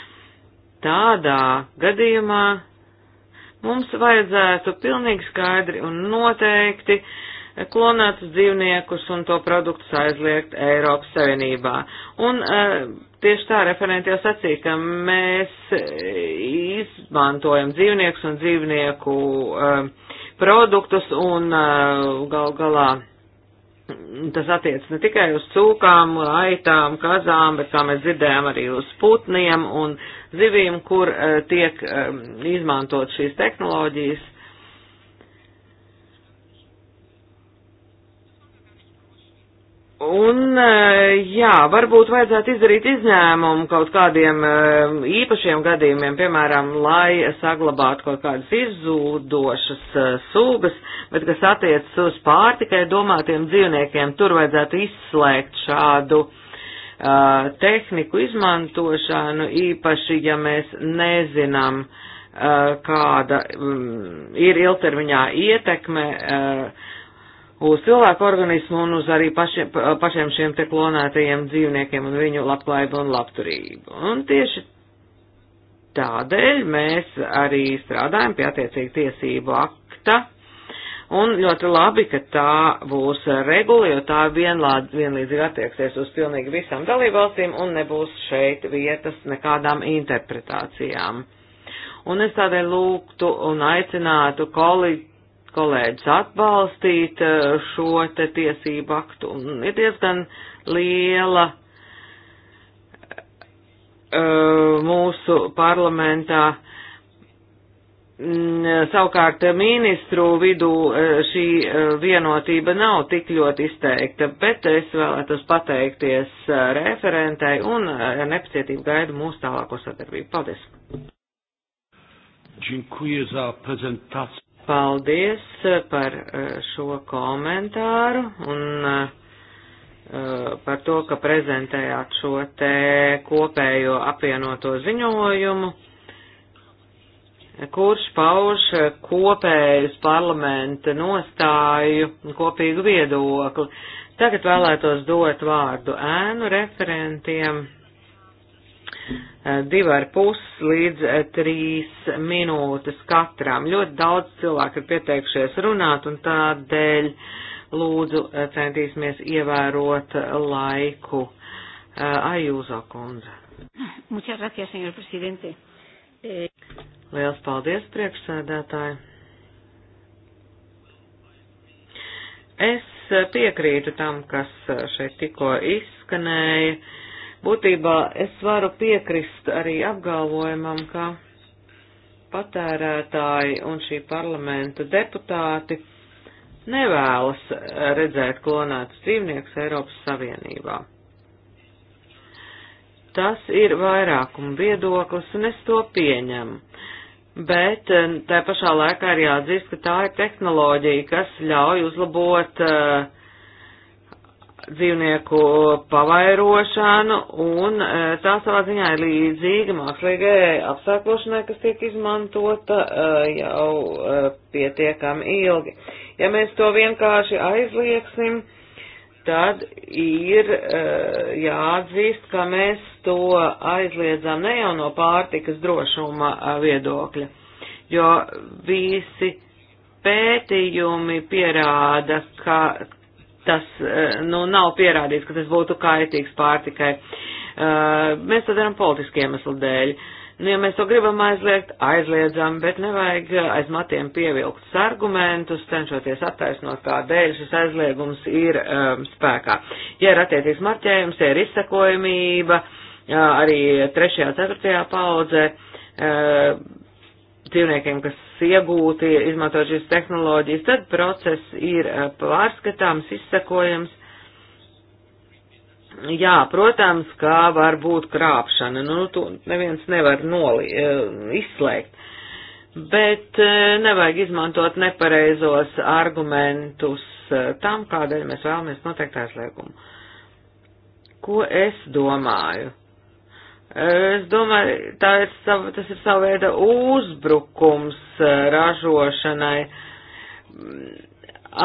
Tādā gadījumā mums vajadzētu pilnīgi skaidri un noteikti klonētus dzīvniekus un to produktus aizliegt Eiropas Savienībā. Un uh, tieši tā referenti jau sacīja, ka mēs eh, izmantojam dzīvniekus un dzīvnieku uh, produktus un uh, gal galā tas attiec ne tikai uz cūkām, aitām, kazām, bet kā mēs dzirdējām arī uz putniem un zivīm, kur eh, tiek eh, izmantot šīs tehnoloģijas Un, eh, jā, varbūt vajadzētu izdarīt izņēmumu kaut kādiem eh, īpašiem gadījumiem, piemēram, lai saglabātu kaut kādas izzūdošas eh, sugas, bet kas attiecas uz pārtikai domātiem dzīvniekiem, tur vajadzētu izslēgt šādu uh, tehniku izmantošanu, īpaši, ja mēs nezinām, uh, kāda um, ir ilgtermiņā ietekme. Uh, uz cilvēku organismu un uz arī pašiem, pašiem šiem te klonētajiem dzīvniekiem un viņu labklājību un labturību. Un tieši tādēļ mēs arī strādājam pie attiecīgi tiesību akta. Un ļoti labi, ka tā būs regula, jo tā vienlād, vienlīdzīgi attieksies uz pilnīgi visām dalībvalstīm un nebūs šeit vietas nekādām interpretācijām. Un es tādēļ lūgtu un aicinātu kolīdzi kolēģis atbalstīt eh, šo te tiesību aktu. Un ir diezgan liela eh, mūsu parlamentā. Mm, savukārt eh, ministru vidū šī vienotība nav tik ļoti izteikta, bet es vēlētos pateikties referentai un nepacietību gaidu mūsu tālāko sadarbību. Paldies! Dziękuję za prezentację. Paldies eh, par eh, šo komentāru un eh, par to, ka prezentējāt šo te kopējo apvienoto ziņojumu, kurš pauž kopējus parlamenta nostāju un kopīgu viedokli. Tagad vēlētos dot vārdu ēnu referentiem divi ar pus līdz eh, trīs minūtes katram. Ļoti daudz cilvēku ir pieteikšies runāt un tādēļ lūdzu eh, centīsimies ievērot laiku. Eh, Ajūzo kundze. Muchas gracias, señor presidente. Liels paldies, priekšsēdētāji. Es piekrītu tam, kas šeit tikko izskanēja Būtībā es varu piekrist arī apgalvojumam, ka patērētāji un šī parlamenta deputāti nevēlas redzēt klonētus dzīvniekus Eiropas Savienībā. Tas ir vairākuma viedoklis, un es to pieņemu. Bet eh, tā pašā laikā ir jāatzīst, ka tā ir tehnoloģija, kas ļauj uzlabot uh, dzīvnieku pavairošanu, un e, tā savā ziņā ir līdzīga mākslīgajai apsāklošanai, kas tiek izmantota e, jau e, pietiekami ilgi. Ja mēs to vienkārši aizlieksim, tad ir jāatzīst, ka mēs to aizliedzam ne jau no pārtikas drošuma viedokļa, jo visi pētījumi pierāda, ka tas, eh, nu, nav pierādīts, ka tas būtu kaitīgs pārtikai. Eh, mēs to darām politiski iemeslu dēļ. Nu, ja mēs to gribam aizliegt, aizliedzam, bet nevajag eh, aiz matiem pievilkt argumentus, cenšoties attaisnot, kādēļ šis aizliegums ir um, spēkā. Ja ir attiecīgs marķējums, ja ir izsakojamība, uh, arī trešajā, ceturtajā paudzē, uh, dzīvniekiem, kas iegūti, izmantojot šīs tehnoloģijas, tad process ir eh, pārskatāms, izsekojams. Jā, protams, kā var būt krāpšana, nu, to neviens nevar noli, eh, izslēgt, bet eh, nevajag izmantot nepareizos argumentus tam, kādēļ mēs vēlamies noteikt aizliegumu. Ko es domāju? Es domāju, ir sava, tas ir sava veida uzbrukums eh, ražošanai.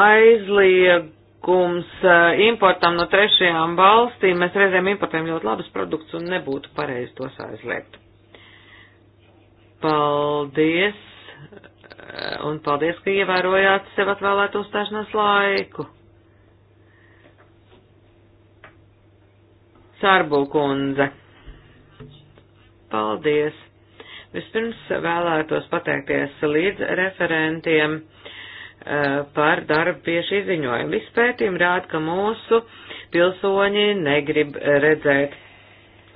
Aizliegums eh, importam no trešajām valstīm, mēs reizēm importējam ļoti labus produktus un nebūtu pareizi tos aizliegt. Paldies! Eh, un paldies, ka ievērojāt sev atvēlēto stāšanās laiku. Sārbūkundze. Paldies! Vispirms vēlētos pateikties līdz referentiem eh, par darbu pie šī ziņojuma. Izpētījumi rāda, ka mūsu pilsoņi negrib redzēt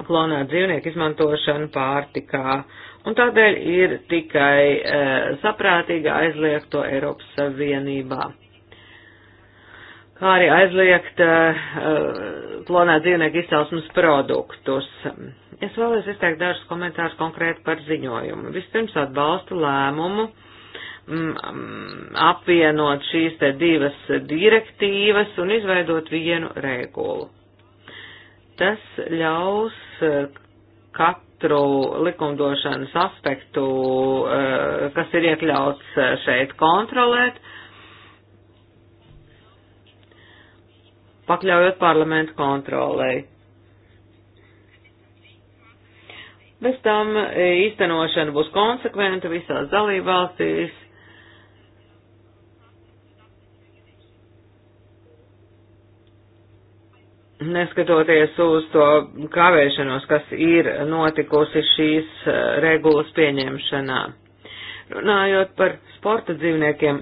klonēt dzīvnieku izmantošanu pārtikā, un tādēļ ir tikai e, saprātīgi aizliegt to Eiropas Savienībā. Kā arī aizliegt e, eh, klonēt dzīvnieku izcelsmes produktus. Es vēlēs izteikt dažus komentārus konkrēti par ziņojumu. Vispirms atbalstu lēmumu mm, mm, apvienot šīs te divas direktīvas un izveidot vienu regulu. Tas ļaus eh, katru likumdošanas aspektu, eh, kas ir iekļauts eh, šeit kontrolēt, pakļaujot parlamentu kontrolēji. Pēc tam e, īstenošana būs konsekventa visās dalībvalstīs. Neskatoties uz to kavēšanos, kas ir notikusi šīs e, regulas pieņemšanā. Runājot par sporta dzīvniekiem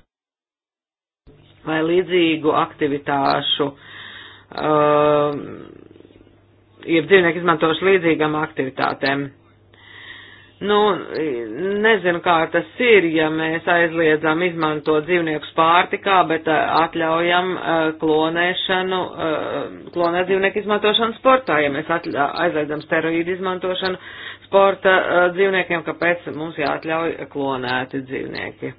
vai līdzīgu aktivitāšu, uh, jeb dzīvnieku izmantošu līdzīgām aktivitātēm. Nu, nezinu, kā tas ir, ja mēs aizliedzam izmantot dzīvniekus pārtikā, bet eh, atļaujam eh, klonēšanu, eh, klonēt dzīvnieku izmantošanu sportā. Ja mēs aizliedzam steroīdu izmantošanu sporta dzīvniekiem, kāpēc mums jāatļauj klonēti dzīvnieki?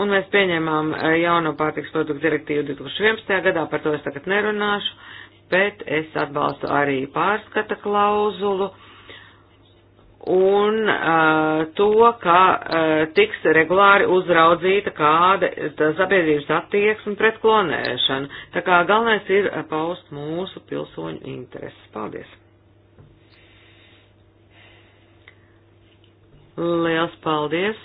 un mēs pieņēmām jauno pārtiks produktu direktīvu 2011. gadā, par to es tagad nerunāšu, bet es atbalstu arī pārskata klauzulu, un uh, to, ka uh, tiks regulāri uzraudzīta kāda sabiedrības attieksme pret klonēšanu. Tā kā galvenais ir eh, paust mūsu pilsoņu intereses. Paldies! Liels paldies!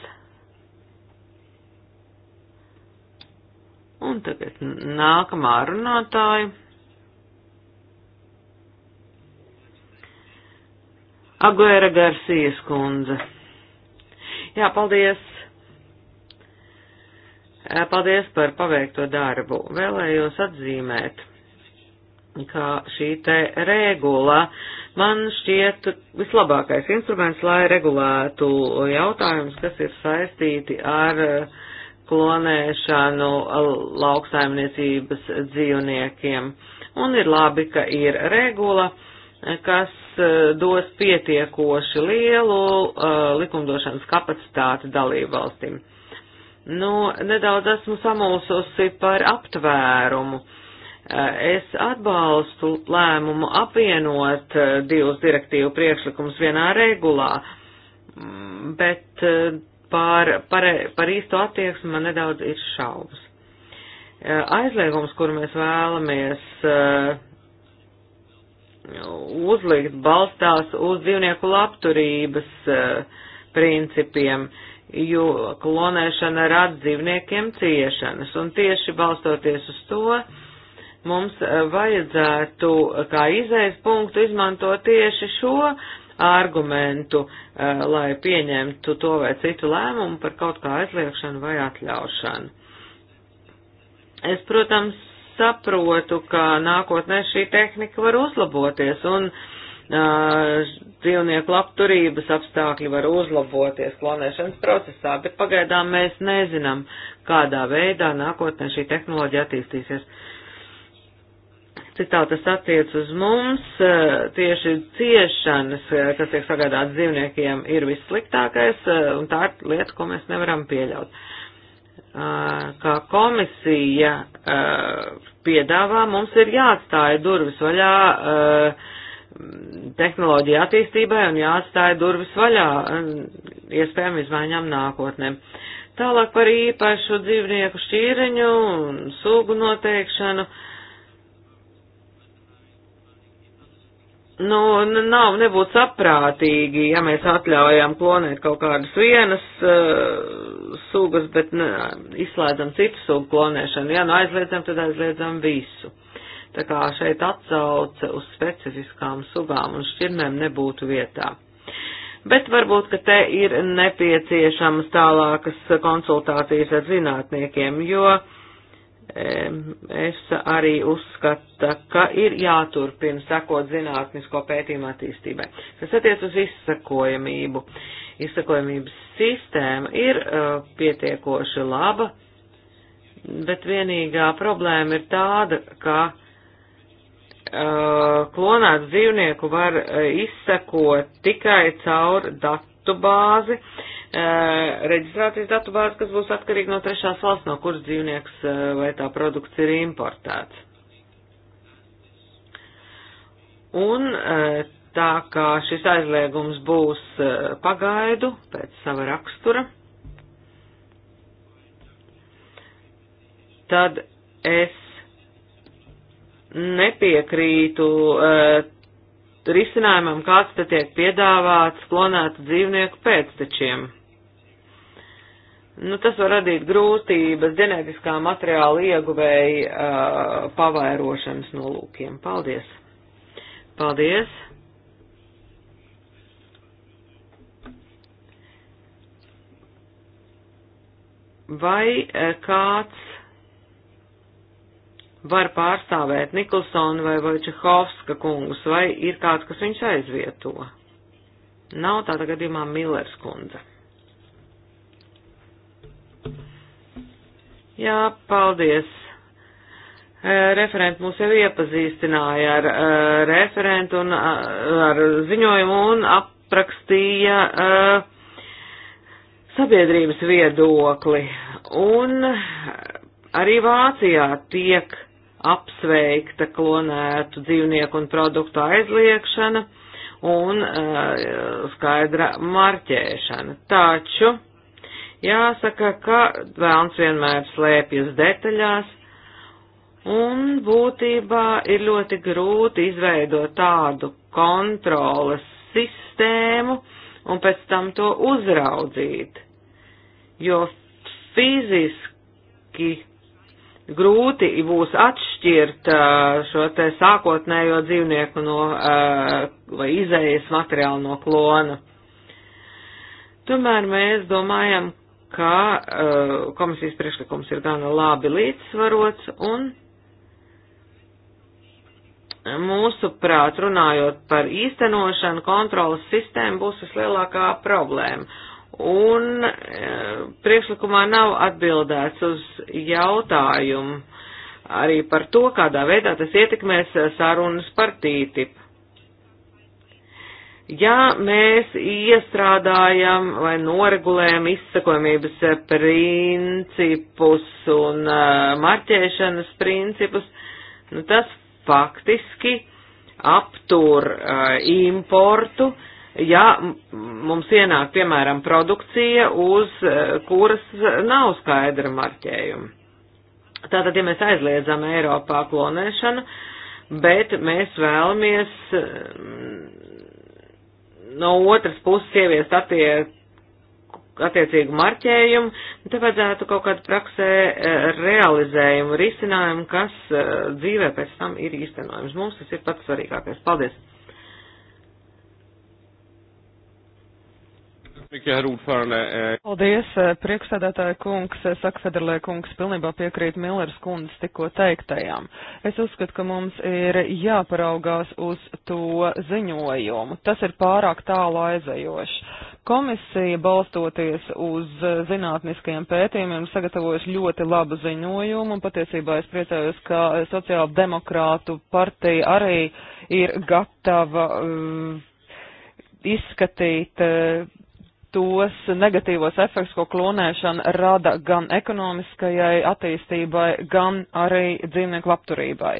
Un tagad nākamā runātāja. Aguera Garcijas kundze. Jā, paldies. Paldies par paveikto darbu. Vēlējos atzīmēt, ka šī te regula man šķiet vislabākais instruments, lai regulētu jautājumus, kas ir saistīti ar klonēšanu lauksaimniecības dzīvniekiem. Un ir labi, ka ir regula, kas Eh, dos pietiekoši lielu uh, likumdošanas kapacitāti dalību valstīm. Nu, nedaudz esmu samulsusi par aptvērumu. Eh, es atbalstu lēmumu apvienot divus direktīvu priekšlikumus vienā regulā, mm, bet par, par, par īsto attieksmi man nedaudz ir šaubas. Aizliegums, kur mēs vēlamies uzlikt balstās uz dzīvnieku labturības eh, principiem, jo klonēšana rada dzīvniekiem ciešanas, un tieši balstoties uz to, mums eh, vajadzētu eh, kā izējas punktu izmantot tieši šo argumentu, lai pieņemtu to vai citu lēmumu par kaut kā aizliekšanu vai atļaušanu. Es, protams, saprotu, ka nākotnē šī tehnika var uzlaboties un uh, dzīvnieku labturības apstākļi var uzlaboties klonēšanas procesā, bet pagaidām mēs nezinām, kādā veidā nākotnē šī tehnoloģija attīstīsies. Cik tā tas attiec uz mums, tieši ciešanas, kas tiek sagādāts dzīvniekiem, ir vissliktākais, un tā ir lieta, ko mēs nevaram pieļaut. Uh, kā komisija piedāvā, mums ir jāatstāja durvis vaļā tehnoloģija attīstībai un jāatstāja durvis vaļā iespējām izmaiņām nākotnē. Tālāk par īpašu dzīvnieku šķīriņu un sugu noteikšanu. Uh, Nu, nav, nebūtu saprātīgi, ja mēs atļaujam klonēt kaut kādas vienas uh, sugas, bet ne, izslēdzam citu sugu klonēšanu. Ja nu aizliedzam, tad aizliedzam visu. Tā kā šeit atsauce uz specifiskām sugām un šķirnēm nebūtu vietā. Bet varbūt, ka te ir nepieciešamas tālākas konsultācijas ar zinātniekiem, jo uh, es arī uzskata, ka ir jāturpina sekot zinātnisko pētījumu attīstībai. Kas attiec uz izsakojamību, izsakojamības sistēma ir uh, pietiekoši laba, bet vienīgā problēma ir tāda, ka uh, e, klonēt dzīvnieku var uh, izsekot tikai caur datu datu bāzi, eh, reģistrācijas datu bāzi, kas būs atkarīga no trešās valsts, no kuras dzīvnieks eh, vai tā produkts ir importēts. Un eh, tā kā šis aizliegums būs pagaidu pēc sava rakstura, tad es nepiekrītu uh, risinājumam, kāds te tiek piedāvāts klonētu dzīvnieku pēctečiem. Nu, tas var radīt grūtības ģenētiskā materiāla ieguvēja uh, pavairošanas nolūkiem. Paldies! Paldies! Vai uh, kāds var pārstāvēt Nikolsonu vai Vojčehovska kungus, vai ir kāds, kas viņus aizvieto. Nav tāda gadījumā Millers kundze. Jā, paldies. E, referenti mūs jau iepazīstināja ar e, referentu un ar ziņojumu un aprakstīja e, sabiedrības viedokli. Un arī Vācijā tiek apsveikta klonētu dzīvnieku un produktu aizliekšana un uh, skaidra marķēšana. Taču jāsaka, ka vēlns vienmēr slēpjas detaļās, un būtībā ir ļoti grūti izveidot tādu kontroles sistēmu un pēc tam to uzraudzīt, jo fiziski grūti būs atšķirt šo te sākotnējo dzīvnieku no, vai izējas materiālu no klona. Tomēr mēs domājam, ka komisijas priekšlikums ir gana labi līdzsvarots un mūsu prāt runājot par īstenošanu, kontrolas sistēma būs vislielākā problēma un eh, priekšlikumā nav atbildēts uz jautājumu arī par to, kādā veidā tas ietekmēs eh, sarunas par tītipu. Ja mēs iestrādājam vai noregulējam izsakojamības eh, principus un marķēšanas principus, nu tas faktiski aptur importu, uh, ja mums ienāk, piemēram, produkcija, uz eh, kuras nav skaidra marķējuma. Tātad, ja mēs aizliedzam Eiropā klonēšanu, bet mēs vēlamies eh, no otras puses ieviest attiec, attiecīgu marķējumu, tad vajadzētu kaut kādu praksē eh, realizējumu, risinājumu, kas dzīvē pēc tam ir īstenojums. Mums tas ir pats svarīgākais. Paldies! Paldies, priekšsēdētāja kungs, saka Federlē kungs, pilnībā piekrīt Milleras kundzes tikko teiktajām. Es uzskatu, ka mums ir jāparaugās uz to ziņojumu. Tas ir pārāk tālu aizajoši. Komisija, balstoties uz zinātniskajiem pētījumiem, sagatavojas ļoti labu ziņojumu, un patiesībā es priecājos, ka sociāla demokrātu partija arī ir gatava uh, izskatīt uh, tos negatīvos efektus, ko klonēšana rada gan ekonomiskajai attīstībai, gan arī dzīvnieku labturībai.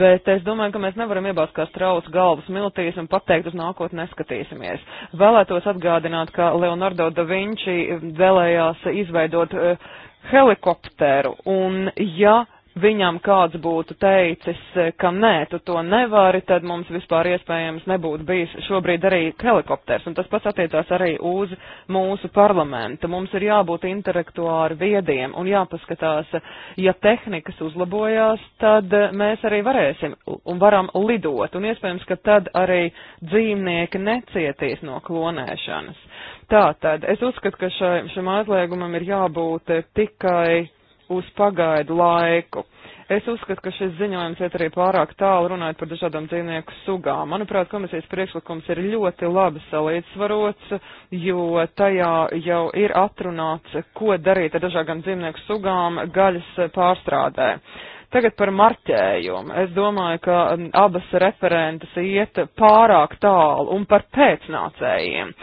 Bet es domāju, ka mēs nevaram iebāzt kā strauts galvas miltīs un pateikt uz nākotni neskatīsimies. Vēlētos atgādināt, ka Leonardo da Vinci vēlējās izveidot eh, helikopteru un ja viņam kāds būtu teicis, e, ka nē, tu to nevari, tad mums vispār iespējams nebūtu bijis šobrīd arī helikopters. Un tas pats attiecās arī uz mūsu parlamentu. Mums ir jābūt intelektuāri viediem un jāpaskatās, e, ja tehnikas uzlabojās, tad e, mēs arī varēsim un varam lidot. Un iespējams, ka tad arī dzīvnieki necietīs no klonēšanas. Tātad, es uzskatu, ka šai, šim aizliegumam ir jābūt tikai uz pagaidu laiku. Es uzskatu, ka šis ziņojums iet arī pārāk tālu runājot par dažādām dzīvnieku sugām. Manuprāt, komisijas priekšlikums ir ļoti labi salīdzvarots, jo tajā jau ir atrunāts, ko darīt ar dažādām dzīvnieku sugām gaļas pārstrādē. Uh, Tagad par marķējumu. Es domāju, ka um, abas referentes iet pārāk tālu un par pēcnācējiem.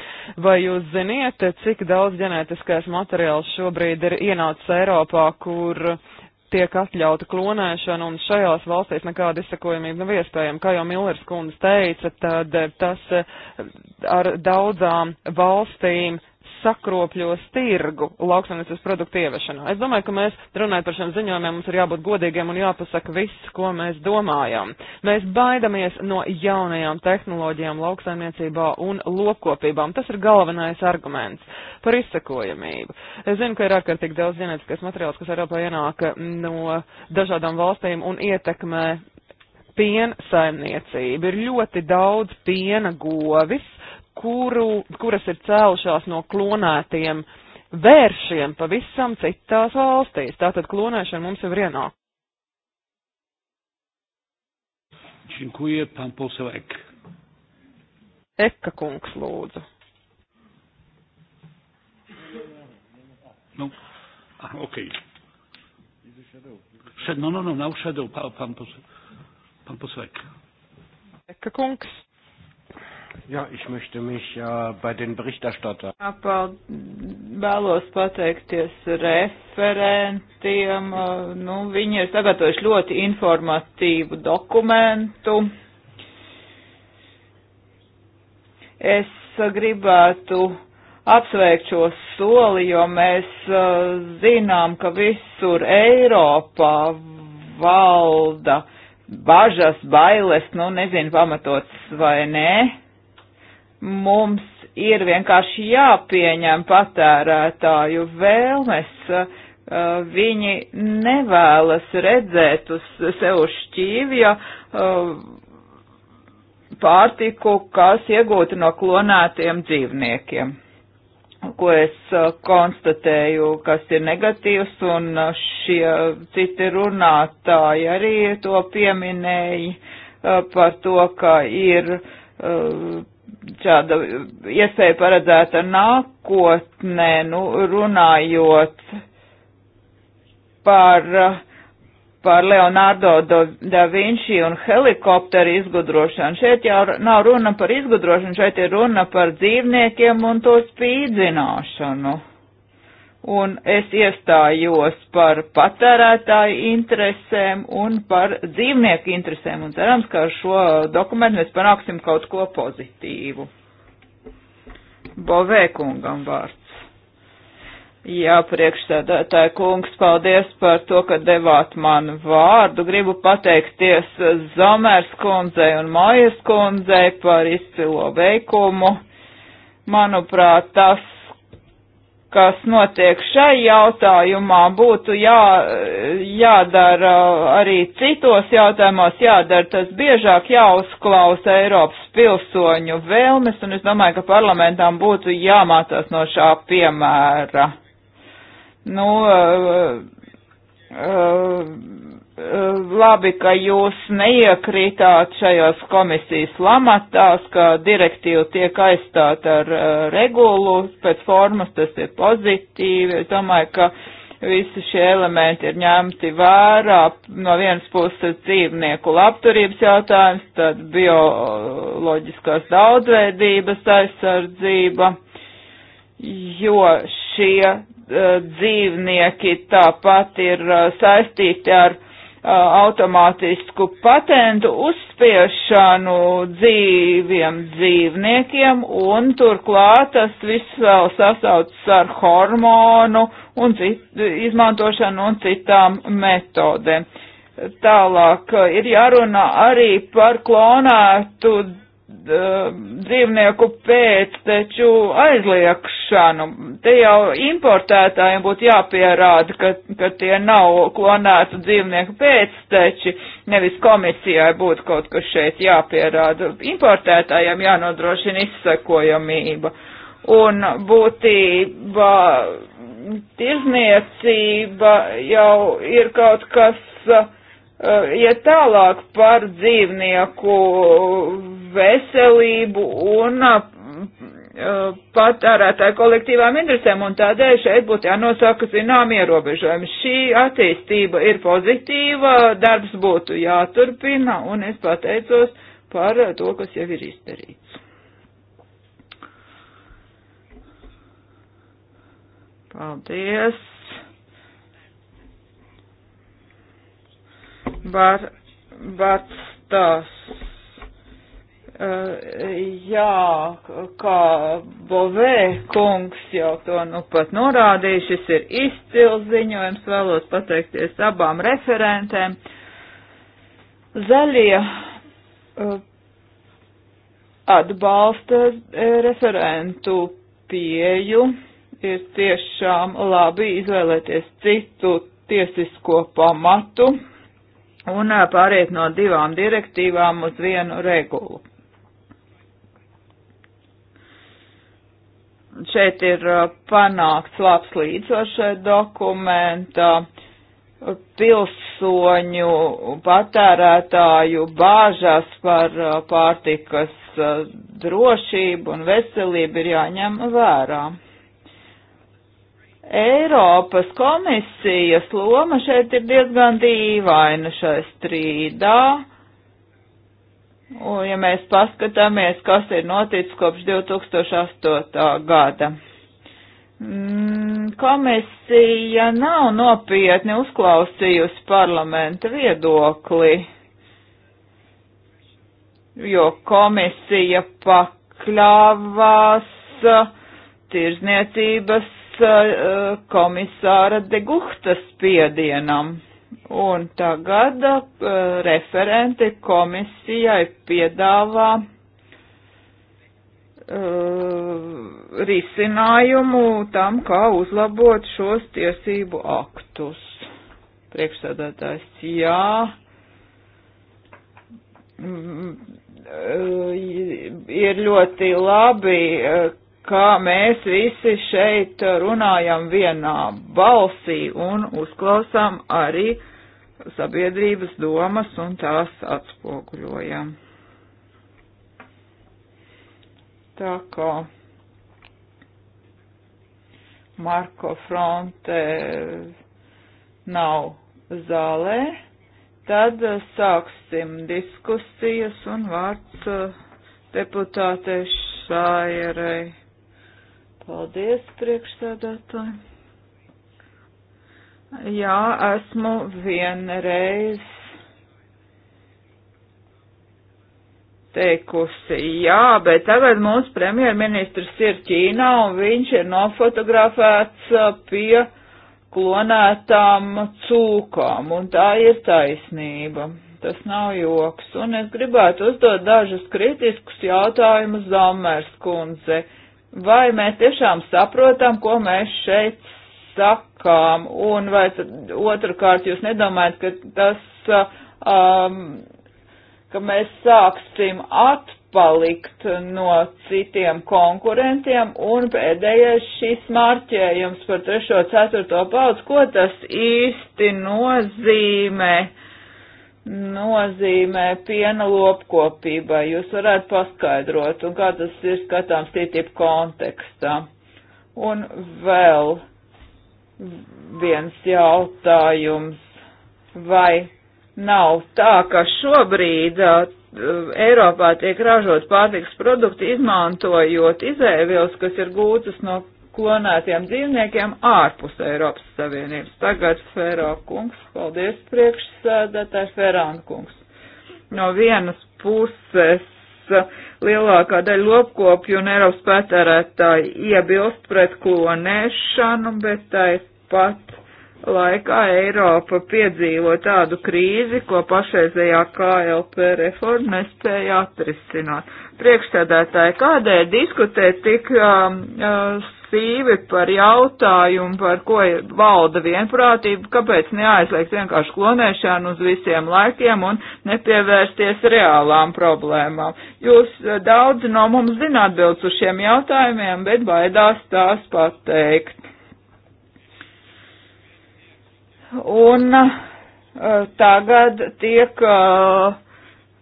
Vai jūs ziniet, cik daudz ģenētiskais materiāls šobrīd ir ienācis Eiropā, kur tiek atļauta klonēšana un šajās valstīs nekāda izsakojamība nav iespējama. Kā jau Millers kundze teica, tad tas eh, ar daudzām valstīm sakropļos tirgu lauksaimniecības produktu ieviešanā. Es domāju, ka mēs runājot par šiem ziņojumiem, mums ir jābūt godīgiem un jāpasaka viss, ko mēs domājam. Mēs baidamies no jaunajām tehnoloģijām lauksaimniecībā un lopkopībām. Tas ir galvenais arguments par izsakojamību. Es zinu, ka ir ārkārtīgi daudz ģenētiskais materiāls, kas Eiropā ienāk no dažādām valstīm un ietekmē piena saimniecība. Ir ļoti daudz piena govis, kuru, kuras ir cēlušās no klonētiem vēršiem pavisam citās valstīs. Tātad klonēšana mums jau ir ienāk. Dziękuję, pan poseł Ek. Eka kungs lūdzu. No, okej. Okay. No, no, no, now shadow, pan, pan poseł Ek. Eka kungs. Ja, ich möchte mich äh, bei den Berichterstattern. Vēlos pateikties referentiem. Nu, viņi ir sagatavojuši ļoti informatīvu dokumentu. Es gribētu apsveikt šo soli, jo mēs uh, zinām, ka visur Eiropā valda bažas, bailes, nu nezinu, pamatots vai nē. Ne Mums ir vienkārši jāpieņem patērētāju vēlmes. Viņi nevēlas redzēt uz sev šķīvja pārtiku, kas iegūta no klonētiem dzīvniekiem, ko es konstatēju, kas ir negatīvs, un šie citi runātāji arī to pieminēja par to, ka ir šāda iespēja paredzēta nākotnē, nu, runājot par, par Leonardo da Vinci un helikopteru izgudrošanu. Šeit jau nav runa par izgudrošanu, šeit ir runa par dzīvniekiem un to spīdzināšanu un es iestājos par patērētāju interesēm un par dzīvnieku interesēm, un cerams, ka ar šo dokumentu mēs panāksim kaut ko pozitīvu. Bovē kungam vārds. Jā, priekšsēdētāji kungs, paldies par to, ka devāt man vārdu. Gribu pateikties Zomērs kundzei un Mājas kundzei par izcilo veikumu. Manuprāt, tas kas notiek šai jautājumā, būtu jā, jādara arī citos jautājumos, jādara tas biežāk, jāuzklausa Eiropas pilsoņu vēlmes, un es domāju, ka parlamentām būtu jāmācās no šā piemēra. Nu, uh, uh, Eh, labi, ka jūs neiekrītāt šajos komisijas lamatās, ka direktīva tiek aizstāta ar uh, regulu, pēc formas tas ir pozitīvi. Es domāju, ka visi šie elementi ir ņemti vērā. No vienas puses dzīvnieku labturības jautājums, tad bioloģiskās daudzveidības aizsardzība, jo šie uh, dzīvnieki tāpat ir uh, saistīti ar Uh, automātisku patentu uzspiešanu dzīviem dzīvniekiem, un turklāt tas viss vēl sasaucas ar hormonu un cit, izmantošanu un citām metodēm. Tālāk uh, ir jārunā arī par klonētu dzīvnieku dzīvnieku pēcteču aizliekšanu. Te jau importētājiem būtu jāpierāda, ka, ka tie nav klonētu dzīvnieku pēcteči, nevis komisijai būtu kaut kas šeit jāpierāda. Importētājiem jānodrošina izsekojamība. Un būtībā tirzniecība jau ir kaut kas uh, Eh, iet tālāk par dzīvnieku veselību un eh, patērētāju kolektīvām interesēm, un tādēļ šeit būtu jānosaka zinām ierobežojumi. Šī attīstība ir pozitīva, darbs būtu jāturpina, un es pateicos par to, kas jau ir izdarīts. Paldies! Bar, batstas. Uh, eh, jā, kā Bovē kungs jau to nu pat norādīja, šis ir izcils ziņojums, vēlos pateikties abām referentēm. Zaļie uh, atbalsta eh, referentu pieju, ir tiešām labi izvēlēties citu tiesisko pamatu un pāriet no divām direktīvām uz vienu regulu. Šeit ir panākts labs līdzsvars šeit dokumenta pilsoņu patērētāju bāžas par pārtikas drošību un veselību ir jāņem vērā. Eiropas komisijas loma šeit ir diezgan dīvaina šai strīdā. Un, ja mēs paskatāmies, kas ir noticis kopš 2008. gada. Mm, komisija nav nopietni uzklausījusi parlamenta viedokli, jo komisija pakļāvās tirzniecības uh, komisāra Degukta spiedienam. Un tagad uh, referenti komisijai piedāvā uh, risinājumu tam, kā uzlabot šos tiesību aktus. Priekšsēdētājs, jā. Mm, ir ļoti labi, ka mēs visi šeit runājam vienā balsī un uzklausām arī sabiedrības domas un tās atspoguļojam. Tā kā Marko Fronte nav zālē, tad sāksim diskusijas un vārds deputātei Šājerai. Paldies, priekšsēdētāji. Jā, esmu vienreiz teikusi, jā, bet tagad mūsu premjerministrs ir Ķīnā un viņš ir nofotografēts uh, pie klonētām cūkām, un tā ir taisnība. Tas nav joks, un es gribētu uzdot dažus kritiskus jautājumus Zamers kundzei vai mēs tiešām saprotam, ko mēs šeit sakām, un vai otrkārt jūs nedomājat, ka tas, um, ka mēs sāksim atpalikt no citiem konkurentiem, un pēdējais šis mārķējums par trešo, ceturto paudz, ko tas īsti nozīmē? Uh, nozīmē piena lopkopībai. Jūs varētu paskaidrot, un kā tas ir skatāms TTIP kontekstā. Un vēl viens jautājums. Vai nav tā, ka šobrīd uh, Eiropā tiek ražot pārtiks produkti, izmantojot izēvielas, kas ir gūtas no klonētiem dzīvniekiem ārpus Eiropas Savienības. Tagad Ferā kungs, paldies priekšsēdētāji Ferāna kungs. No vienas puses lielākā daļa lopkopju un Eiropas patērētāji iebilst pret klonēšanu, bet tāpat laikā Eiropa piedzīvo tādu krīzi, ko pašreizējā KLP reforma nespēja atrisināt. Priekšstādātāji, kādēļ diskutēt tik um, uh, sīvi par jautājumu, par ko valda vienprātība, kāpēc neaizliegt vienkārši klonēšanu uz visiem laikiem un nepievērsties reālām problēmām. Jūs eh, daudz no mums zina atbildes uz šiem jautājumiem, bet baidās tās pateikt. Un uh, tagad tiek. Uh,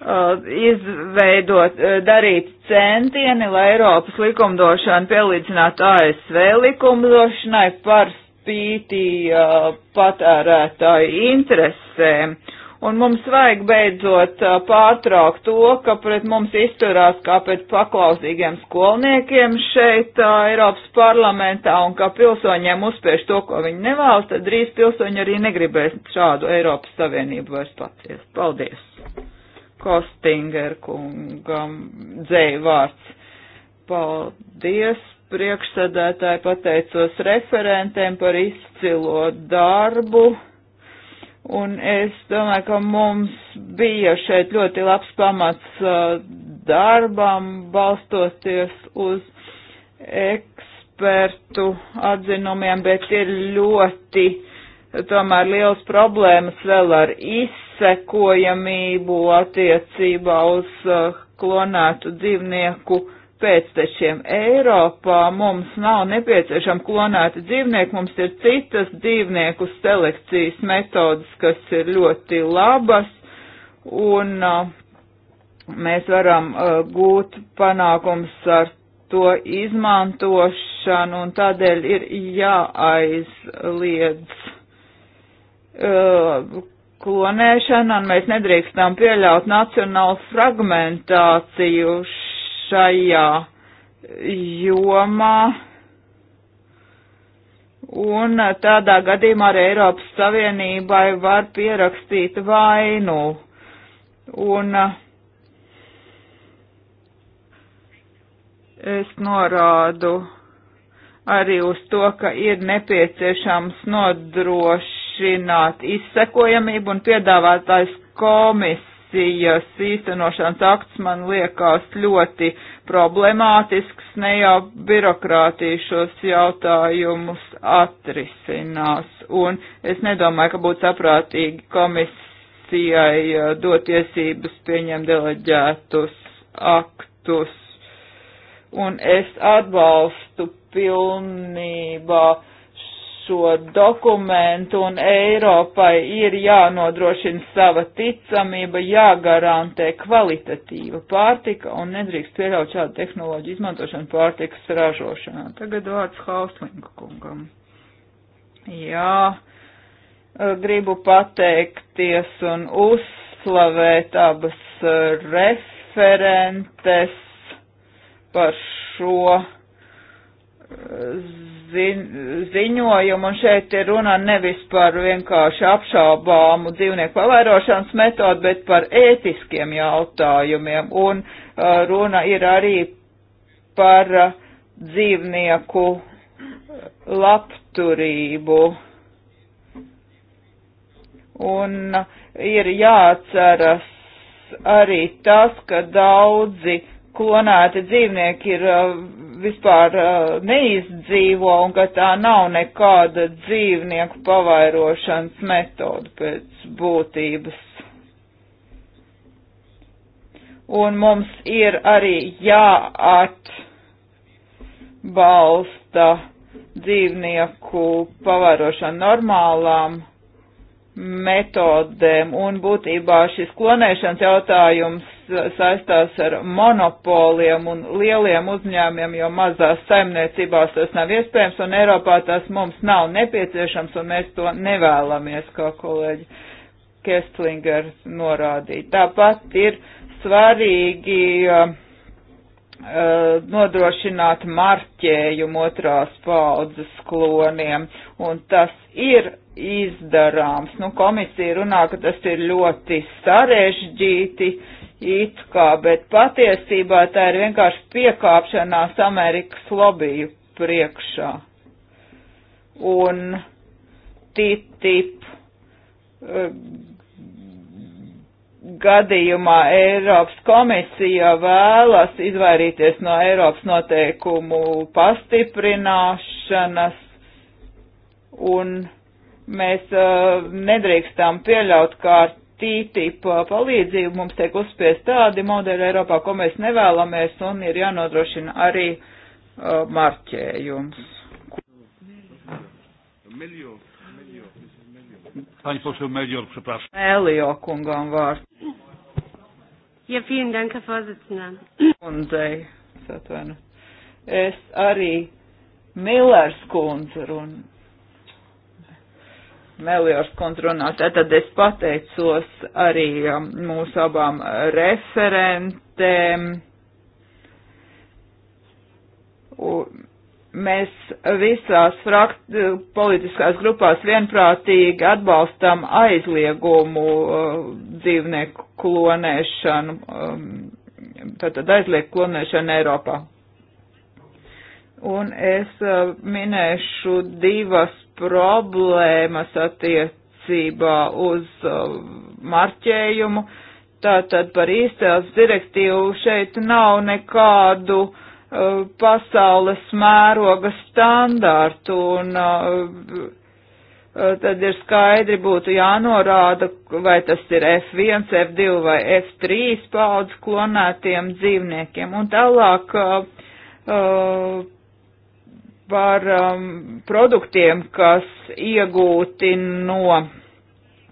Uh, izveidot, uh, darīt centieni, lai Eiropas likumdošana pielīdzinātu ASV likumdošanai par spīti uh, patērētāju interesēm. Un mums vajag beidzot uh, pārtraukt to, ka pret mums izturās kā pret paklausīgiem skolniekiem šeit uh, Eiropas parlamentā un ka pilsoņiem uzspiež to, ko viņi nevēlas, tad drīz pilsoņi arī negribēs šādu Eiropas Savienību vairs paciest. Paldies! Kostinger kungam dzēja vārds. Paldies, priekšsēdētāji, pateicos referentiem par izcilo darbu. Un es domāju, ka mums bija šeit ļoti labs pamats uh, darbam, balstoties uz ekspertu atzinumiem, bet ir ļoti tomēr liels problēmas vēl ar izcīnību izsekojamību attiecībā uz eh, klonētu dzīvnieku pēctečiem. Eiropā mums nav nepieciešama klonēta dzīvnieka, mums ir citas dzīvnieku selekcijas metodas, kas ir ļoti labas, un eh, mēs varam eh, gūt panākums ar to izmantošanu, un tādēļ ir jāaizliedz klonēšana, un mēs nedrīkstam pieļaut nacionālu fragmentāciju šajā jomā. Un tādā gadījumā arī Eiropas Savienībai var pierakstīt vainu. Un es norādu arī uz to, ka ir nepieciešams nodrošināt nodrošināt izsekojamību un piedāvātais komisijas īstenošanas akts man liekas ļoti problemātisks, ne jau birokrātija šos jautājumus atrisinās. Un es nedomāju, ka būtu saprātīgi komisijai eh, dot tiesības pieņemt deleģētus aktus. Un es atbalstu pilnībā uh, šo dokumentu, un Eiropai ir jānodrošina sava ticamība, jāgarantē kvalitatīva pārtika, un nedrīkst pieļaut šādu tehnoloģiju izmantošanu pārtikas ražošanā. Tagad vārds Hauslinga kungam. Jā, gribu pateikties un uzslavēt abas eh, referentes par šo eh, zin, ziņojumu, un šeit ir runa nevis par vienkārši apšaubāmu dzīvnieku pavērošanas metodu, bet par ētiskiem jautājumiem, un uh, runa ir arī par uh, dzīvnieku labturību. Un uh, ir jāatceras arī tas, ka daudzi klonēti dzīvnieki ir uh, vispār uh, neizdzīvo un ka tā nav nekāda dzīvnieku pavairošanas metoda pēc būtības. Un mums ir arī jāatbalsta dzīvnieku pavairošana normālām metodēm, un būtībā šis klonēšanas jautājums saistās ar monopoliem un lieliem uzņēmiem, jo mazās saimniecībās tas nav iespējams, un Eiropā tas mums nav nepieciešams, un mēs to nevēlamies, kā kolēģi Kestlingers norādīja. Tāpat ir svarīgi uh, uh, nodrošināt marķējumu otrās paudzes kloniem, un tas ir izdarāms. Nu, komisija runā, ka tas ir ļoti sarežģīti, it kā, bet patiesībā tā ir vienkārši piekāpšanās Amerikas lobiju priekšā. Un TTIP eh, gadījumā Eiropas komisija vēlas izvairīties no Eiropas noteikumu pastiprināšanas un mēs uh, nedrīkstam pieļaut kārt TTIP palīdzību mums tiek uzspiest tādi modeļi Eiropā, ko mēs nevēlamies, un ir jānodrošina arī uh, marķējums. Melio, Melio, Pani poseł Melior, przepraszam. Melio kungam vārds. Ja, vielen Dank, Herr Vorsitzender. Kundzei, es atvainu. Es arī Millers kundze runu Meliors kontrunā. Tātad es pateicos arī um, mūsu abām referentēm. Un mēs visās frakt, politiskās grupās vienprātīgi atbalstam aizliegumu uh, dzīvnieku klonēšanu, um, tātad aizliegt klonēšanu Eiropā. Un es uh, minēšu divas problēmas attiecībā uz uh, marķējumu. Tātad par īstās direktīvu šeit nav nekādu uh, pasaules mēroga standārtu un uh, uh tad ir skaidri būtu jānorāda, vai tas ir F1, F2 vai F3 paudz klonētiem dzīvniekiem. Un tālāk uh, uh par um, produktiem, kas iegūti no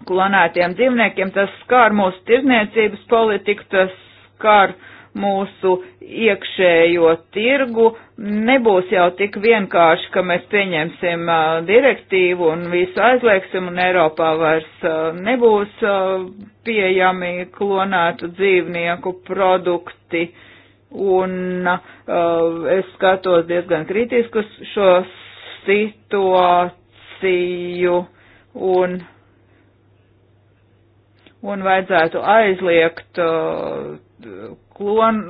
klonētiem dzīvniekiem, tas skar mūsu tirzniecības politiku, tas skar mūsu iekšējo tirgu. Nebūs jau tik vienkārši, ka mēs pieņemsim uh, direktīvu un visu aizliegsim, un Eiropā vairs uh, nebūs uh, pieejami klonētu dzīvnieku produkti. Uh, un uh, es skatos diezgan kritiski uz šo situāciju un, un vajadzētu aizliegt uh, klon,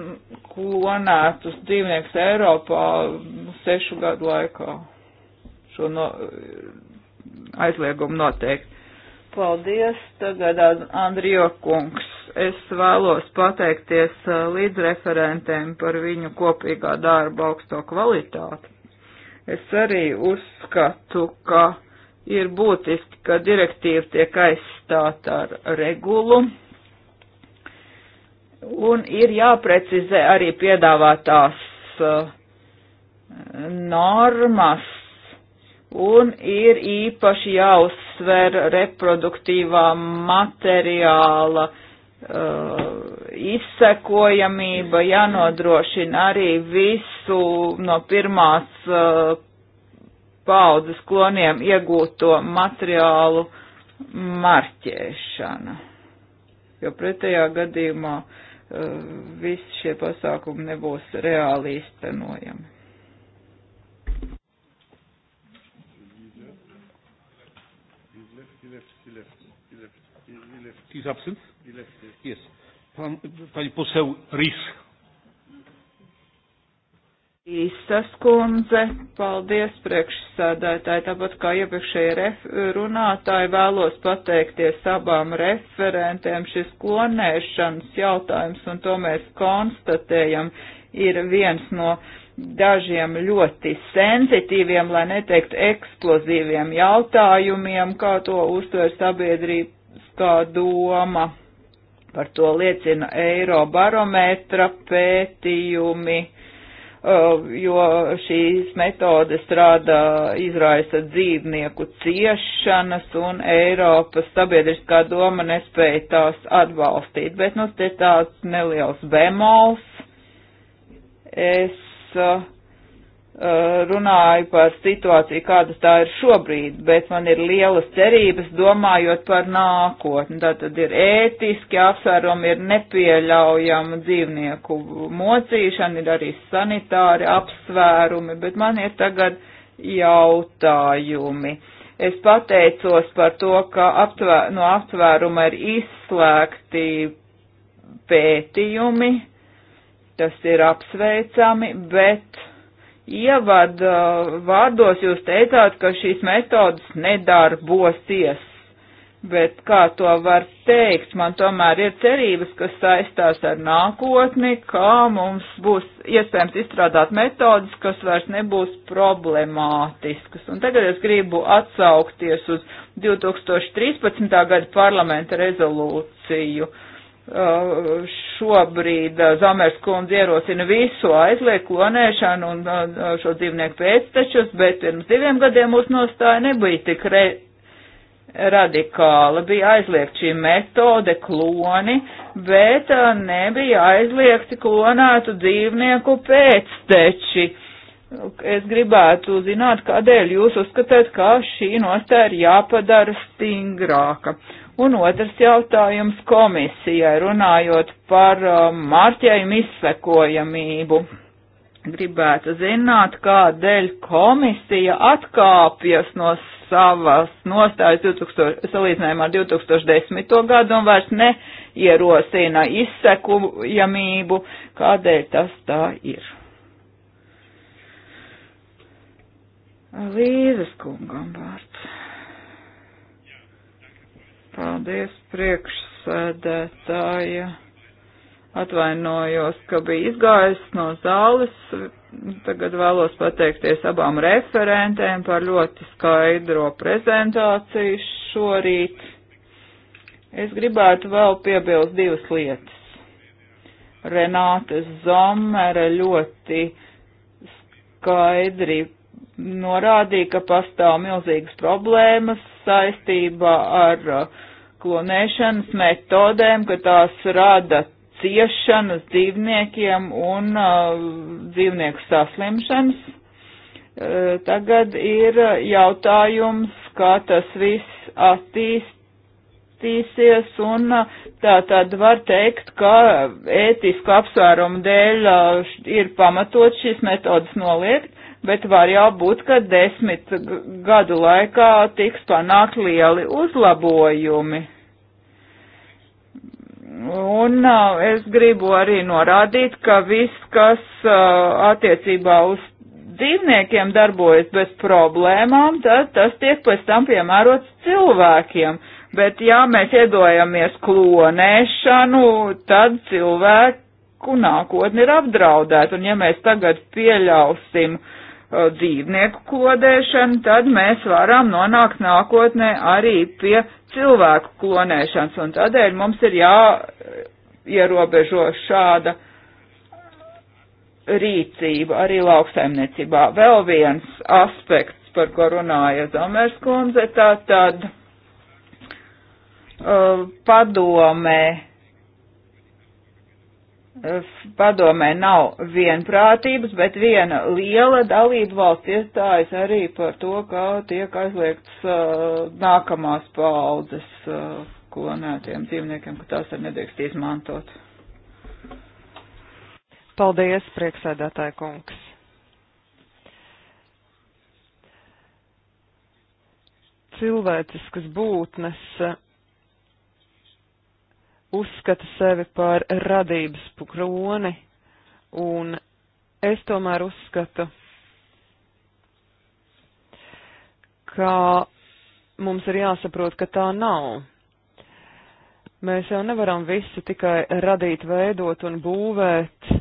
klonētus dzīvniekus Eiropā sešu gadu laikā šo no, aizliegumu noteikti. Paldies, tagad Andrijo kungs. Es vēlos pateikties uh, līdzreferentēm par viņu kopīgā darba augsto kvalitāti. Es arī uzskatu, ka ir būtiski, ka direktīva tiek aizstāta ar regulu. Un ir jāprecizē arī piedāvātās uh, normas, un ir īpaši jāuzsver reproduktīvā materiāla uh, izsekojamība, jānodrošina arī visu no pirmās uh, paudzes kloniem iegūto materiālu marķēšana. Jo pretējā gadījumā uh, visi šie pasākumi nebūs reāli īstenojami. He's absent? Yes. Pan, pani poseł Rys. Īsas kundze, paldies priekšsādātāji, tāpat kā iepriekšēja runātāji vēlos pateikties abām referentēm. Šis klonēšanas jautājums, un to mēs konstatējam, ir viens no dažiem ļoti sensitīviem, lai neteikt eksplozīviem jautājumiem, kā to uztver sabiedrība politiskā doma. Par to liecina eiro barometra pētījumi, uh, jo šīs metodes rada izraisa dzīvnieku ciešanas un Eiropas sabiedriskā doma nespēja tās atbalstīt. Bet, nu, te tāds neliels bemols. Es uh, Eh, runāju par situāciju, kāda tā ir šobrīd, bet man ir lielas cerības domājot par nākotni. Tā tad ir ētiski apsvērumi, ir nepieļaujama dzīvnieku mocīšana, ir arī sanitāri apsvērumi, bet man ir tagad jautājumi. Es pateicos par to, ka aptvēr, no aptvēruma ir izslēgti pētījumi, tas ir apsveicami, bet ievada uh, vārdos jūs teicāt, ka šīs metodas nedarbosies, bet kā to var teikt, man tomēr ir cerības, kas saistās ar nākotni, kā mums būs iespējams izstrādāt metodas, kas vairs nebūs problemātiskas. Un tagad es gribu atsaukties uz 2013. gada parlamenta rezolūciju Uh, šobrīd uh, Zamers kundze ierosina visu aizliegt klonēšanu un uh, šo dzīvnieku pēctečus, bet pirms diviem gadiem mūsu nostāja nebija tik re radikāla. Bija aizliegt šī metode kloni, bet nebija aizliegti klonētu dzīvnieku pēcteči. Es gribētu zināt, kādēļ jūs uzskatāt, ka šī nostāja ir jāpadara stingrāka. Uh, Un otrs jautājums komisijai, runājot par um, mārķējumu izsekojamību. Gribētu zināt, kādēļ komisija atkāpjas no savas nostājas 2000, salīdzinājumā ar 2010. gadu un vairs neierosina izsekojamību, kādēļ tas tā ir. Līzes kungam vārds. Paldies, priekšsēdētāja. Atvainojos, ka biju izgājis no zāles. Tagad vēlos pateikties abām referentēm par ļoti skaidro prezentāciju šorīt. Es gribētu vēl piebilst divas lietas. Renāte Zomere ļoti skaidri norādīja, ka pastāv milzīgas problēmas saistībā ar uh, klonēšanas metodēm, ka tās rada ciešanas dzīvniekiem un uh, dzīvnieku saslimšanas. Uh, tagad ir uh, jautājums, kā tas viss attīstīsies, un uh, tā tad var teikt, ka ētisku apsvērumu dēļ uh, ir pamatot šīs metodas noliegt, bet var jau būt, ka desmit gadu laikā tiks panākt lieli uzlabojumi. Un uh, es gribu arī norādīt, ka viss, kas uh, attiecībā uz dzīvniekiem darbojas bez problēmām, tad tas tiek pēc tam piemērots cilvēkiem. Bet ja mēs iedojamies klonēšanu, tad cilvēku nākotni ir apdraudēta. Un ja mēs tagad pieļausim uh, Uh, dzīvnieku klonēšanu, tad mēs varam nonākt nākotnē arī pie cilvēku klonēšanas, un tādēļ mums ir jāierobežo šāda rīcība arī lauksaimniecībā. Vēl viens aspekts, par ko runāja Zomers kundze, tā tad uh, padomē padomē nav vienprātības, bet viena liela dalība valsts iestājas arī par to, ka tiek aizliegts uh, nākamās paaudzes uh, klonētiem dzīvniekiem, ka tās arī nedrīkst izmantot. Paldies, prieksēdētāja kungs. Cilvēciskas būtnes uzskata sevi par radības kroni, un es tomēr uzskatu, ka mums ir jāsaprot, ka tā nav. Mēs jau nevaram visu tikai radīt, veidot un būvēt,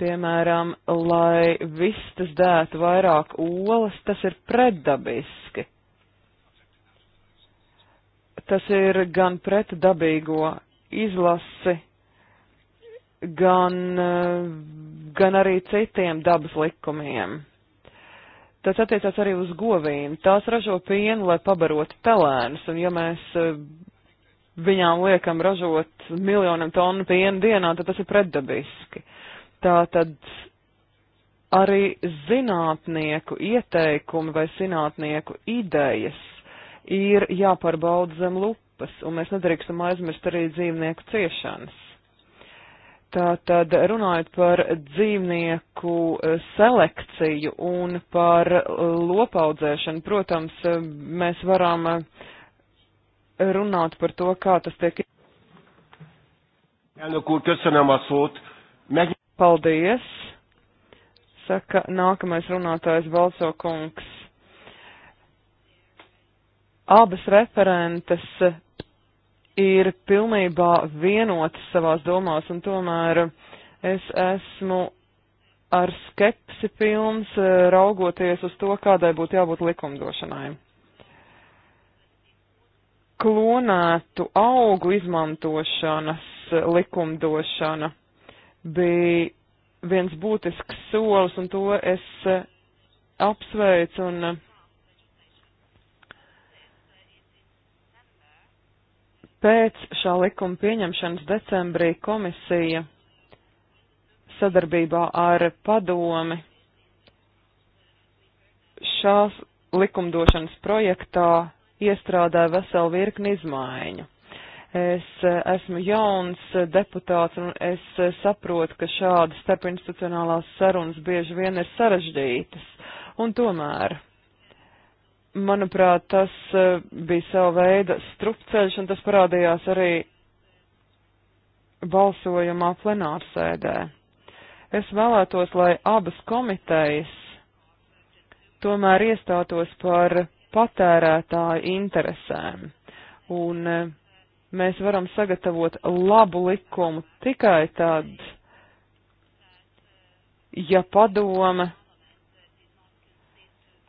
piemēram, lai viss tas dētu vairāk olas, tas ir pretdabiski. Tas ir gan pret dabīgo izlasi gan, gan arī citiem dabas likumiem. Tas attiecās arī uz govīm. Tās ražo pienu, lai pabarotu pelēnus, un ja mēs viņām liekam ražot miljonam tonu piena dienā, tad tas ir pretdabiski. Tā tad arī zinātnieku ieteikumi vai zinātnieku idejas ir jāparbauda zem lupa grupas, un mēs nedrīkstam aizmirst arī dzīvnieku ciešanas. Tātad runājot par dzīvnieku eh, selekciju un par eh, lopaudzēšanu, protams, eh, mēs varam runāt par to, kā tas tiek. Elnök úr, köszönöm a szót. Meg... Paldies! Saka nākamais runātājs Balso kungs. Abas referentes ir pilnībā vienotas savās domās, un tomēr es esmu ar skepsi pilns eh, raugoties uz to, kādai būtu jābūt likumdošanai. Klonētu augu izmantošanas likumdošana bija viens būtisks solis, un to es eh, apsveicu, un Pēc šā likuma pieņemšanas decembrī komisija sadarbībā ar padomi šās likumdošanas projektā iestrādāja veselu virkni izmaiņu. Es eh, esmu jauns deputāts un es eh, saprotu, ka šādas starpinstitucionālās sarunas bieži vien ir sarežģītas. Un tomēr manuprāt, tas eh, bija sava veida strupceļš, un tas parādījās arī balsojumā plenārsēdē. Es vēlētos, lai abas komitejas tomēr iestātos par patērētāju interesēm, un eh, mēs varam sagatavot labu likumu tikai tad, ja padome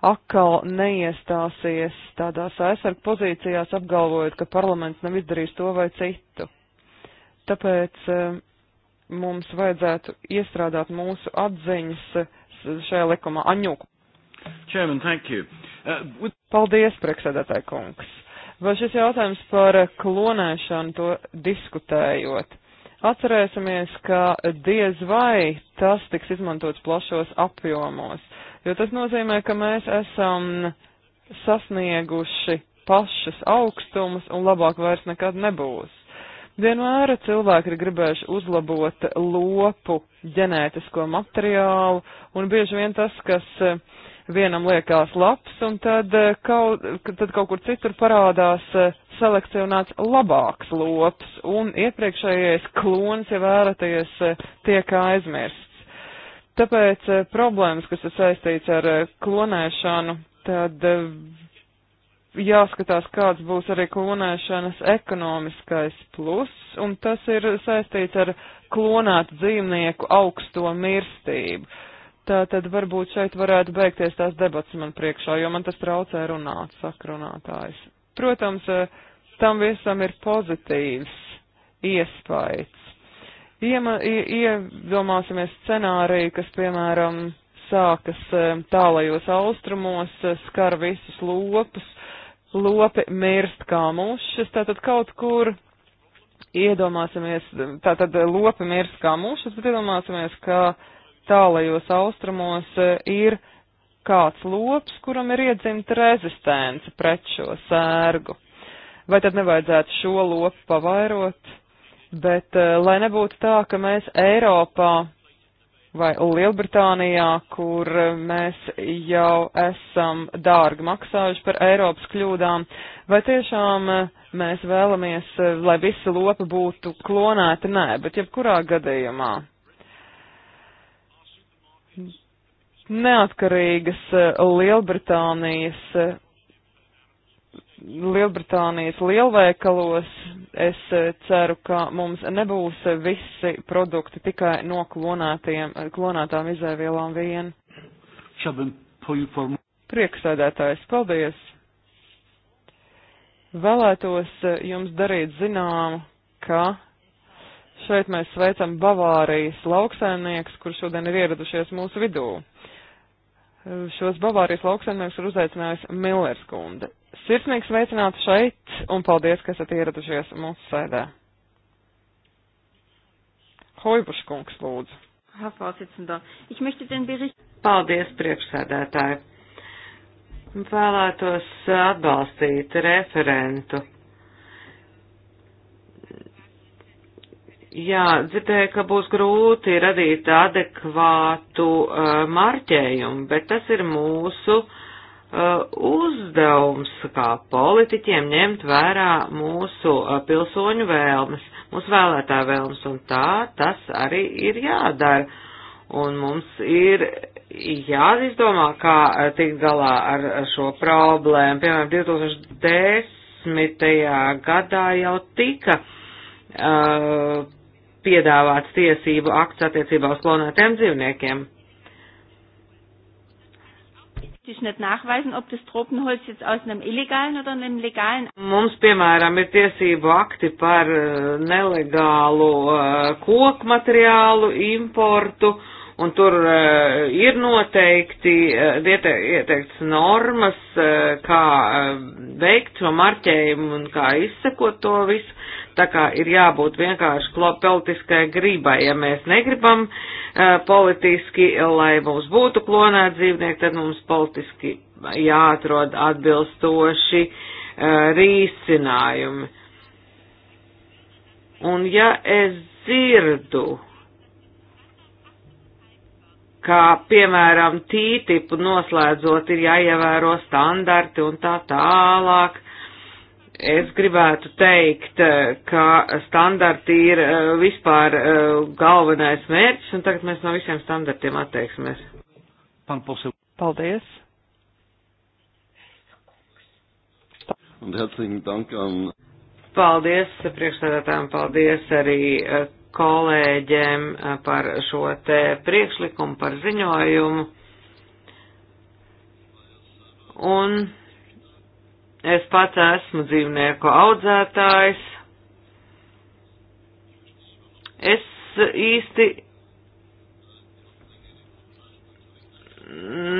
atkal neiestāsies tādās aizsargu pozīcijās, apgalvojot, ka parlaments nav izdarījis to vai citu. Tāpēc e, mums vajadzētu iestrādāt mūsu atziņas e, šajā likumā. Aņūku. Chairman, thank you. Uh, with... Paldies, priekšsēdētāji kungs. Vai šis jautājums par klonēšanu to diskutējot? Atcerēsimies, ka diez vai tas tiks izmantots plašos apjomos, jo tas nozīmē, ka mēs esam sasnieguši pašas augstumus un labāk vairs nekad nebūs. Vienmēr cilvēki ir gribējuši uzlabot lopu ģenētisko materiālu, un bieži vien tas, kas vienam liekas labs, un tad eh, kaut, tad kaut kur citur parādās eh, selekcionēts labāks lops, un iepriekšējais klons, ja vēlaties, eh, tiek aizmirsts. Tāpēc problēmas, kas ir saistīts ar klonēšanu, tad jāskatās, kāds būs arī klonēšanas ekonomiskais plus, un tas ir saistīts ar klonētu dzīvnieku augsto mirstību. Uh, Tā tad varbūt šeit varētu beigties tās debats man priekšā, jo man tas traucē runāt, saka runātājs. Protams, eh, tam visam ir pozitīvs iespējas. Iema, ie, iedomāsimies scenāriju, kas, piemēram, sākas eh, tālajos austrumos, eh, skar visus lopus, lopi mirst kā mušas, tātad kaut kur iedomāsimies, tātad lopi mirst kā mušas, bet iedomāsimies, ka tālajos austrumos eh, ir kāds lops, kuram ir iedzimta rezistence pret šo sērgu. Vai tad nevajadzētu šo lopu pavairot? Bet, eh, lai nebūtu tā, ka mēs Eiropā vai Lielbritānijā, kur eh, mēs jau esam dārgi maksājuši par Eiropas kļūdām, vai tiešām mēs vēlamies, lai visi lopi būtu klonēti? Nē, bet jebkurā gadījumā neatkarīgas eh, Lielbritānijas, eh, Lielbritānijas lielveikalos. Es eh, ceru, ka mums nebūs visi produkti tikai no klonētām izēvielām vien. Prieksēdētājs, paldies! Vēlētos jums darīt zināmu, ka Šeit mēs sveicam Bavārijas lauksaimnieks, kur šodien ir ieradušies mūsu vidū. Šos Bavārijas lauksaimnieks ir uzaicinājusi Millers kunde. Sirsnīgs veicināts šeit un paldies, ka esat ieradušies mūsu sēdē. Hoibuš kungs lūdzu. Herr Vorsitzender, ich möchte den Bericht. Paldies, priekšsēdētāji. Vēlētos atbalstīt referentu Jā, dzirdēju, ka būs grūti radīt adekvātu uh, marķējumu, bet tas ir mūsu uh, uzdevums kā politiķiem ņemt vērā mūsu uh, pilsoņu vēlmes, mūsu vēlētāju vēlmes, un tā tas arī ir jādara. Un mums ir jāizdomā, kā uh, tikt galā ar, ar šo problēmu. Piemēram, 2010. gadā jau tika. Uh, piedāvāts tiesību akts attiecībā uz klonētiem dzīvniekiem. Mums, piemēram, ir tiesību akti par eh, nelegālu eh, koku materiālu importu, un tur eh, ir noteikti ieteikts normas, kā veikt šo marķējumu un kā izsekot to visu Tā kā ir jābūt vienkārši politiskai gribai. Ja mēs negribam uh, politiski, lai mums būtu klonēti dzīvnieki, tad mums politiski jāatrod atbilstoši uh, rīcinājumi. Un ja es dzirdu, kā piemēram tītipu noslēdzot ir jāievēro standarti un tā tālāk, Es gribētu teikt, eh, ka standarti ir eh, vispār eh, galvenais mērķis, un tagad mēs no visiem standartiem atteiksimies. Paldies! Paldies priekšstādātājiem, paldies arī kolēģiem par šo te priekšlikumu, par ziņojumu. Un Es pats esmu dzīvnieku audzētājs. Es īsti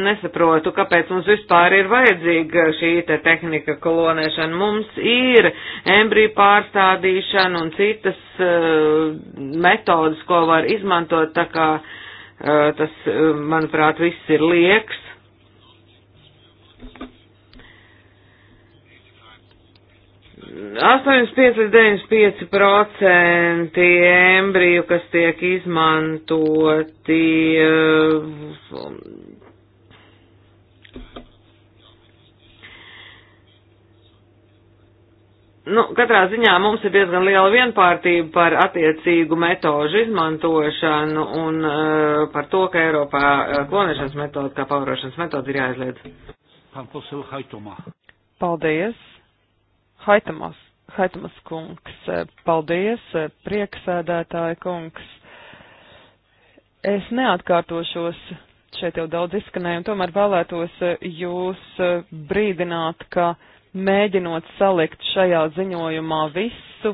nesaprotu, kāpēc mums vispār ir vajadzīga šī te tehnika kolonēšana. Mums ir embriju pārstādīšana un citas uh, metodas, ko var izmantot, tā kā uh, tas, uh, manuprāt, viss ir lieks. 85 līdz 95 procenti embriju, kas tiek izmantoti, eh, nu, katrā ziņā mums ir diezgan liela vienpārtība par attiecīgu metožu izmantošanu un uh, par to, ka Eiropā uh, klonēšanas metoda kā pavarošanas metoda ir jāizliedz. Paldies. Haitamas, Haitamas kungs, eh, paldies, eh, prieksēdētāja kungs. Es neatkārtošos, šeit jau daudz izskanēja, un tomēr vēlētos eh, jūs brīdināt, ka mēģinot salikt šajā ziņojumā visu,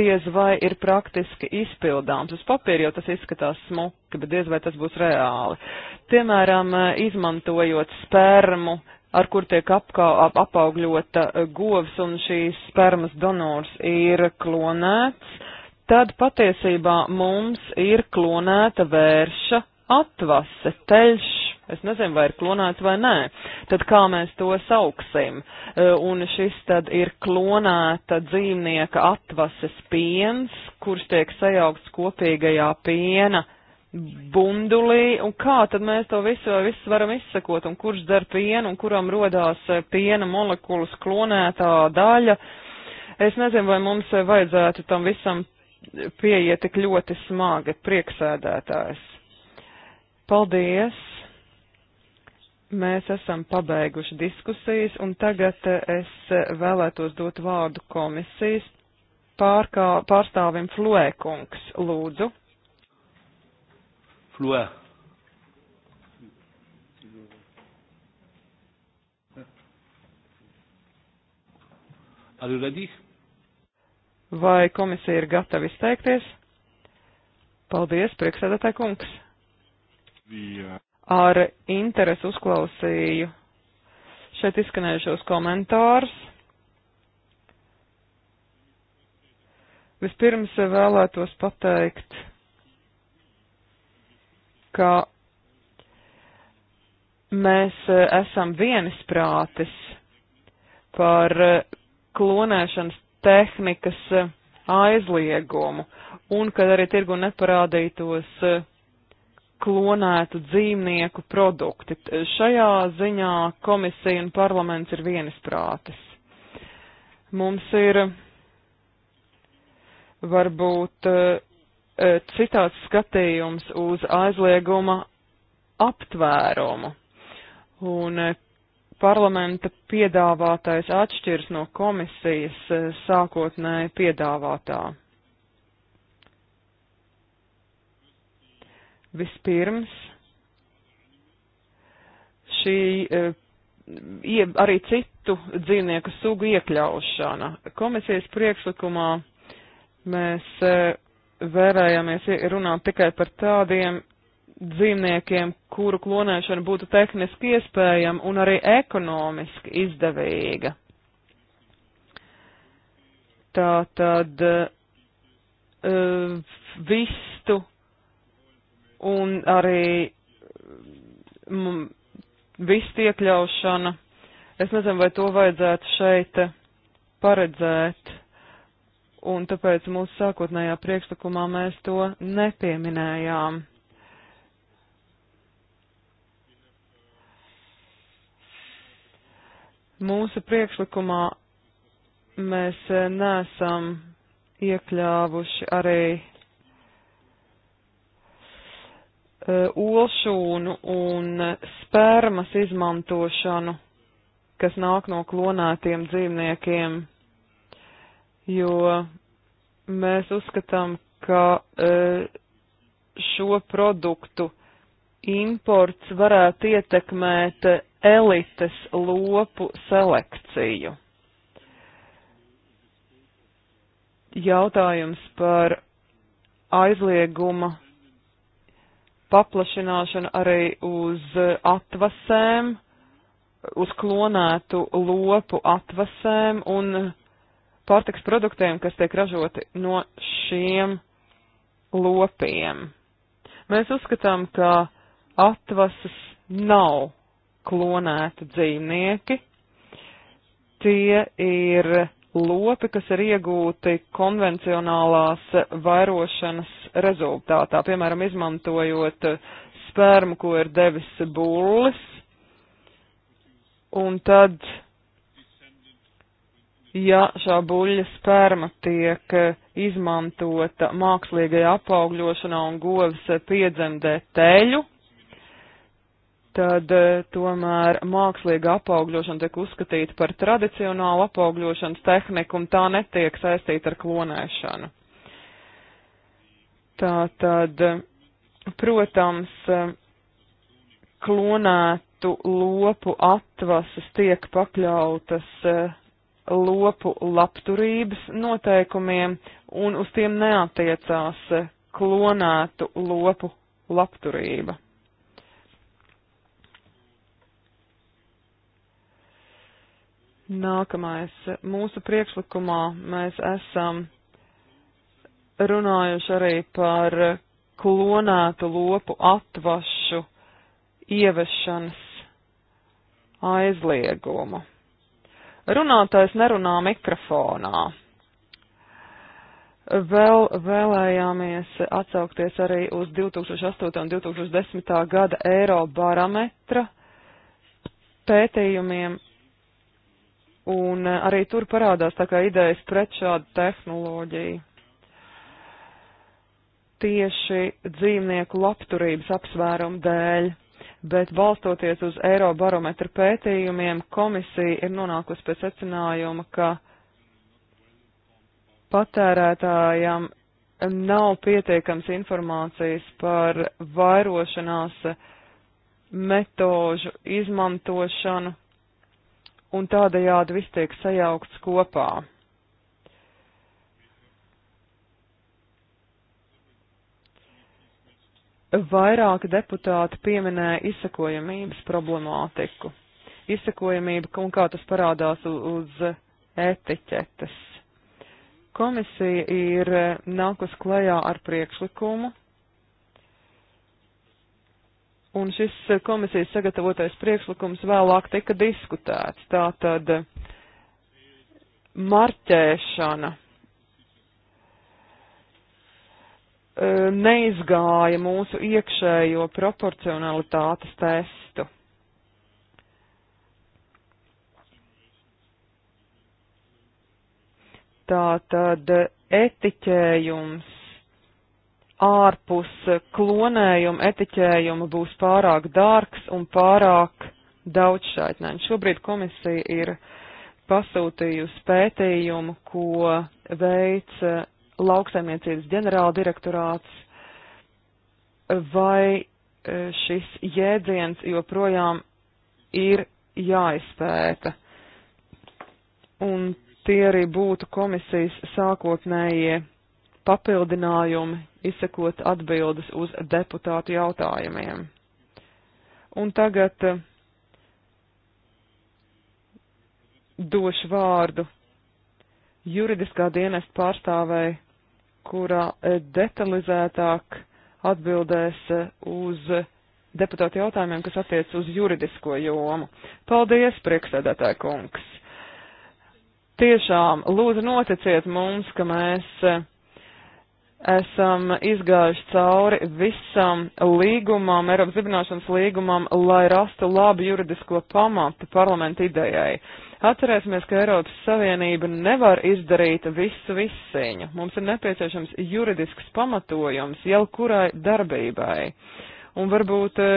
diez vai ir praktiski izpildāms. Uz papīra jau tas izskatās smuki, bet diez vai tas būs reāli. Piemēram, izmantojot spermu ar kur tiek apkā, ap, apaugļota e, govs un šīs spermas donors ir klonēts, tad patiesībā mums ir klonēta vērša atvase, teļš, es nezinu, vai ir klonēts vai nē, tad kā mēs to sauksim. E, un šis tad ir klonēta dzīvnieka atvases piens, kurš tiek sajaukts kopīgajā piena bundulī, un kā tad mēs to visu, visu varam izsakot, un kurš dzer pienu, un kuram rodās eh, piena molekulas klonētā daļa. Es nezinu, vai mums vajadzētu tam visam pieiet tik ļoti smagi prieksēdētājs. Paldies! Mēs esam pabeiguši diskusijas, un tagad eh, es eh, vēlētos dot vārdu komisijas pārkā, pārstāvim Fluēkungs. Lūdzu! Flua. Are you ready? Vai komisija ir gatava izteikties? Paldies, priekšsēdētāj kungs. Ar interesi uzklausīju šeit izskanējušos komentārus. Vispirms vēlētos pateikt ka mēs e, esam vienisprātis par e, klonēšanas tehnikas e, aizliegumu un kad arī tirgu neparādītos klonētu dzīvnieku produkti. Šajā ziņā komisija un parlaments ir vienisprātis. Mums ir varbūt E, citāds skatījums uz aizlieguma aptvērumu. Un e, parlamenta piedāvātais atšķirs no komisijas e, sākotnēji piedāvātā. Vispirms šī arī citu dzīvnieku sugu iekļaušana. Komisijas priekšlikumā mēs vērējāmies runāt tikai par tādiem dzīvniekiem, kuru klonēšana būtu tehniski iespējama un arī ekonomiski izdevīga. Tā tad uh, vistu un arī mm, vistu iekļaušana. Es nezinu, vai to vajadzētu šeit paredzēt un tāpēc mūsu sākotnējā priekšlikumā mēs to nepieminējām. Mūsu priekšlikumā mēs nesam iekļāvuši arī e, olšūnu un spermas izmantošanu, kas nāk no klonētiem dzīvniekiem jo mēs uzskatām, ka e, šo produktu imports varētu ietekmēt elites lopu selekciju. Jautājums par aizlieguma paplašināšanu arī uz atvasēm, uz klonētu lopu atvasēm un pārtiks produktiem, kas tiek ražoti no šiem lopiem. Mēs uzskatām, ka atvases nav klonēti dzīvnieki. Tie ir lopi, kas ir iegūti konvencionālās vairošanas rezultātā, piemēram, izmantojot spermu, ko ir devis bullis, un tad ja šā buļļa sperma tiek eh, izmantota mākslīgajā apaugļošanā un govs eh, piedzemdē teļu, tad eh, tomēr mākslīga apaugļošana tiek uzskatīta par tradicionālu apaugļošanas tehniku un tā netiek saistīta ar klonēšanu. Tā tad, protams, klonētu lopu atvases tiek pakļautas uh, lopu labturības noteikumiem un uz tiem neatiecās klonētu lopu labturība. Nākamais. Mūsu priekšlikumā mēs esam runājuši arī par klonētu lopu atvašu ieviešanas aizliegumu. Runātājs nerunā mikrofonā. Vēl vēlējāmies atsaukties arī uz 2008. un 2010. gada eiro barometra pētījumiem, un arī tur parādās tā kā idejas pret šādu tehnoloģiju. Tieši dzīvnieku labturības apsvērumu dēļ bet balstoties uz Eirobarometra pētījumiem, komisija ir nonākusi pie secinājuma, ka patērētājam nav pietiekams informācijas par vairošanās metožu izmantošanu, un tādējādi viss tiek sajaukts kopā. Vairāki deputāti pieminēja izsakojamības problemātiku. Izsakojamība un kā tas parādās uz etiķetes. Komisija ir e, nākus klajā ar priekšlikumu, un šis komisijas sagatavotais priekšlikums vēlāk tika diskutēts. Tātad marķēšana E, neizgāja mūsu iekšējo proporcionalitātes testu. Tā tad etiķējums ārpus klonējuma etiķējuma būs pārāk dārgs un pārāk daudzšķaitnēns. Šobrīd komisija ir pasūtījusi pētījumu, ko veica lauksaimniecības ģenerāla direktorāts, vai e, šis jēdziens joprojām ir jāizpēta. Un tie arī būtu komisijas sākotnējie papildinājumi, izsekot atbildes uz deputātu jautājumiem. Un tagad e, došu vārdu juridiskā dienesta pārstāvēja kurā e, detalizētāk atbildēs e, uz deputātu jautājumiem, kas attiec uz juridisko jomu. Paldies, priekšsēdētāja kungs! Tiešām, lūdzu noticēt mums, ka mēs e, esam izgājuši cauri visam līgumam, Eiropas dibināšanas līgumam, lai rastu labu juridisko pamatu parlamentu idejai. Atcerēsimies, ka Eiropas Savienība nevar izdarīt visu visiņu. Mums ir nepieciešams juridisks pamatojums jau kurai darbībai. Un varbūt e,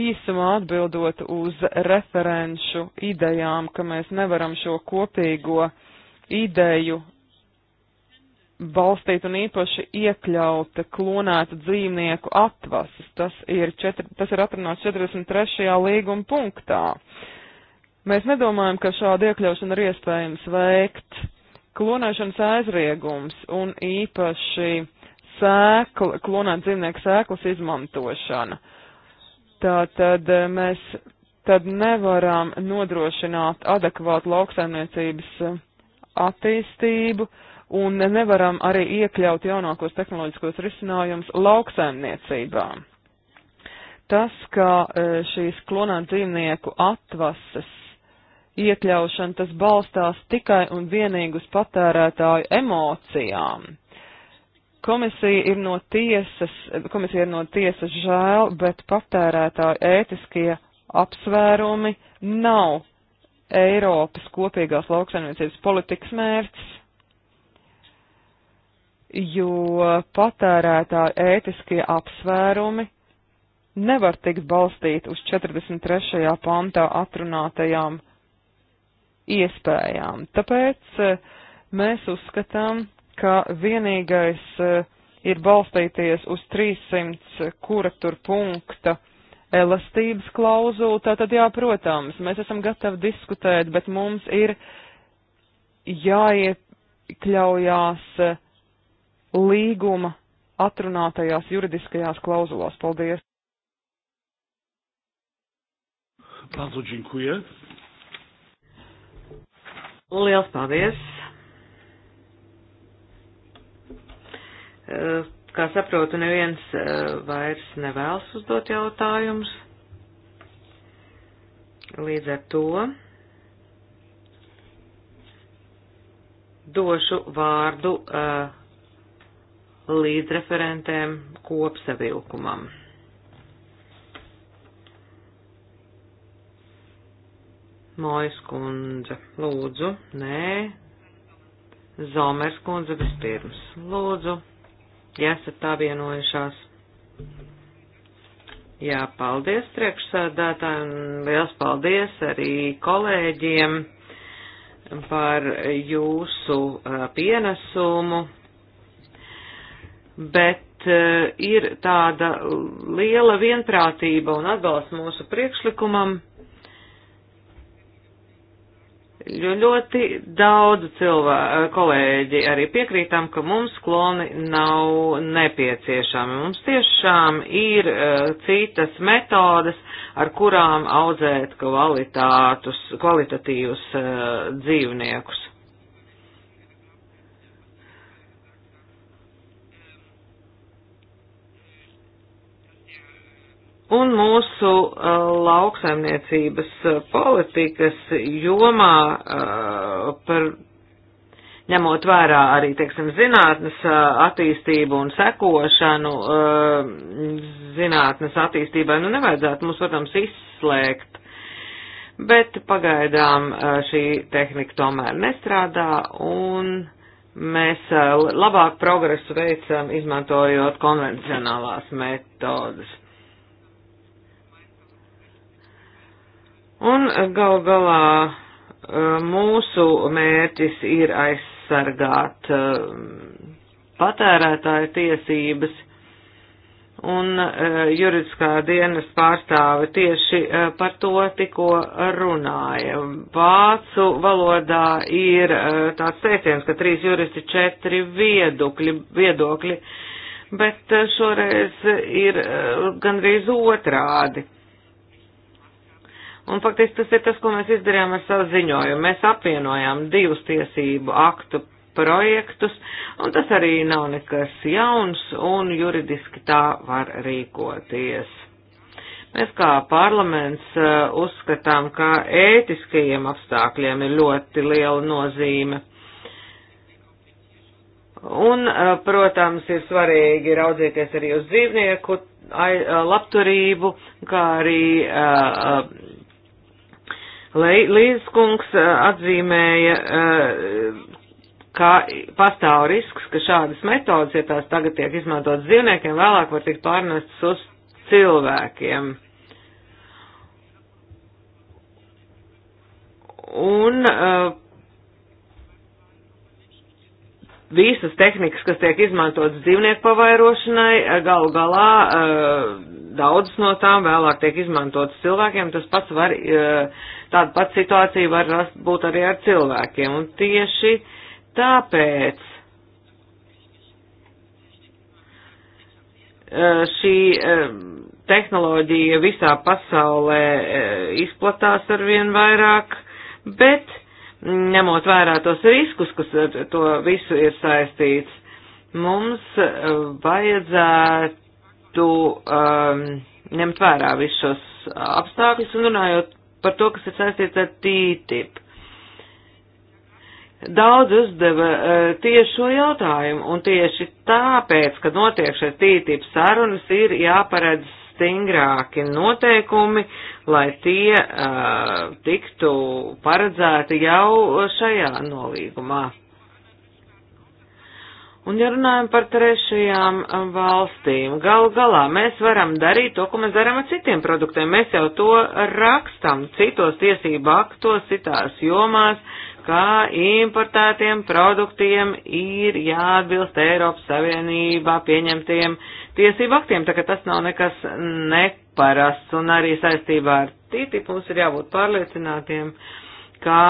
īsumā atbildot uz referenšu idejām, ka mēs nevaram šo kopīgo ideju balstīt un īpaši iekļaut klonētu dzīvnieku atvases. Tas ir, četri, tas ir atrunāts 43. līguma punktā. Mēs nedomājam, ka šādu iekļaušanu ir iespējams veikt. Klonēšanas aizriegums un īpaši sēkla, klonēt dzīvnieku sēklas izmantošana. Tātad eh, mēs tad nevaram nodrošināt adekvātu lauksaimniecības eh, attīstību un nevaram arī iekļaut jaunākos tehnoloģiskos risinājumus lauksaimniecībā. Tas, ka eh, šīs klonēt dzīvnieku atvases iekļaušana, tas balstās tikai un vienīgi uz patērētāju emocijām. Komisija ir no tiesas, komisija ir no tiesas žēl, bet patērētāju ētiskie apsvērumi nav Eiropas kopīgās lauksaimniecības politikas mērķis jo patērētāju ētiskie apsvērumi nevar tikt balstīt uz 43. pantā atrunātajām iespējām. Tāpēc eh, mēs uzskatām, ka vienīgais eh, ir balstīties uz 300 kura tur punkta elastības klauzulu, tātad jā, protams, mēs esam gatavi diskutēt, bet mums ir jāiekļaujās eh, līguma atrunātajās juridiskajās klauzulās. Paldies! Bardzo dziękuję. Liels paldies! Eh, kā saprotu, neviens eh, vairs nevēlas uzdot jautājumus. Līdz ar to došu vārdu eh, līdzreferentēm kopsavilkumam. Mojas kundze, lūdzu, nē, Zomers kundze vispirms, lūdzu, ja esat tā vienojušās. Jā, paldies priekšsādātājiem, liels paldies arī kolēģiem par jūsu pienesumu, bet ir tāda liela vienprātība un atbalsts mūsu priekšlikumam Jo ļoti daudz cilvēku, eh, kolēģi arī piekrītam, ka mums kloni nav nepieciešami. Mums tiešām ir uh, citas metodas, ar kurām audzēt kvalitātus, kvalitatīvus uh, dzīvniekus. Un mūsu uh, lauksaimniecības uh, politikas jomā uh, par ņemot vērā arī, teiksim, zinātnes uh, attīstību un sekošanu uh, zinātnes attīstībai, nu nevajadzētu mums, protams, izslēgt bet pagaidām šī tehnika tomēr nestrādā un mēs labāk progresu veicam izmantojot konvencionālās metodas. Un eh, gal galā eh, mūsu mērķis ir aizsargāt eh, patērētāju tiesības, un juridiskā dienas pārstāve tieši par to tikko runāja. Vācu valodā ir tāds teiciens, ka trīs juristi četri viedokļi, viedokļi bet šoreiz ir gandrīz otrādi Un faktiski tas ir tas, ko mēs izdarījām ar savu ziņojumu. Mēs apvienojām divus tiesību aktu projektus, un tas arī nav nekas jauns, un juridiski tā var rīkoties. Mēs kā parlaments uh, uzskatām, ka ētiskajiem apstākļiem ir ļoti liela nozīme. Un, uh, protams, ir svarīgi raudzīties arī uz dzīvnieku uh, labturību, kā arī Līdzkungs eh, atzīmēja, eh, ka pastāv risks, ka šādas metodas, ja tās tagad tiek izmantotas dzīvniekiem, vēlāk var tikt pārnestas uz cilvēkiem. Un uh, visas tehnikas, kas tiek izmantotas dzīvnieku pavairošanai, galu galā uh, Daudzas no tām vēlāk tiek izmantotas cilvēkiem, tas pats var, e, tāda pati situācija var rast, būt arī ar cilvēkiem. Un tieši tāpēc e, šī e, tehnoloģija visā pasaulē izplatās arvien vairāk, bet ņemot vērā tos riskus, kas ar to visu ir saistīts, mums vajadzētu būtu um, ņemt vērā visus šos apstākļus un runājot par to, kas ir saistīts ar TTIP. Daudz uzdeva uh, tieši šo jautājumu, un tieši tāpēc, kad notiek šie TTIP sarunas, ir jāparedz stingrāki noteikumi, lai tie uh, tiktu paredzēti jau šajā nolīgumā. Un ja runājam par trešajām um, valstīm, gal galā mēs varam darīt to, ko mēs darām ar citiem produktiem. Mēs jau to rakstam citos tiesību aktos, citās jomās, kā importētiem produktiem ir jāatbilst Eiropas Savienībā pieņemtiem tiesību aktiem, tā ka tas nav nekas neparasts. Un arī saistībā ar TTIP mums ir jābūt pārliecinātiem, ka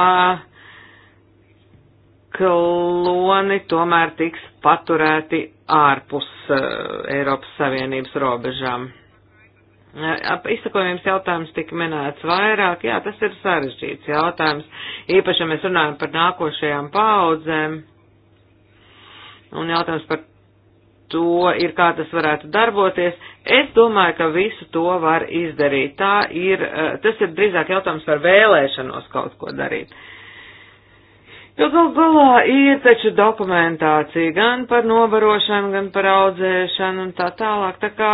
kloni tomēr tiks paturēti ārpus uh, Eiropas Savienības robežām. Eh, ap izsakojumiem jautājums tika minēts vairāk, jā, tas ir sarežģīts jautājums, īpaši, ja mēs runājam par nākošajām paaudzēm, un jautājums par to ir, kā tas varētu darboties. Es domāju, ka visu to var izdarīt. Tā ir, eh, tas ir drīzāk jautājums par vēlēšanos kaut ko darīt. Uh, Jo gal galā ir taču dokumentācija gan par nobarošanu, gan par audzēšanu un tā tālāk, tā kā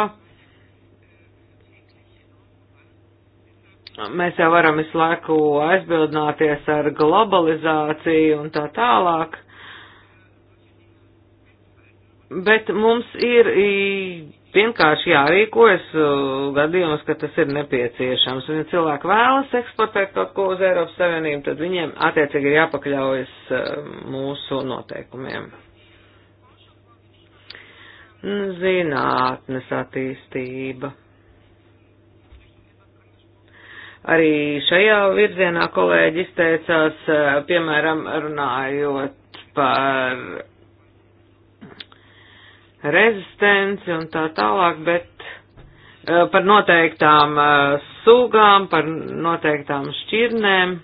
mēs jau varam visu laiku aizbildināties ar globalizāciju un tā tālāk, bet mums ir vienkārši jārīkojas uh, gadījumos, ka tas ir nepieciešams. Un, ja cilvēki vēlas eksportēt kaut ko uz Eiropas Savienību, tad viņiem attiecīgi ir jāpakļaujas uh, mūsu noteikumiem. Zinātnes attīstība. Arī šajā virzienā kolēģi izteicās, uh, piemēram, runājot par rezistenci un tā tālāk, bet eh, par noteiktām eh, sugām, par noteiktām šķirnēm,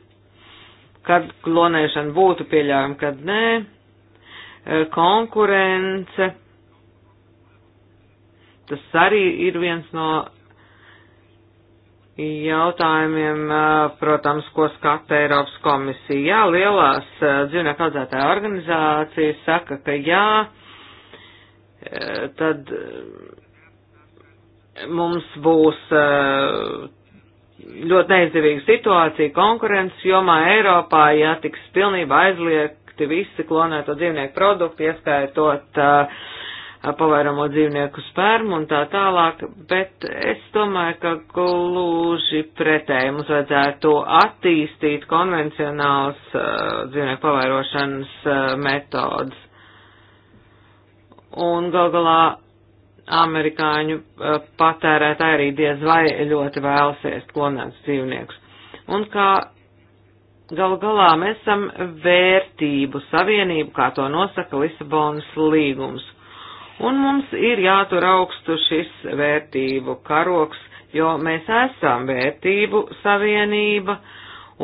kad klonēšana būtu pieļaujama, kad nē, eh, konkurence, tas arī ir viens no jautājumiem, protams, ko skata Eiropas komisija. Jā, lielās dzīvnieku audzētāja organizācijas saka, ka jā, Eh, tad eh, mums būs eh, ļoti neizdevīga situācija konkurences jomā Eiropā, ja tiks pilnībā aizliegti visi klonēto dzīvnieku produkti, ieskaitot uh, pavairamo dzīvnieku spermu un tā tālāk, bet es domāju, ka gluži pretēji mums vajadzētu attīstīt konvencionāls uh, dzīvnieku pavairošanas uh, metodas un gal galā amerikāņu eh, patērētāji arī diez vai ļoti vēlas ēst klonētus dzīvniekus. Un kā gal galā mēs esam vērtību savienību, kā to nosaka Lisabonas līgums. Un mums ir jātur augstu šis vērtību karoks, jo mēs esam vērtību savienība,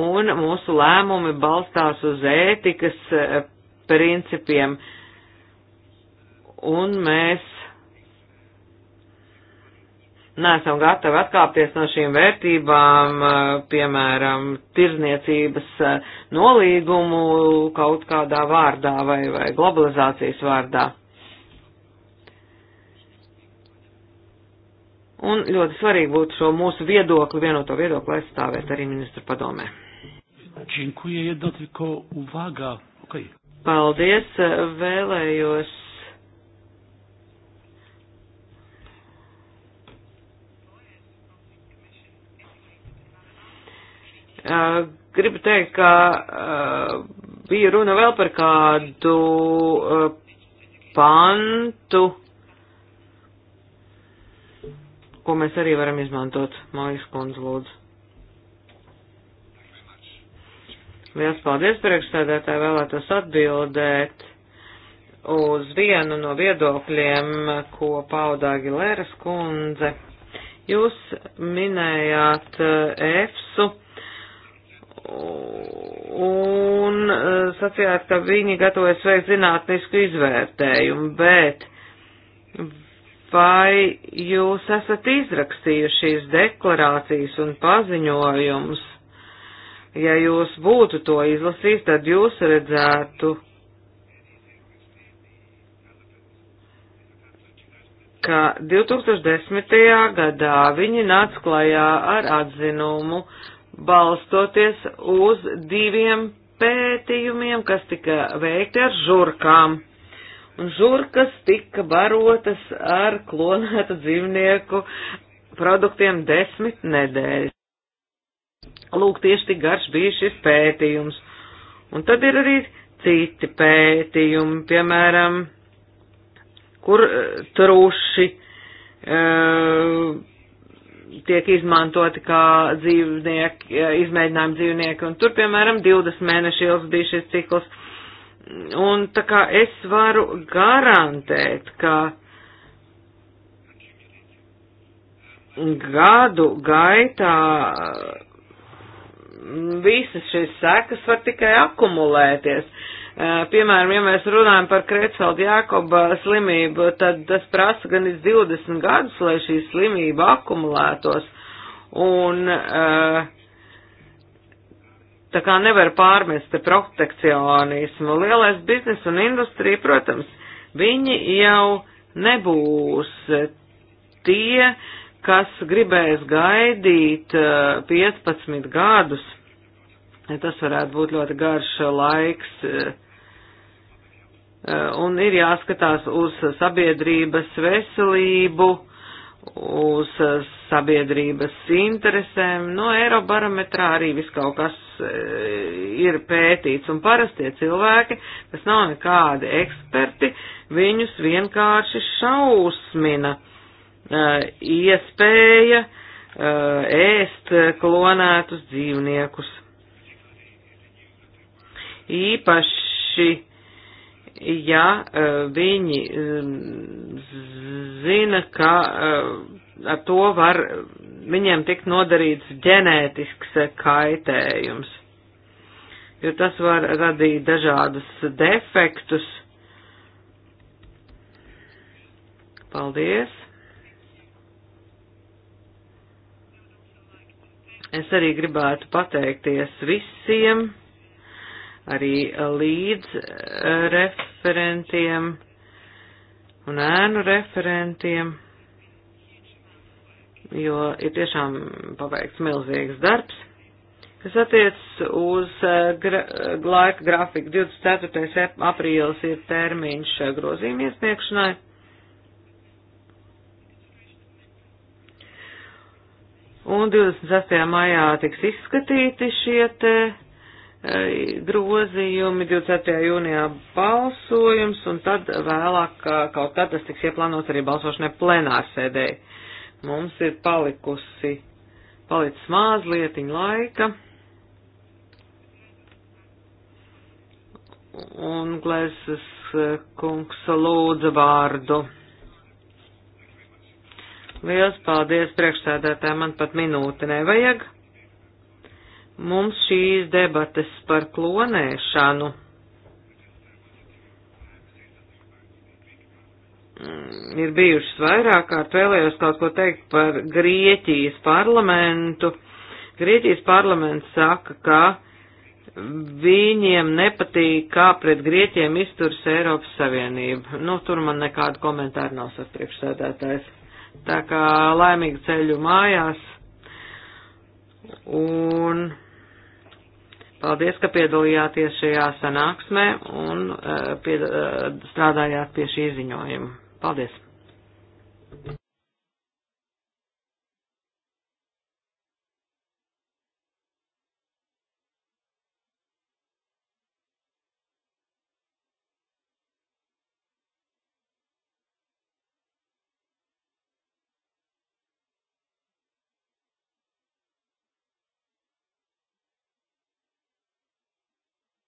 un mūsu lēmumi balstās uz ētikas eh, principiem, uh, un mēs neesam gatavi atkāpties no šīm vērtībām, eh, piemēram, tirzniecības eh, nolīgumu kaut kādā vārdā vai, vai globalizācijas vārdā. Un ļoti svarīgi būtu šo mūsu viedokli, vienoto viedokli aizstāvēt arī ministru padomē. Dziękuję, jedna tylko uwaga. Okay. Paldies, vēlējos Eh, gribu teikt, ka eh, bija runa vēl par kādu eh, pantu, ko mēs arī varam izmantot. Mājas kundze, lūdzu. Liels paldies, priekšstādētāji, vēlētos atbildēt uz vienu no viedokļiem, ko paudā Gilēras kundze. Jūs minējāt EFSU. Uh, un eh, sacījāt, ka viņi gatavojas veikt zinātnisku izvērtējumu, bet vai jūs esat izrakstījuši šīs deklarācijas un paziņojumus? Ja jūs būtu to izlasījis, tad jūs redzētu, ka 2010. gadā viņi nāca klajā ar atzinumu balstoties uz diviem pētījumiem, kas tika veikti ar žurkām. Un žurkas tika barotas ar klonētu dzīvnieku produktiem desmit nedēļas. Lūk, tieši tik garš bija šis pētījums. Un tad ir arī citi pētījumi, piemēram, kur eh, truši. Uh, tiek izmantoti kā dzīvnieki, izmēģinājumi dzīvnieki, un tur, piemēram, 20 mēneši ilgs bija šis cikls. Un tā kā es varu garantēt, ka gadu gaitā visas šīs sekas var tikai akumulēties. Eh, piemēram, ja mēs runājam par Kretsalda Jākoba slimību, tad tas prasa gan iz 20 gadus, lai šī slimība akumulētos. Un eh, tā kā nevar pārmest protekcionismu. Lielais biznes un industrija, protams, viņi jau nebūs tie, kas gribēs gaidīt 15 eh, gadus. Tas varētu būt ļoti garš laiks Eh, un ir jāskatās uz sabiedrības veselību, uz sabiedrības interesēm. No Eirobarometrā arī viss kaut kas eh, ir pētīts, un parastie cilvēki, kas nav nekādi eksperti, viņus vienkārši šausmina eh, iespēja ēst klonētus dzīvniekus. Īpaši ja e, viņi e, zina, ka e, ar to var viņiem tikt nodarīts ģenētisks kaitējums, jo tas var radīt dažādus defektus. Paldies! Es arī gribētu pateikties visiem arī līdz eh, referentiem un ēnu referentiem, jo ir tiešām paveikts milzīgs darbs, kas attiec uz eh, gra laika grafiku. 24. aprīlis ir termiņš eh, grozījuma iesniegšanai. Un 26. maijā tiks izskatīti šie te grozījumi 24. jūnijā balsojums, un tad vēlāk kaut kad tas tiks ieplānots arī balsošanai plenārsēdē. Mums ir palikusi, palicis mazlietiņa laika. Un Glēzes e, kungs lūdza vārdu. Liels paldies priekšsēdētājai, man pat minūte nevajag. Mums šīs debates par klonēšanu mm, ir bijušas vairāk kārt, vēlējos kaut ko teikt par Grieķijas parlamentu. Grieķijas parlaments saka, ka viņiem nepatīk, kā pret Grieķiem izturs Eiropas Savienība. Nu, tur man nekādu komentāru nav sas priekšsēdētājs. Tā kā laimīgu ceļu mājās. Un. Paldies, ka piedalījāties šajā sanāksmē un uh, eh, pie, uh, eh, strādājāt pie šī ziņojuma. Paldies!